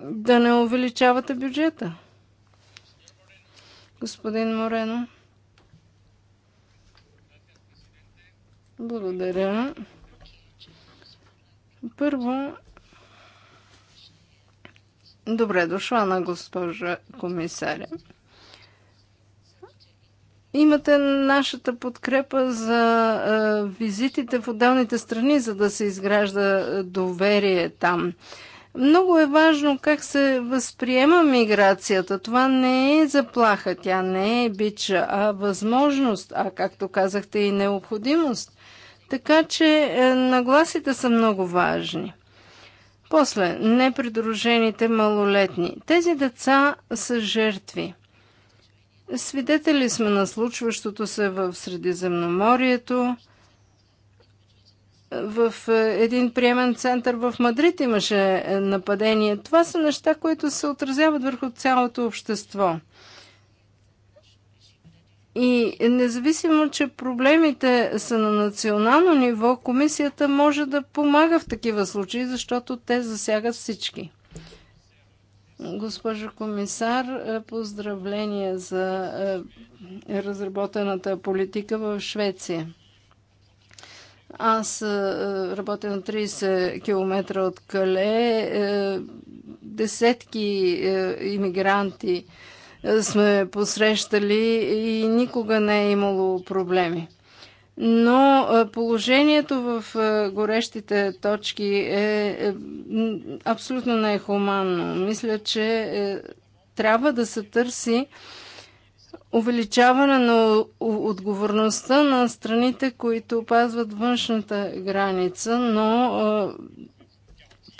да не увеличавате бюджета? Господин Морено. Благодаря. Първо, Добре дошла на госпожа комисаря. Имате нашата подкрепа за е, визитите в отделните страни, за да се изгражда е, доверие там. Много е важно как се възприема миграцията. Това не е заплаха, тя не е бича, а възможност, а както казахте и необходимост. Така че е, нагласите са много важни. После, непридружените малолетни. Тези деца са жертви. Свидетели сме на случващото се в Средиземноморието. В е, един приемен център в Мадрид имаше е, нападение. Това са неща, които се отразяват върху цялото общество. И независимо, че проблемите са на национално ниво, комисията може да помага в такива случаи, защото те засягат всички. Госпожо комисар, е, поздравления за е, разработената политика в Швеция. Аз е, работя на 30 км от Кале. Десетки иммигранти сме посрещали и никога не е имало проблеми. Но положението в горещите точки е, е абсолютно нехуманно. Мисля, че е, трябва да се търси увеличаване на отговорността на страните, които опазват външната граница, но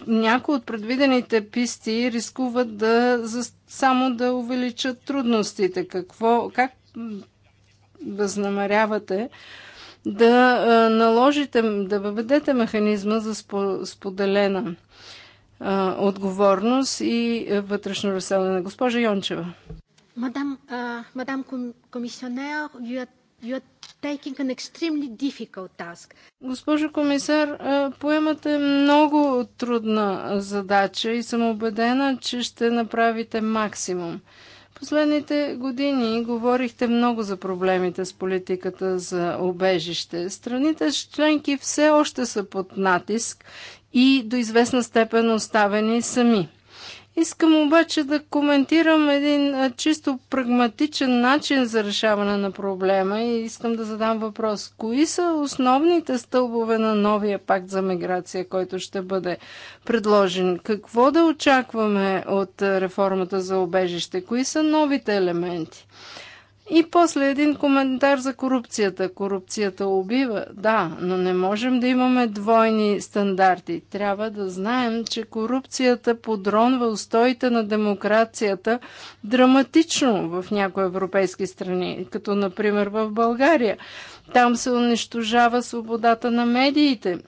някои от предвидените писти рискуват да, само да увеличат трудностите. Какво, как възнамерявате да наложите, да въведете механизма за споделена отговорност и вътрешно разселене? Госпожа Йончева. Мадам, а, мадам комисионер, you are, you are taking an extremely difficult task. Госпожо комисар, поемате много трудна задача и съм убедена, че ще направите максимум. Последните години говорихте много за проблемите с политиката за обежище. Страните членки все още са под натиск и до известна степен оставени сами. Искам обаче да коментирам един чисто прагматичен начин за решаване на проблема и искам да задам въпрос. Кои са основните стълбове на новия пакт за миграция, който ще бъде предложен? Какво да очакваме от реформата за обежище? Кои са новите елементи? И после един коментар за корупцията. Корупцията убива, да, но не можем да имаме двойни стандарти. Трябва да знаем, че корупцията подронва устоите на демокрацията драматично в някои европейски страни, като например в България. Там се унищожава свободата на медиите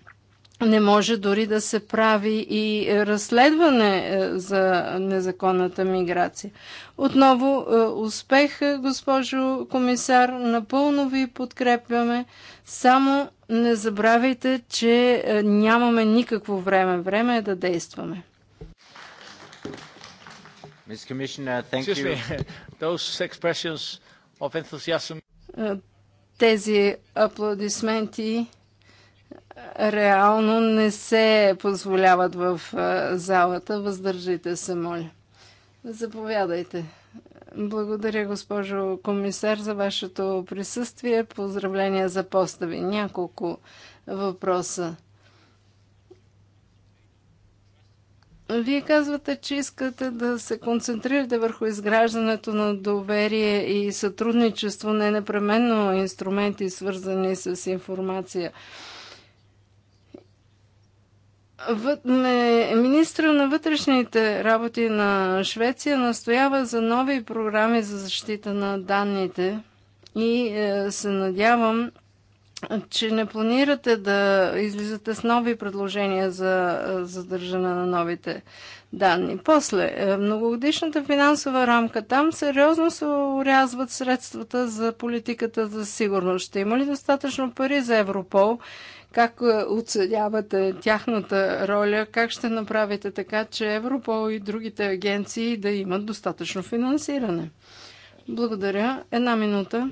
не може дори да се прави и е, разследване е, за незаконната миграция. Отново е, успех, госпожо комисар, напълно ви подкрепяме. Само не забравяйте, че нямаме никакво време. Време е да действаме. Тези аплодисменти реално не се позволяват в залата. Въздържите се, моля. Заповядайте. Благодаря, госпожо комисар, за вашето присъствие. Поздравления за поста ви. Няколко въпроса. Вие казвате, че искате да се концентрирате върху изграждането на доверие и сътрудничество, не непременно инструменти, свързани с информация. Министра на вътрешните работи на Швеция настоява за нови програми за защита на данните и е, се надявам, че не планирате да излизате с нови предложения за е, задържане на новите данни. После, е, многогодишната финансова рамка, там сериозно се урязват средствата за политиката за сигурност. Ще има ли достатъчно пари за Европол как е, оценявате тяхната роля? Как ще направите така, че Европол и другите агенции да имат достатъчно финансиране? Благодаря. Една минута.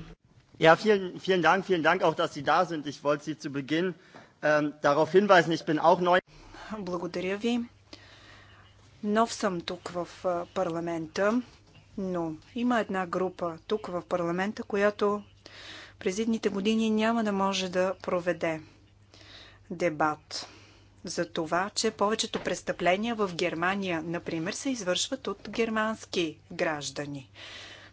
Ja, vielen, vielen Dank, vielen Dank auch, dass Sie da sind. Ich wollte Sie zu Beginn ähm, darauf hinweisen, ich bin auch neu. Благодаря ви. Нов съм тук в парламента, но има една група тук в парламента, която през едните години няма да може да проведе дебат за това, че повечето престъпления в Германия, например, се извършват от германски граждани.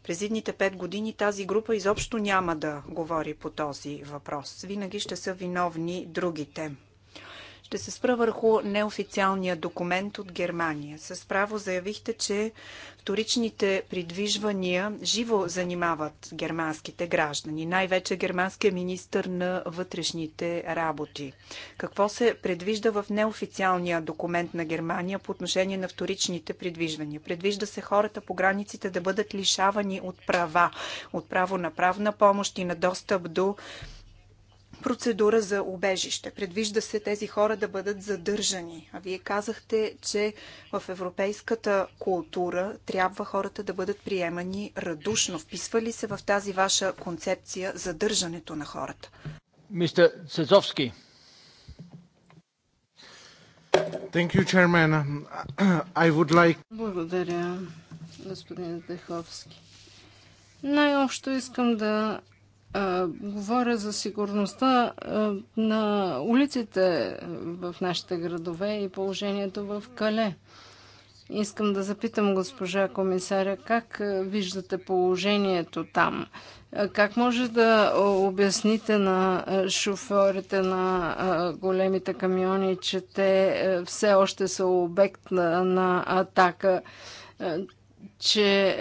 През едните пет години тази група изобщо няма да говори по този въпрос. Винаги ще са виновни другите. Ще се спра върху неофициалния документ от Германия. С право заявихте, че вторичните придвижвания живо занимават германските граждани, най-вече германския министр на вътрешните работи. Какво се предвижда в неофициалния документ на Германия по отношение на вторичните придвижвания? Предвижда се хората по границите да бъдат лишавани от права, от право на правна помощ и на достъп до процедура за убежище. Предвижда се тези хора да бъдат задържани. А вие казахте, че в европейската култура трябва хората да бъдат приемани радушно. Вписва ли се в тази ваша концепция задържането на хората? Мистер Сезовски. You, like... Благодаря, господин Деховски. Най-общо искам да говоря за сигурността на улиците в нашите градове и положението в Кале. Искам да запитам госпожа комисаря, как виждате положението там? Как може да обясните на шофьорите на големите камиони, че те все още са обект на, на атака, че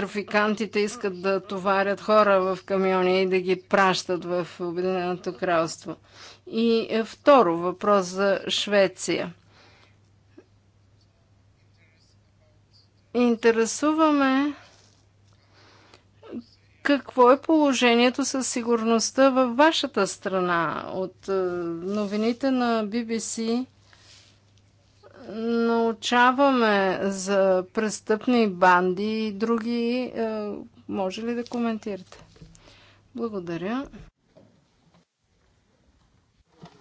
трафикантите искат да товарят хора в камиони и да ги пращат в Обединеното кралство. И е, второ, въпрос за Швеция. Интересуваме какво е положението със сигурността във вашата страна. От е, новините на BBC научаваме за престъпни банди и други. Е, може ли да коментирате? Благодаря.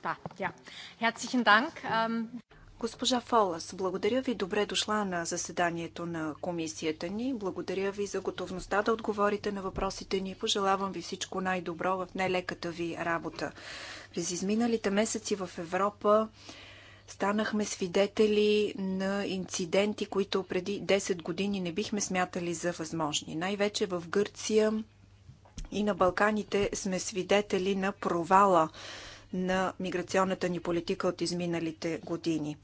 Да, ja. Herzlichen Госпожа Фолас, благодаря ви. Добре дошла на заседанието на комисията ни. Благодаря ви за готовността да отговорите на въпросите ни. Пожелавам ви всичко най-добро в нелеката ви работа. През изминалите месеци в Европа Станахме свидетели на инциденти, които преди 10 години не бихме смятали за възможни. Най-вече в Гърция и на Балканите сме свидетели на провала на миграционната ни политика от изминалите години.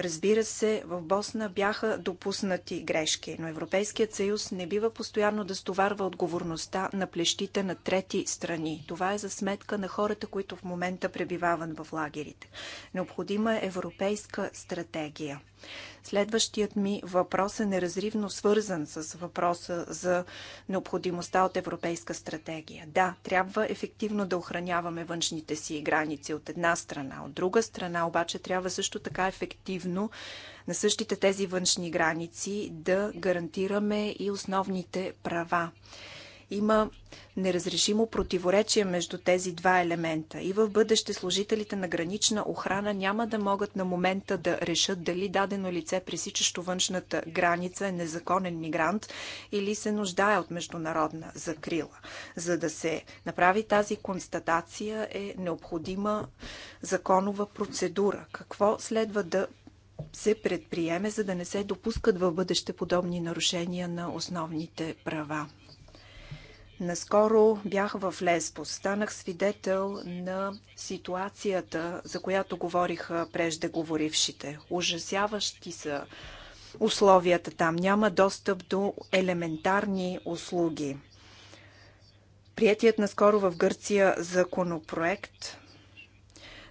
Разбира се, в Босна бяха допуснати грешки, но Европейският съюз не бива постоянно да стоварва отговорността на плещите на трети страни. Това е за сметка на хората, които в момента пребивават в лагерите. Необходима е европейска стратегия. Следващият ми въпрос е неразривно свързан с въпроса за необходимостта от европейска стратегия. Да, трябва ефективно да охраняваме външните си граници от една страна. От друга страна обаче трябва също така ефективно на същите тези външни граници да гарантираме и основните права. Има неразрешимо противоречие между тези два елемента. И в бъдеще служителите на гранична охрана няма да могат на момента да решат дали дадено лице, пресичащо външната граница, е незаконен мигрант или се нуждае от международна закрила. За да се направи тази констатация е необходима законова процедура. Какво следва да се предприеме, за да не се допускат в бъдеще подобни нарушения на основните права. Наскоро бях в Леспос. Станах свидетел на ситуацията, за която говориха преждеговорившите. Ужасяващи са условията там. Няма достъп до елементарни услуги. Приятият наскоро в Гърция законопроект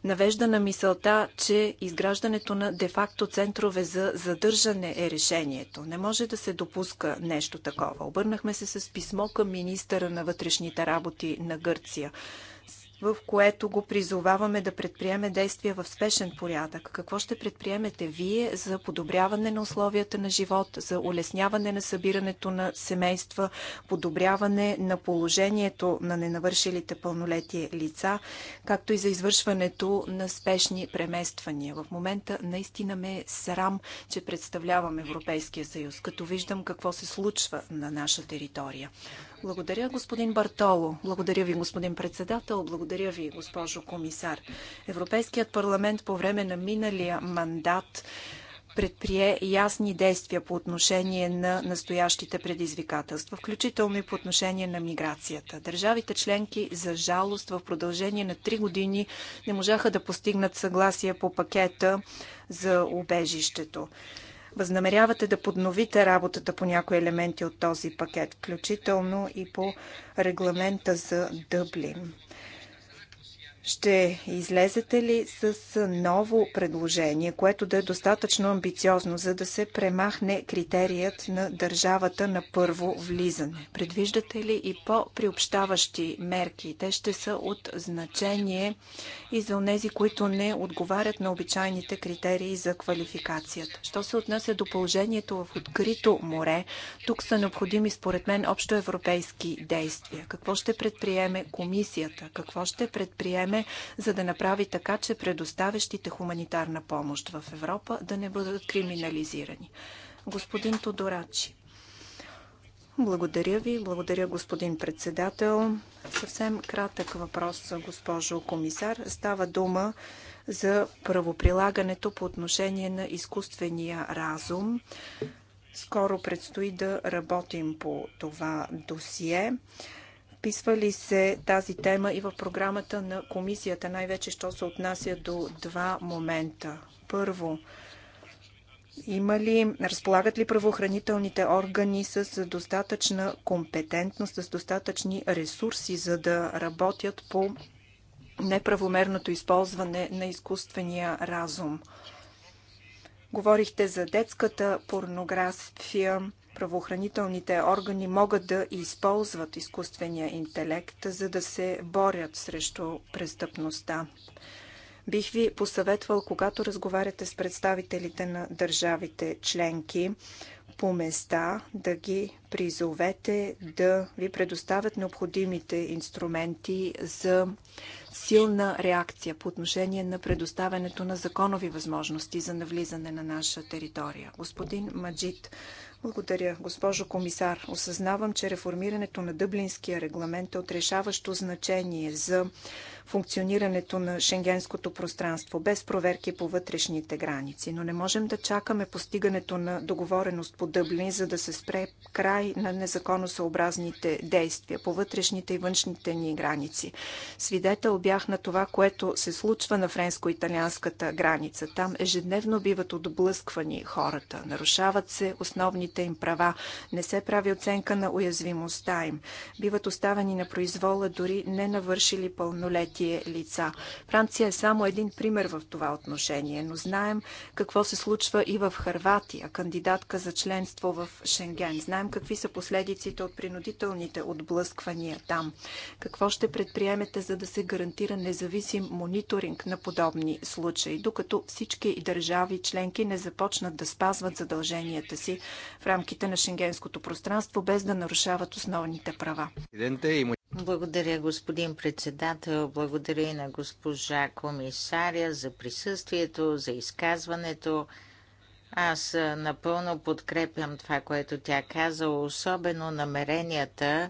навежда на мисълта, че изграждането на де-факто центрове за задържане е решението. Не може да се допуска нещо такова. Обърнахме се с писмо към министъра на вътрешните работи на Гърция в което го призоваваме да предприеме действия в спешен порядък. Какво ще предприемете вие за подобряване на условията на живот, за улесняване на събирането на семейства, подобряване на положението на ненавършилите пълнолетие лица, както и за извършването на спешни премествания? В момента наистина ме е срам, че представлявам Европейския съюз, като виждам какво се случва на наша територия. Благодаря, господин Бартоло. Благодаря ви, господин председател. Благодаря благодаря ви, госпожо комисар. Европейският парламент по време на миналия мандат предприе ясни действия по отношение на настоящите предизвикателства, включително и по отношение на миграцията. Държавите членки, за жалост, в продължение на три години не можаха да постигнат съгласие по пакета за убежището. Възнамерявате да подновите работата по някои елементи от този пакет, включително и по регламента за Дъблин. Ще излезете ли с ново предложение, което да е достатъчно амбициозно, за да се премахне критерият на държавата на първо влизане? Предвиждате ли и по-приобщаващи мерки? Те ще са от значение и за тези, които не отговарят на обичайните критерии за квалификацията. Що се отнася до положението в открито море, тук са необходими според мен общоевропейски действия. Какво ще предприеме комисията? Какво ще предприеме време, за да направи така, че предоставящите хуманитарна помощ в Европа да не бъдат криминализирани. Господин Тодорачи. Благодаря ви. Благодаря, господин председател. Съвсем кратък въпрос, госпожо комисар. Става дума за правоприлагането по отношение на изкуствения разум. Скоро предстои да работим по това досие. Вписва ли се тази тема и в програмата на комисията, най-вече, що се отнася до два момента? Първо, има ли, разполагат ли правоохранителните органи с достатъчна компетентност, с достатъчни ресурси, за да работят по неправомерното използване на изкуствения разум? Говорихте за детската порнография, правоохранителните органи могат да използват изкуствения интелект, за да се борят срещу престъпността. Бих ви посъветвал, когато разговаряте с представителите на държавите членки по места, да ги призовете да ви предоставят необходимите инструменти за силна реакция по отношение на предоставянето на законови възможности за навлизане на наша територия. Господин Маджид благодаря, госпожо комисар. Осъзнавам, че реформирането на Дъблинския регламент е от решаващо значение за функционирането на шенгенското пространство, без проверки по вътрешните граници. Но не можем да чакаме постигането на договореност по Дъблин, за да се спре край на незаконосъобразните действия по вътрешните и външните ни граници. Свидетел бях на това, което се случва на френско-италианската граница. Там ежедневно биват отблъсквани хората. Нарушават се основните им права. Не се прави оценка на уязвимостта им. Биват оставани на произвола дори не навършили пълнолетие трети лица. Франция е само един пример в това отношение, но знаем какво се случва и в Харватия, кандидатка за членство в Шенген. Знаем какви са последиците от принудителните отблъсквания там. Какво ще предприемете, за да се гарантира независим мониторинг на подобни случаи, докато всички държави членки не започнат да спазват задълженията си в рамките на шенгенското пространство, без да нарушават основните права? Благодаря, господин председател. Благодаря и на госпожа комисаря за присъствието, за изказването. Аз напълно подкрепям това, което тя каза, особено намеренията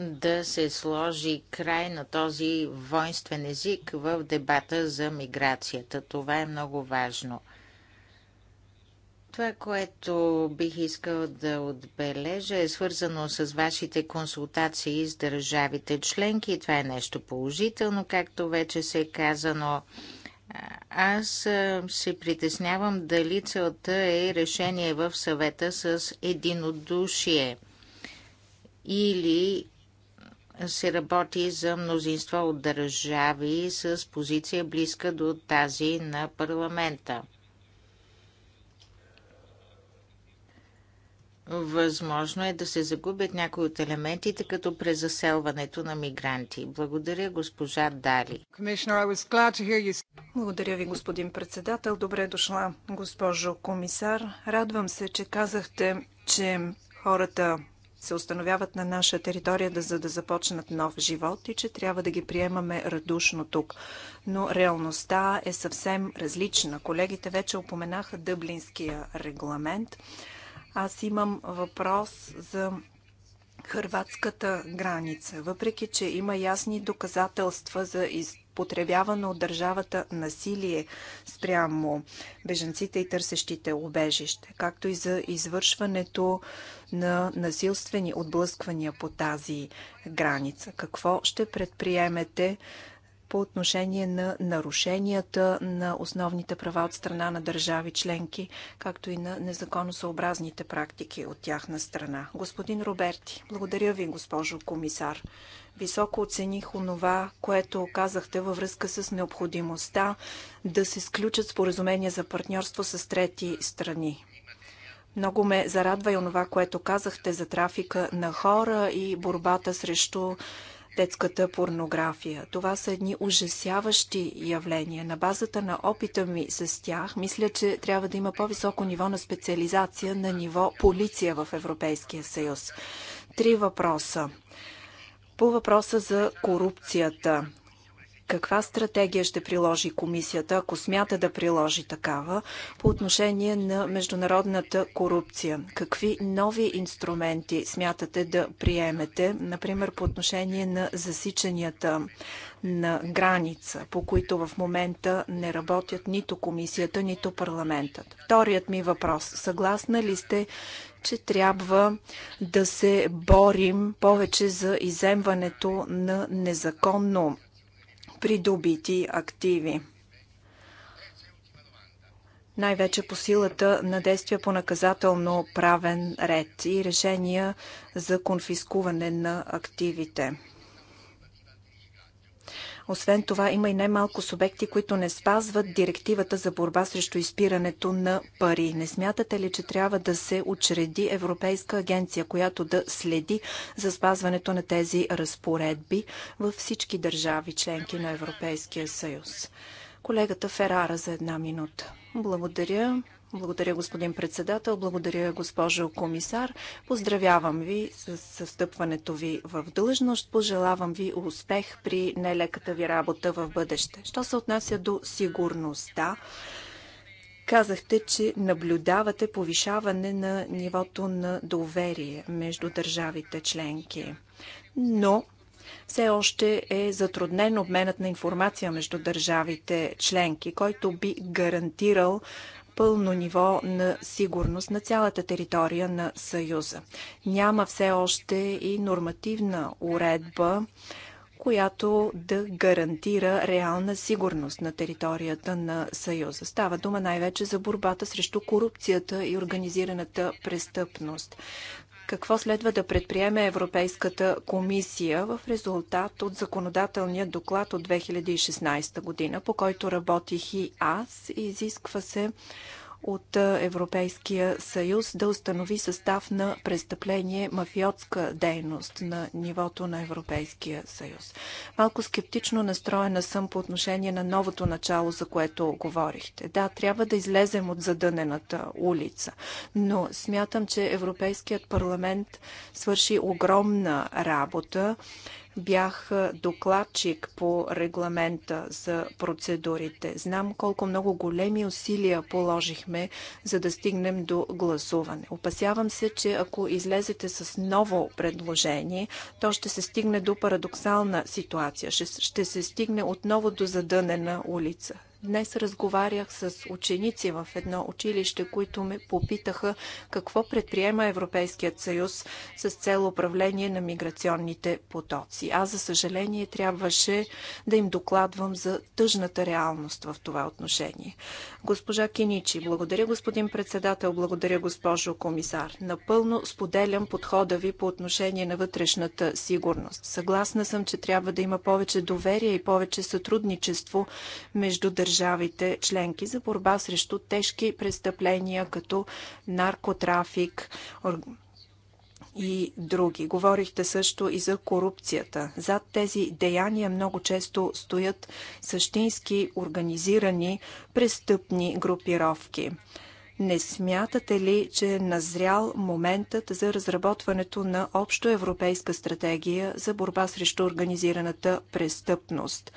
да се сложи край на този воинствен език в дебата за миграцията. Това е много важно – това, което бих искал да отбележа е свързано с вашите консултации с държавите членки. Това е нещо положително, както вече се е казано. Аз се притеснявам дали целта е решение в съвета с единодушие или се работи за мнозинство от държави с позиция близка до тази на парламента. Възможно е да се загубят някои от елементите, като презаселването на мигранти. Благодаря, госпожа Дали. Благодаря ви, господин председател. Добре е дошла, госпожо комисар. Радвам се, че казахте, че хората се установяват на наша територия, за да започнат нов живот и че трябва да ги приемаме радушно тук. Но реалността е съвсем различна. Колегите вече упоменаха Дъблинския регламент. Аз имам въпрос за хърватската граница. Въпреки, че има ясни доказателства за потребявано от държавата насилие спрямо бежанците и търсещите убежище, както и за извършването на насилствени отблъсквания по тази граница. Какво ще предприемете, по отношение на нарушенията на основните права от страна на държави членки, както и на незаконосъобразните практики от тяхна страна. Господин Роберти, благодаря ви, госпожо комисар. Високо оцених онова, което казахте във връзка с необходимостта да се сключат споразумения за партньорство с трети страни. Много ме зарадва и онова, което казахте за трафика на хора и борбата срещу детската порнография. Това са едни ужасяващи явления. На базата на опита ми с тях, мисля, че трябва да има по-високо ниво на специализация на ниво полиция в Европейския съюз. Три въпроса. По въпроса за корупцията. Каква стратегия ще приложи комисията, ако смята да приложи такава, по отношение на международната корупция? Какви нови инструменти смятате да приемете, например по отношение на засичанията на граница, по които в момента не работят нито комисията, нито парламентът? Вторият ми въпрос. Съгласна ли сте, че трябва да се борим повече за иземването на незаконно придобити активи. Най-вече по силата на действия по наказателно правен ред и решения за конфискуване на активите. Освен това, има и немалко субекти, които не спазват директивата за борба срещу изпирането на пари. Не смятате ли, че трябва да се учреди Европейска агенция, която да следи за спазването на тези разпоредби във всички държави, членки на Европейския съюз? Колегата Ферара за една минута. Благодаря. Благодаря, господин председател. Благодаря, госпожо комисар. Поздравявам ви с състъпването ви в длъжност. Пожелавам ви успех при нелеката ви работа в бъдеще. Що се отнася до сигурността, Казахте, че наблюдавате повишаване на нивото на доверие между държавите членки. Но все още е затруднен обменът на информация между държавите членки, който би гарантирал пълно ниво на сигурност на цялата територия на Съюза. Няма все още и нормативна уредба, която да гарантира реална сигурност на територията на Съюза. Става дума най-вече за борбата срещу корупцията и организираната престъпност какво следва да предприеме Европейската комисия в резултат от законодателния доклад от 2016 година, по който работих и аз. Изисква се от е, Европейския съюз да установи състав на престъпление мафиотска дейност на нивото на Европейския съюз. Малко скептично настроена съм по отношение на новото начало, за което говорихте. Да, трябва да излезем от задънената улица, но смятам, че Европейският парламент свърши огромна работа бях докладчик по регламента за процедурите. Знам колко много големи усилия положихме, за да стигнем до гласуване. Опасявам се, че ако излезете с ново предложение, то ще се стигне до парадоксална ситуация. Ще, се стигне отново до задънена улица. Днес разговарях с ученици в едно училище, които ме попитаха какво предприема Европейският съюз с цел управление на миграционните потоци. Аз, за съжаление, трябваше да им докладвам за тъжната реалност в това отношение. Госпожа Киничи, благодаря господин председател, благодаря госпожо комисар. Напълно споделям подхода ви по отношение на вътрешната сигурност. Съгласна съм, че трябва да има повече доверие и повече сътрудничество между държавите държавите членки за борба срещу тежки престъпления като наркотрафик и други. Говорихте също и за корупцията. Зад тези деяния много често стоят същински организирани престъпни групировки. Не смятате ли, че е назрял моментът за разработването на общо европейска стратегия за борба срещу организираната престъпност?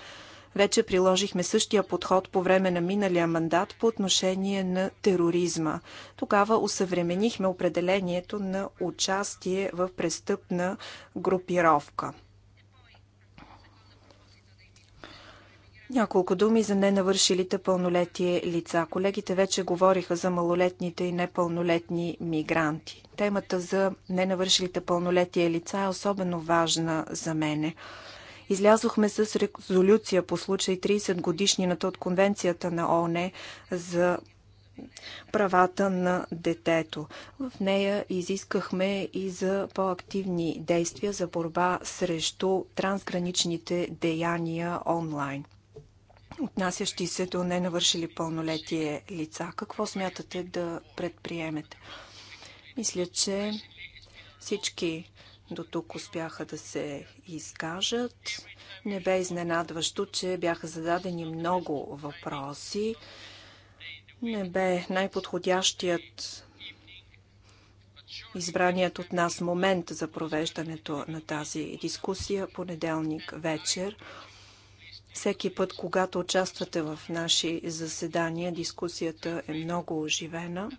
Вече приложихме същия подход по време на миналия мандат по отношение на тероризма. Тогава усъвременихме определението на участие в престъпна групировка. Няколко думи за ненавършилите пълнолетие лица. Колегите вече говориха за малолетните и непълнолетни мигранти. Темата за ненавършилите пълнолетие лица е особено важна за мене. Излязохме с резолюция по случай 30 годишнината от Конвенцията на ООН за правата на детето. В нея изискахме и за по-активни действия за борба срещу трансграничните деяния онлайн отнасящи се до ненавършили пълнолетие лица. Какво смятате да предприемете? Мисля, че всички до тук успяха да се изкажат. Не бе изненадващо, че бяха зададени много въпроси. Не бе най-подходящият избраният от нас момент за провеждането на тази дискусия понеделник вечер. Всеки път, когато участвате в наши заседания, дискусията е много оживена.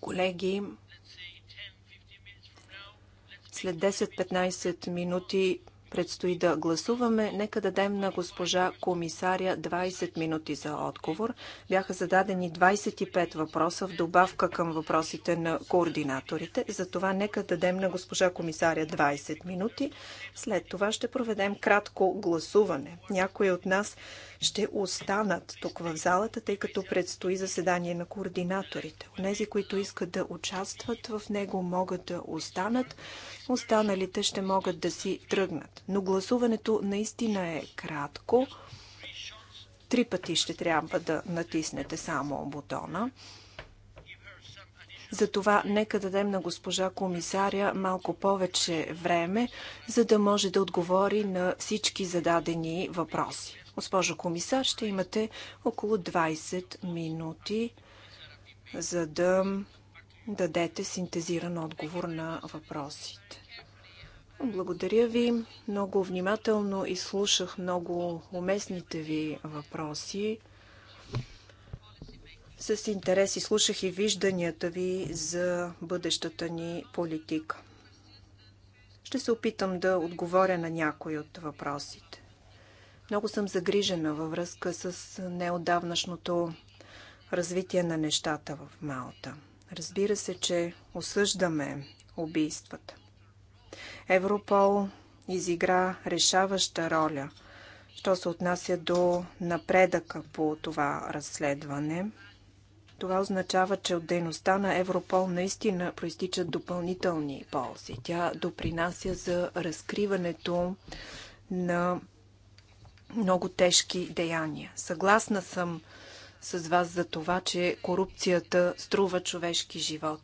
Колеги, след 10-15 минути предстои да гласуваме. Нека дадем на госпожа комисаря 20 минути за отговор. Бяха зададени 25 въпроса в добавка към въпросите на координаторите. Затова нека дадем на госпожа комисаря 20 минути. След това ще проведем кратко гласуване. Някои от нас ще останат тук в залата, тъй като предстои заседание на координаторите. Онези, които искат да участват в него, могат да останат. Останалите ще могат да си тръгнат. Но гласуването наистина е кратко. Три пъти ще трябва да натиснете само бутона. Затова нека дадем на госпожа комисаря малко повече време, за да може да отговори на всички зададени въпроси. Госпожо комисар, ще имате около 20 минути, за да дадете синтезиран отговор на въпросите. Благодаря ви. Много внимателно изслушах много уместните ви въпроси. С интерес изслушах и вижданията ви за бъдещата ни политика. Ще се опитам да отговоря на някои от въпросите. Много съм загрижена във връзка с неодавнашното развитие на нещата в Малта. Разбира се, че осъждаме убийствата. Европол изигра решаваща роля, що се отнася до напредъка по това разследване. Това означава, че от дейността на Европол наистина проистичат допълнителни ползи. Тя допринася за разкриването на много тежки деяния. Съгласна съм с вас за това, че корупцията струва човешки живот.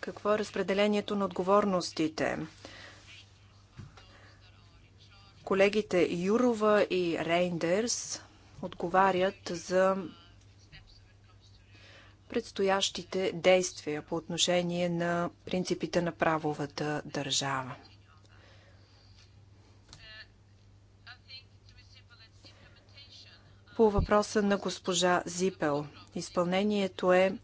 Какво е разпределението на отговорностите? Колегите Юрова и Рейндерс отговарят за предстоящите действия по отношение на принципите на правовата държава. По въпроса на госпожа Зипел. Изпълнението е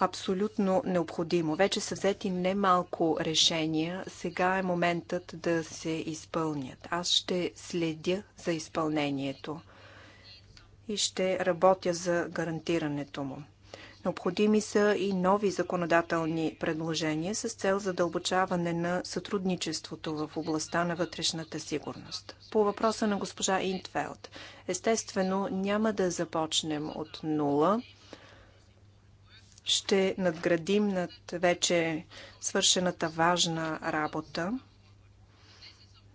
абсолютно необходимо. Вече са взети немалко решения. Сега е моментът да се изпълнят. Аз ще следя за изпълнението и ще работя за гарантирането му. Необходими са и нови законодателни предложения с цел задълбочаване на сътрудничеството в областта на вътрешната сигурност. По въпроса на госпожа Интфелд, естествено няма да започнем от нула. Ще надградим над вече свършената важна работа,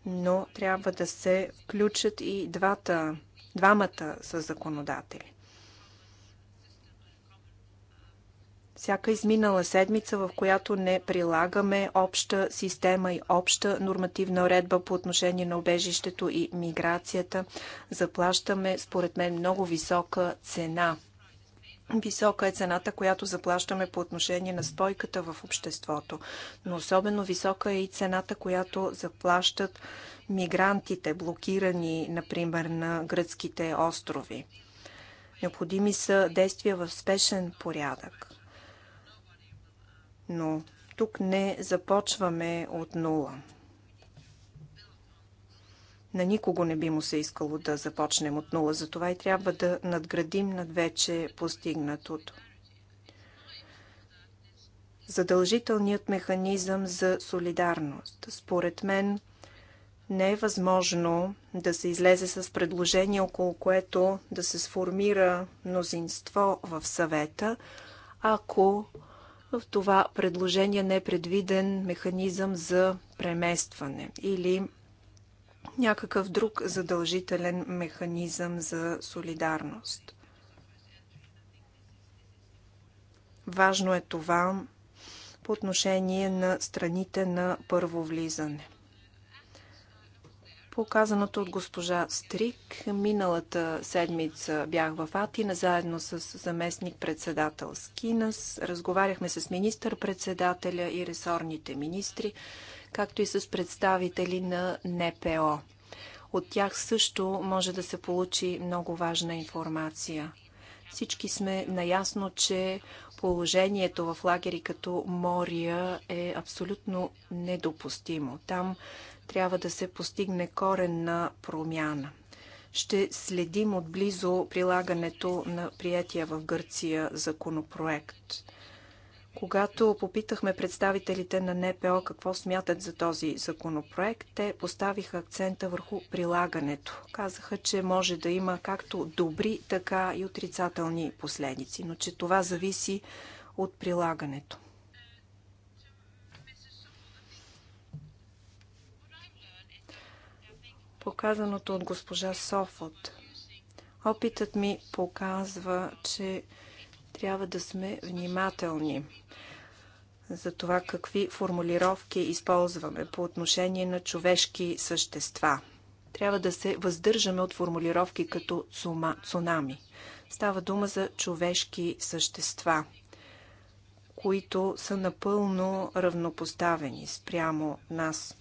но трябва да се включат и двата, двамата са законодатели. Всяка изминала седмица, в която не прилагаме обща система и обща нормативна редба по отношение на обежището и миграцията, заплащаме, според мен, много висока цена. Висока е цената, която заплащаме по отношение на стойката в обществото, но особено висока е и цената, която заплащат мигрантите, блокирани, например, на гръцките острови. Необходими са действия в спешен порядък но тук не започваме от нула. На никого не би му се искало да започнем от нула, затова и трябва да надградим над вече постигнатото. Задължителният механизъм за солидарност. Според мен не е възможно да се излезе с предложение, около което да се сформира мнозинство в съвета, ако в това предложение не е предвиден механизъм за преместване или някакъв друг задължителен механизъм за солидарност. Важно е това по отношение на страните на първо влизане. По казаното от госпожа Стрик, миналата седмица бях в Атина заедно с заместник председател Скинас. Разговаряхме с министър-председателя и ресорните министри, както и с представители на НПО. От тях също може да се получи много важна информация. Всички сме наясно, че Положението в лагери като Мория е абсолютно недопустимо. Там трябва да се постигне коренна промяна. Ще следим отблизо прилагането на приятия в Гърция законопроект. Когато попитахме представителите на НПО какво смятат за този законопроект, те поставиха акцента върху прилагането. Казаха, че може да има както добри, така и отрицателни последици, но че това зависи от прилагането. Показаното от госпожа Софот. Опитът ми показва, че трябва да сме внимателни за това какви формулировки използваме по отношение на човешки същества. Трябва да се въздържаме от формулировки като цунами. Става дума за човешки същества, които са напълно равнопоставени спрямо нас.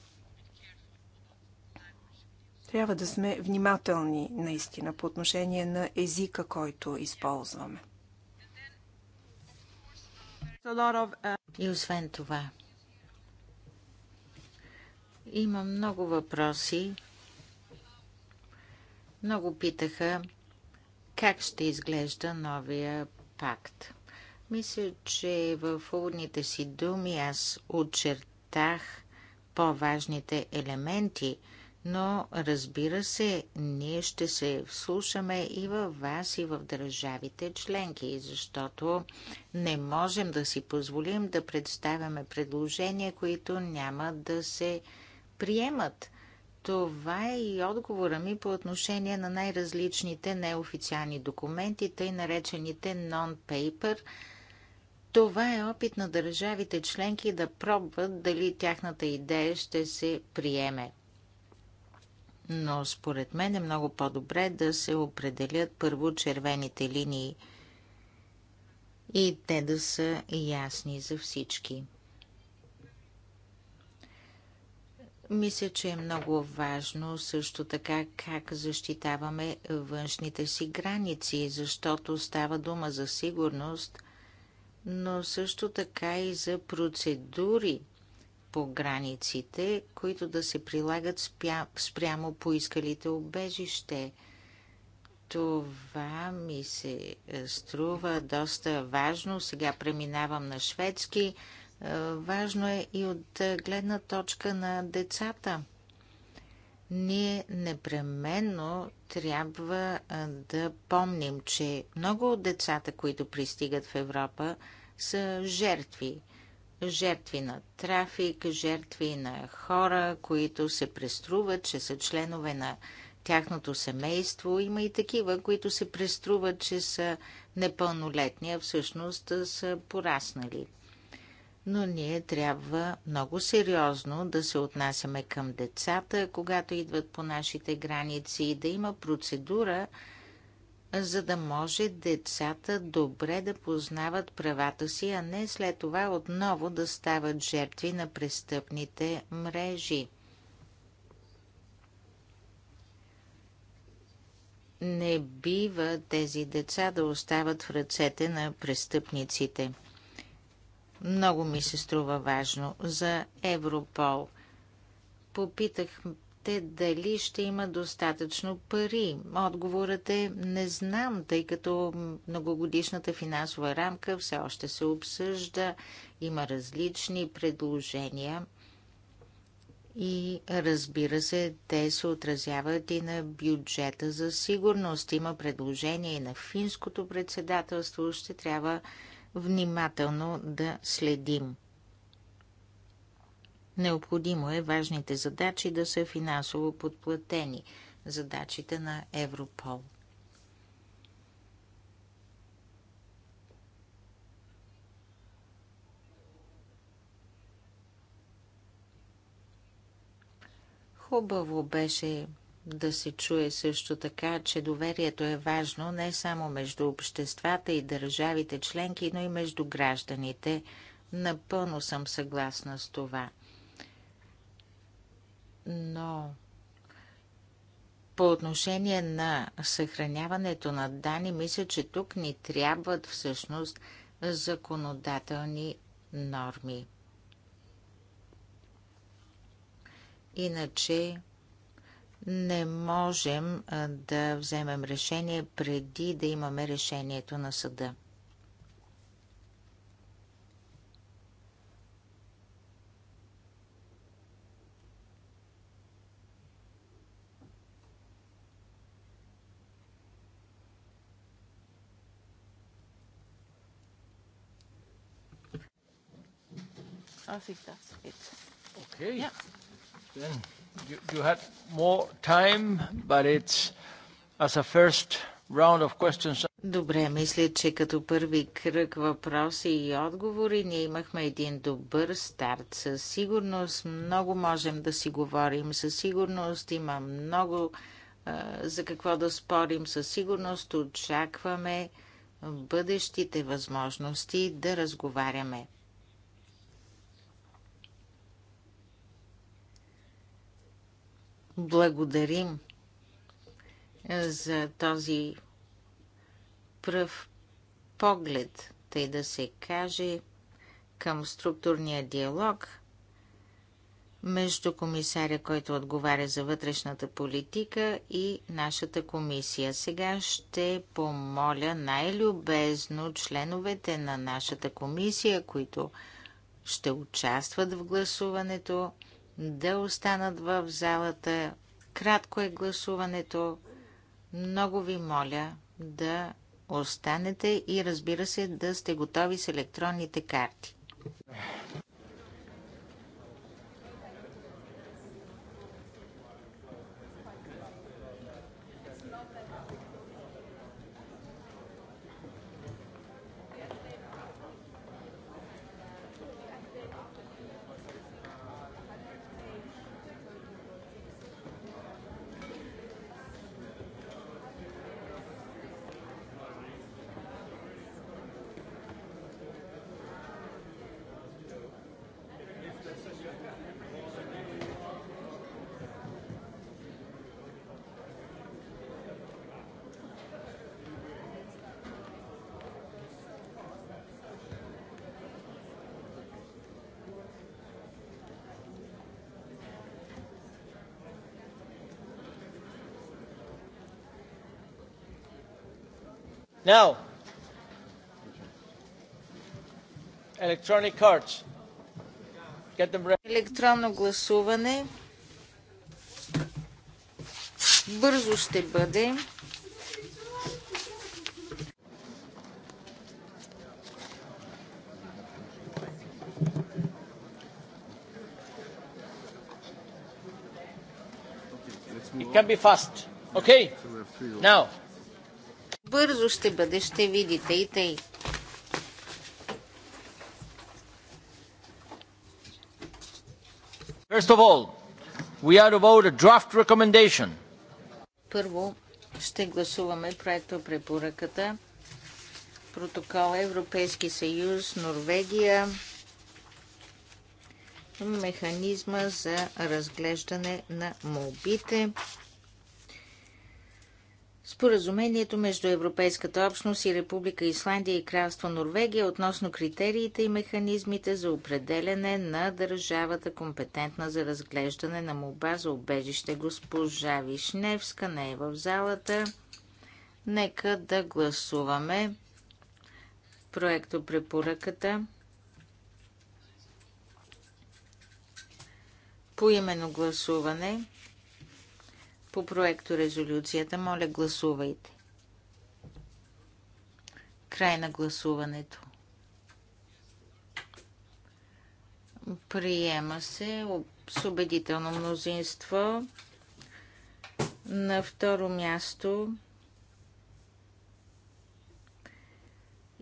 Трябва да сме внимателни наистина по отношение на езика, който използваме. Uh, И освен това, има много въпроси. Много питаха как ще изглежда новия пакт. Мисля, че в уводните си думи аз очертах по-важните елементи – но разбира се, ние ще се вслушаме и във вас, и в държавите членки, защото не можем да си позволим да представяме предложения, които няма да се приемат. Това е и отговора ми по отношение на най-различните неофициални документи, тъй наречените non-paper. Това е опит на държавите членки да пробват дали тяхната идея ще се приеме но според мен е много по-добре да се определят първо червените линии и те да са ясни за всички. Мисля, че е много важно също така как защитаваме външните си граници, защото става дума за сигурност, но също така и за процедури по границите, които да се прилагат спя, спрямо поискалите обежище. Това ми се е, струва доста важно. Сега преминавам на шведски. Е, важно е и от е, гледна точка на децата. Ние непременно трябва да помним, че много от децата, които пристигат в Европа, са жертви жертви на трафик, жертви на хора, които се преструват, че са членове на тяхното семейство. Има и такива, които се преструват, че са непълнолетни, а всъщност са пораснали. Но ние трябва много сериозно да се отнасяме към децата, когато идват по нашите граници, и да има процедура, за да може децата добре да познават правата си, а не след това отново да стават жертви на престъпните мрежи. Не бива тези деца да остават в ръцете на престъпниците. Много ми се струва важно за Европол. Попитах попитахте дали ще има достатъчно пари. Отговорът е не знам, тъй като многогодишната финансова рамка все още се обсъжда, има различни предложения и разбира се, те се отразяват и на бюджета за сигурност. Има предложения и на финското председателство, ще трябва внимателно да следим. Необходимо е важните задачи да са финансово подплатени задачите на Европол. Хубаво беше да се чуе също така, че доверието е важно не само между обществата и държавите членки, но и между гражданите. Напълно съм съгласна с това но по отношение на съхраняването на данни, мисля, че тук ни трябват всъщност законодателни норми. Иначе не можем да вземем решение преди да имаме решението на съда. I think that's it. Okay. Yeah. Then you, you had more time, but it's as a first round of questions. Добре, мисля, че като първи кръг въпроси и отговори ние имахме един добър старт. Със сигурност много можем да си говорим. Със сигурност има много за какво да спорим. Със сигурност очакваме бъдещите възможности да разговаряме. благодарим за този пръв поглед, тъй да се каже, към структурния диалог между комисаря, който отговаря за вътрешната политика и нашата комисия. Сега ще помоля най-любезно членовете на нашата комисия, които ще участват в гласуването, да останат в залата. Кратко е гласуването. Много ви моля да останете и разбира се да сте готови с електронните карти. Now, electronic cards. Get them ready. Електронно гласуване. Бързо ще бъде. It can be fast. Okay. Now. Бързо ще бъде, ще видите и тъй. First of all, we are to vote a draft recommendation. Първо ще гласуваме проекто препоръката. Протокол Европейски съюз, Норвегия, механизма за разглеждане на молбите. Споразумението между Европейската общност и Република Исландия и Кралство Норвегия относно критериите и механизмите за определене на държавата компетентна за разглеждане на молба за убежище. Госпожа Вишневска не е в залата. Нека да гласуваме проекто препоръката. По гласуване по проекто резолюцията. Моля, гласувайте. Край на гласуването. Приема се с убедително мнозинство. На второ място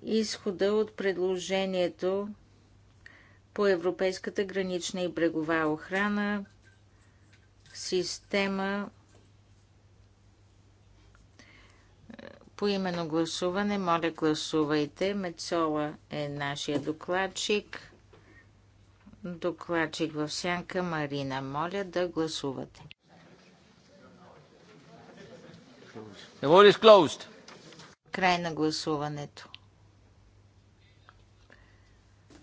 изхода от предложението по Европейската гранична и брегова охрана, система По именно гласуване, моля гласувайте. Мецола е нашия докладчик. Докладчик в сянка Марина. Моля да гласувате. The vote is closed. Край на гласуването.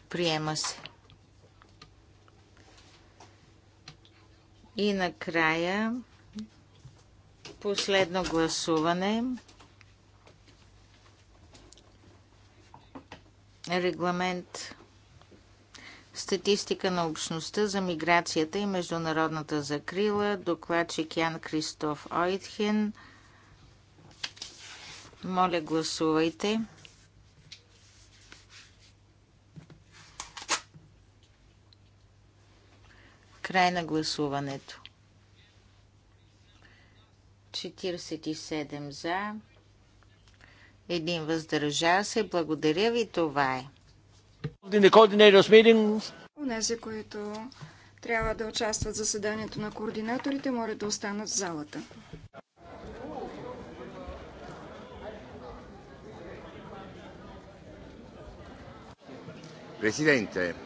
Приема се. И накрая последно гласуване регламент Статистика на общността за миграцията и международната закрила, докладчик Ян Кристоф Ойтхен. Моля, гласувайте. Край на гласуването. 47 за, един въздържал се. Благодаря ви, това е. Унези, които трябва да участват в заседанието на координаторите, могат да останат в залата. Presidente,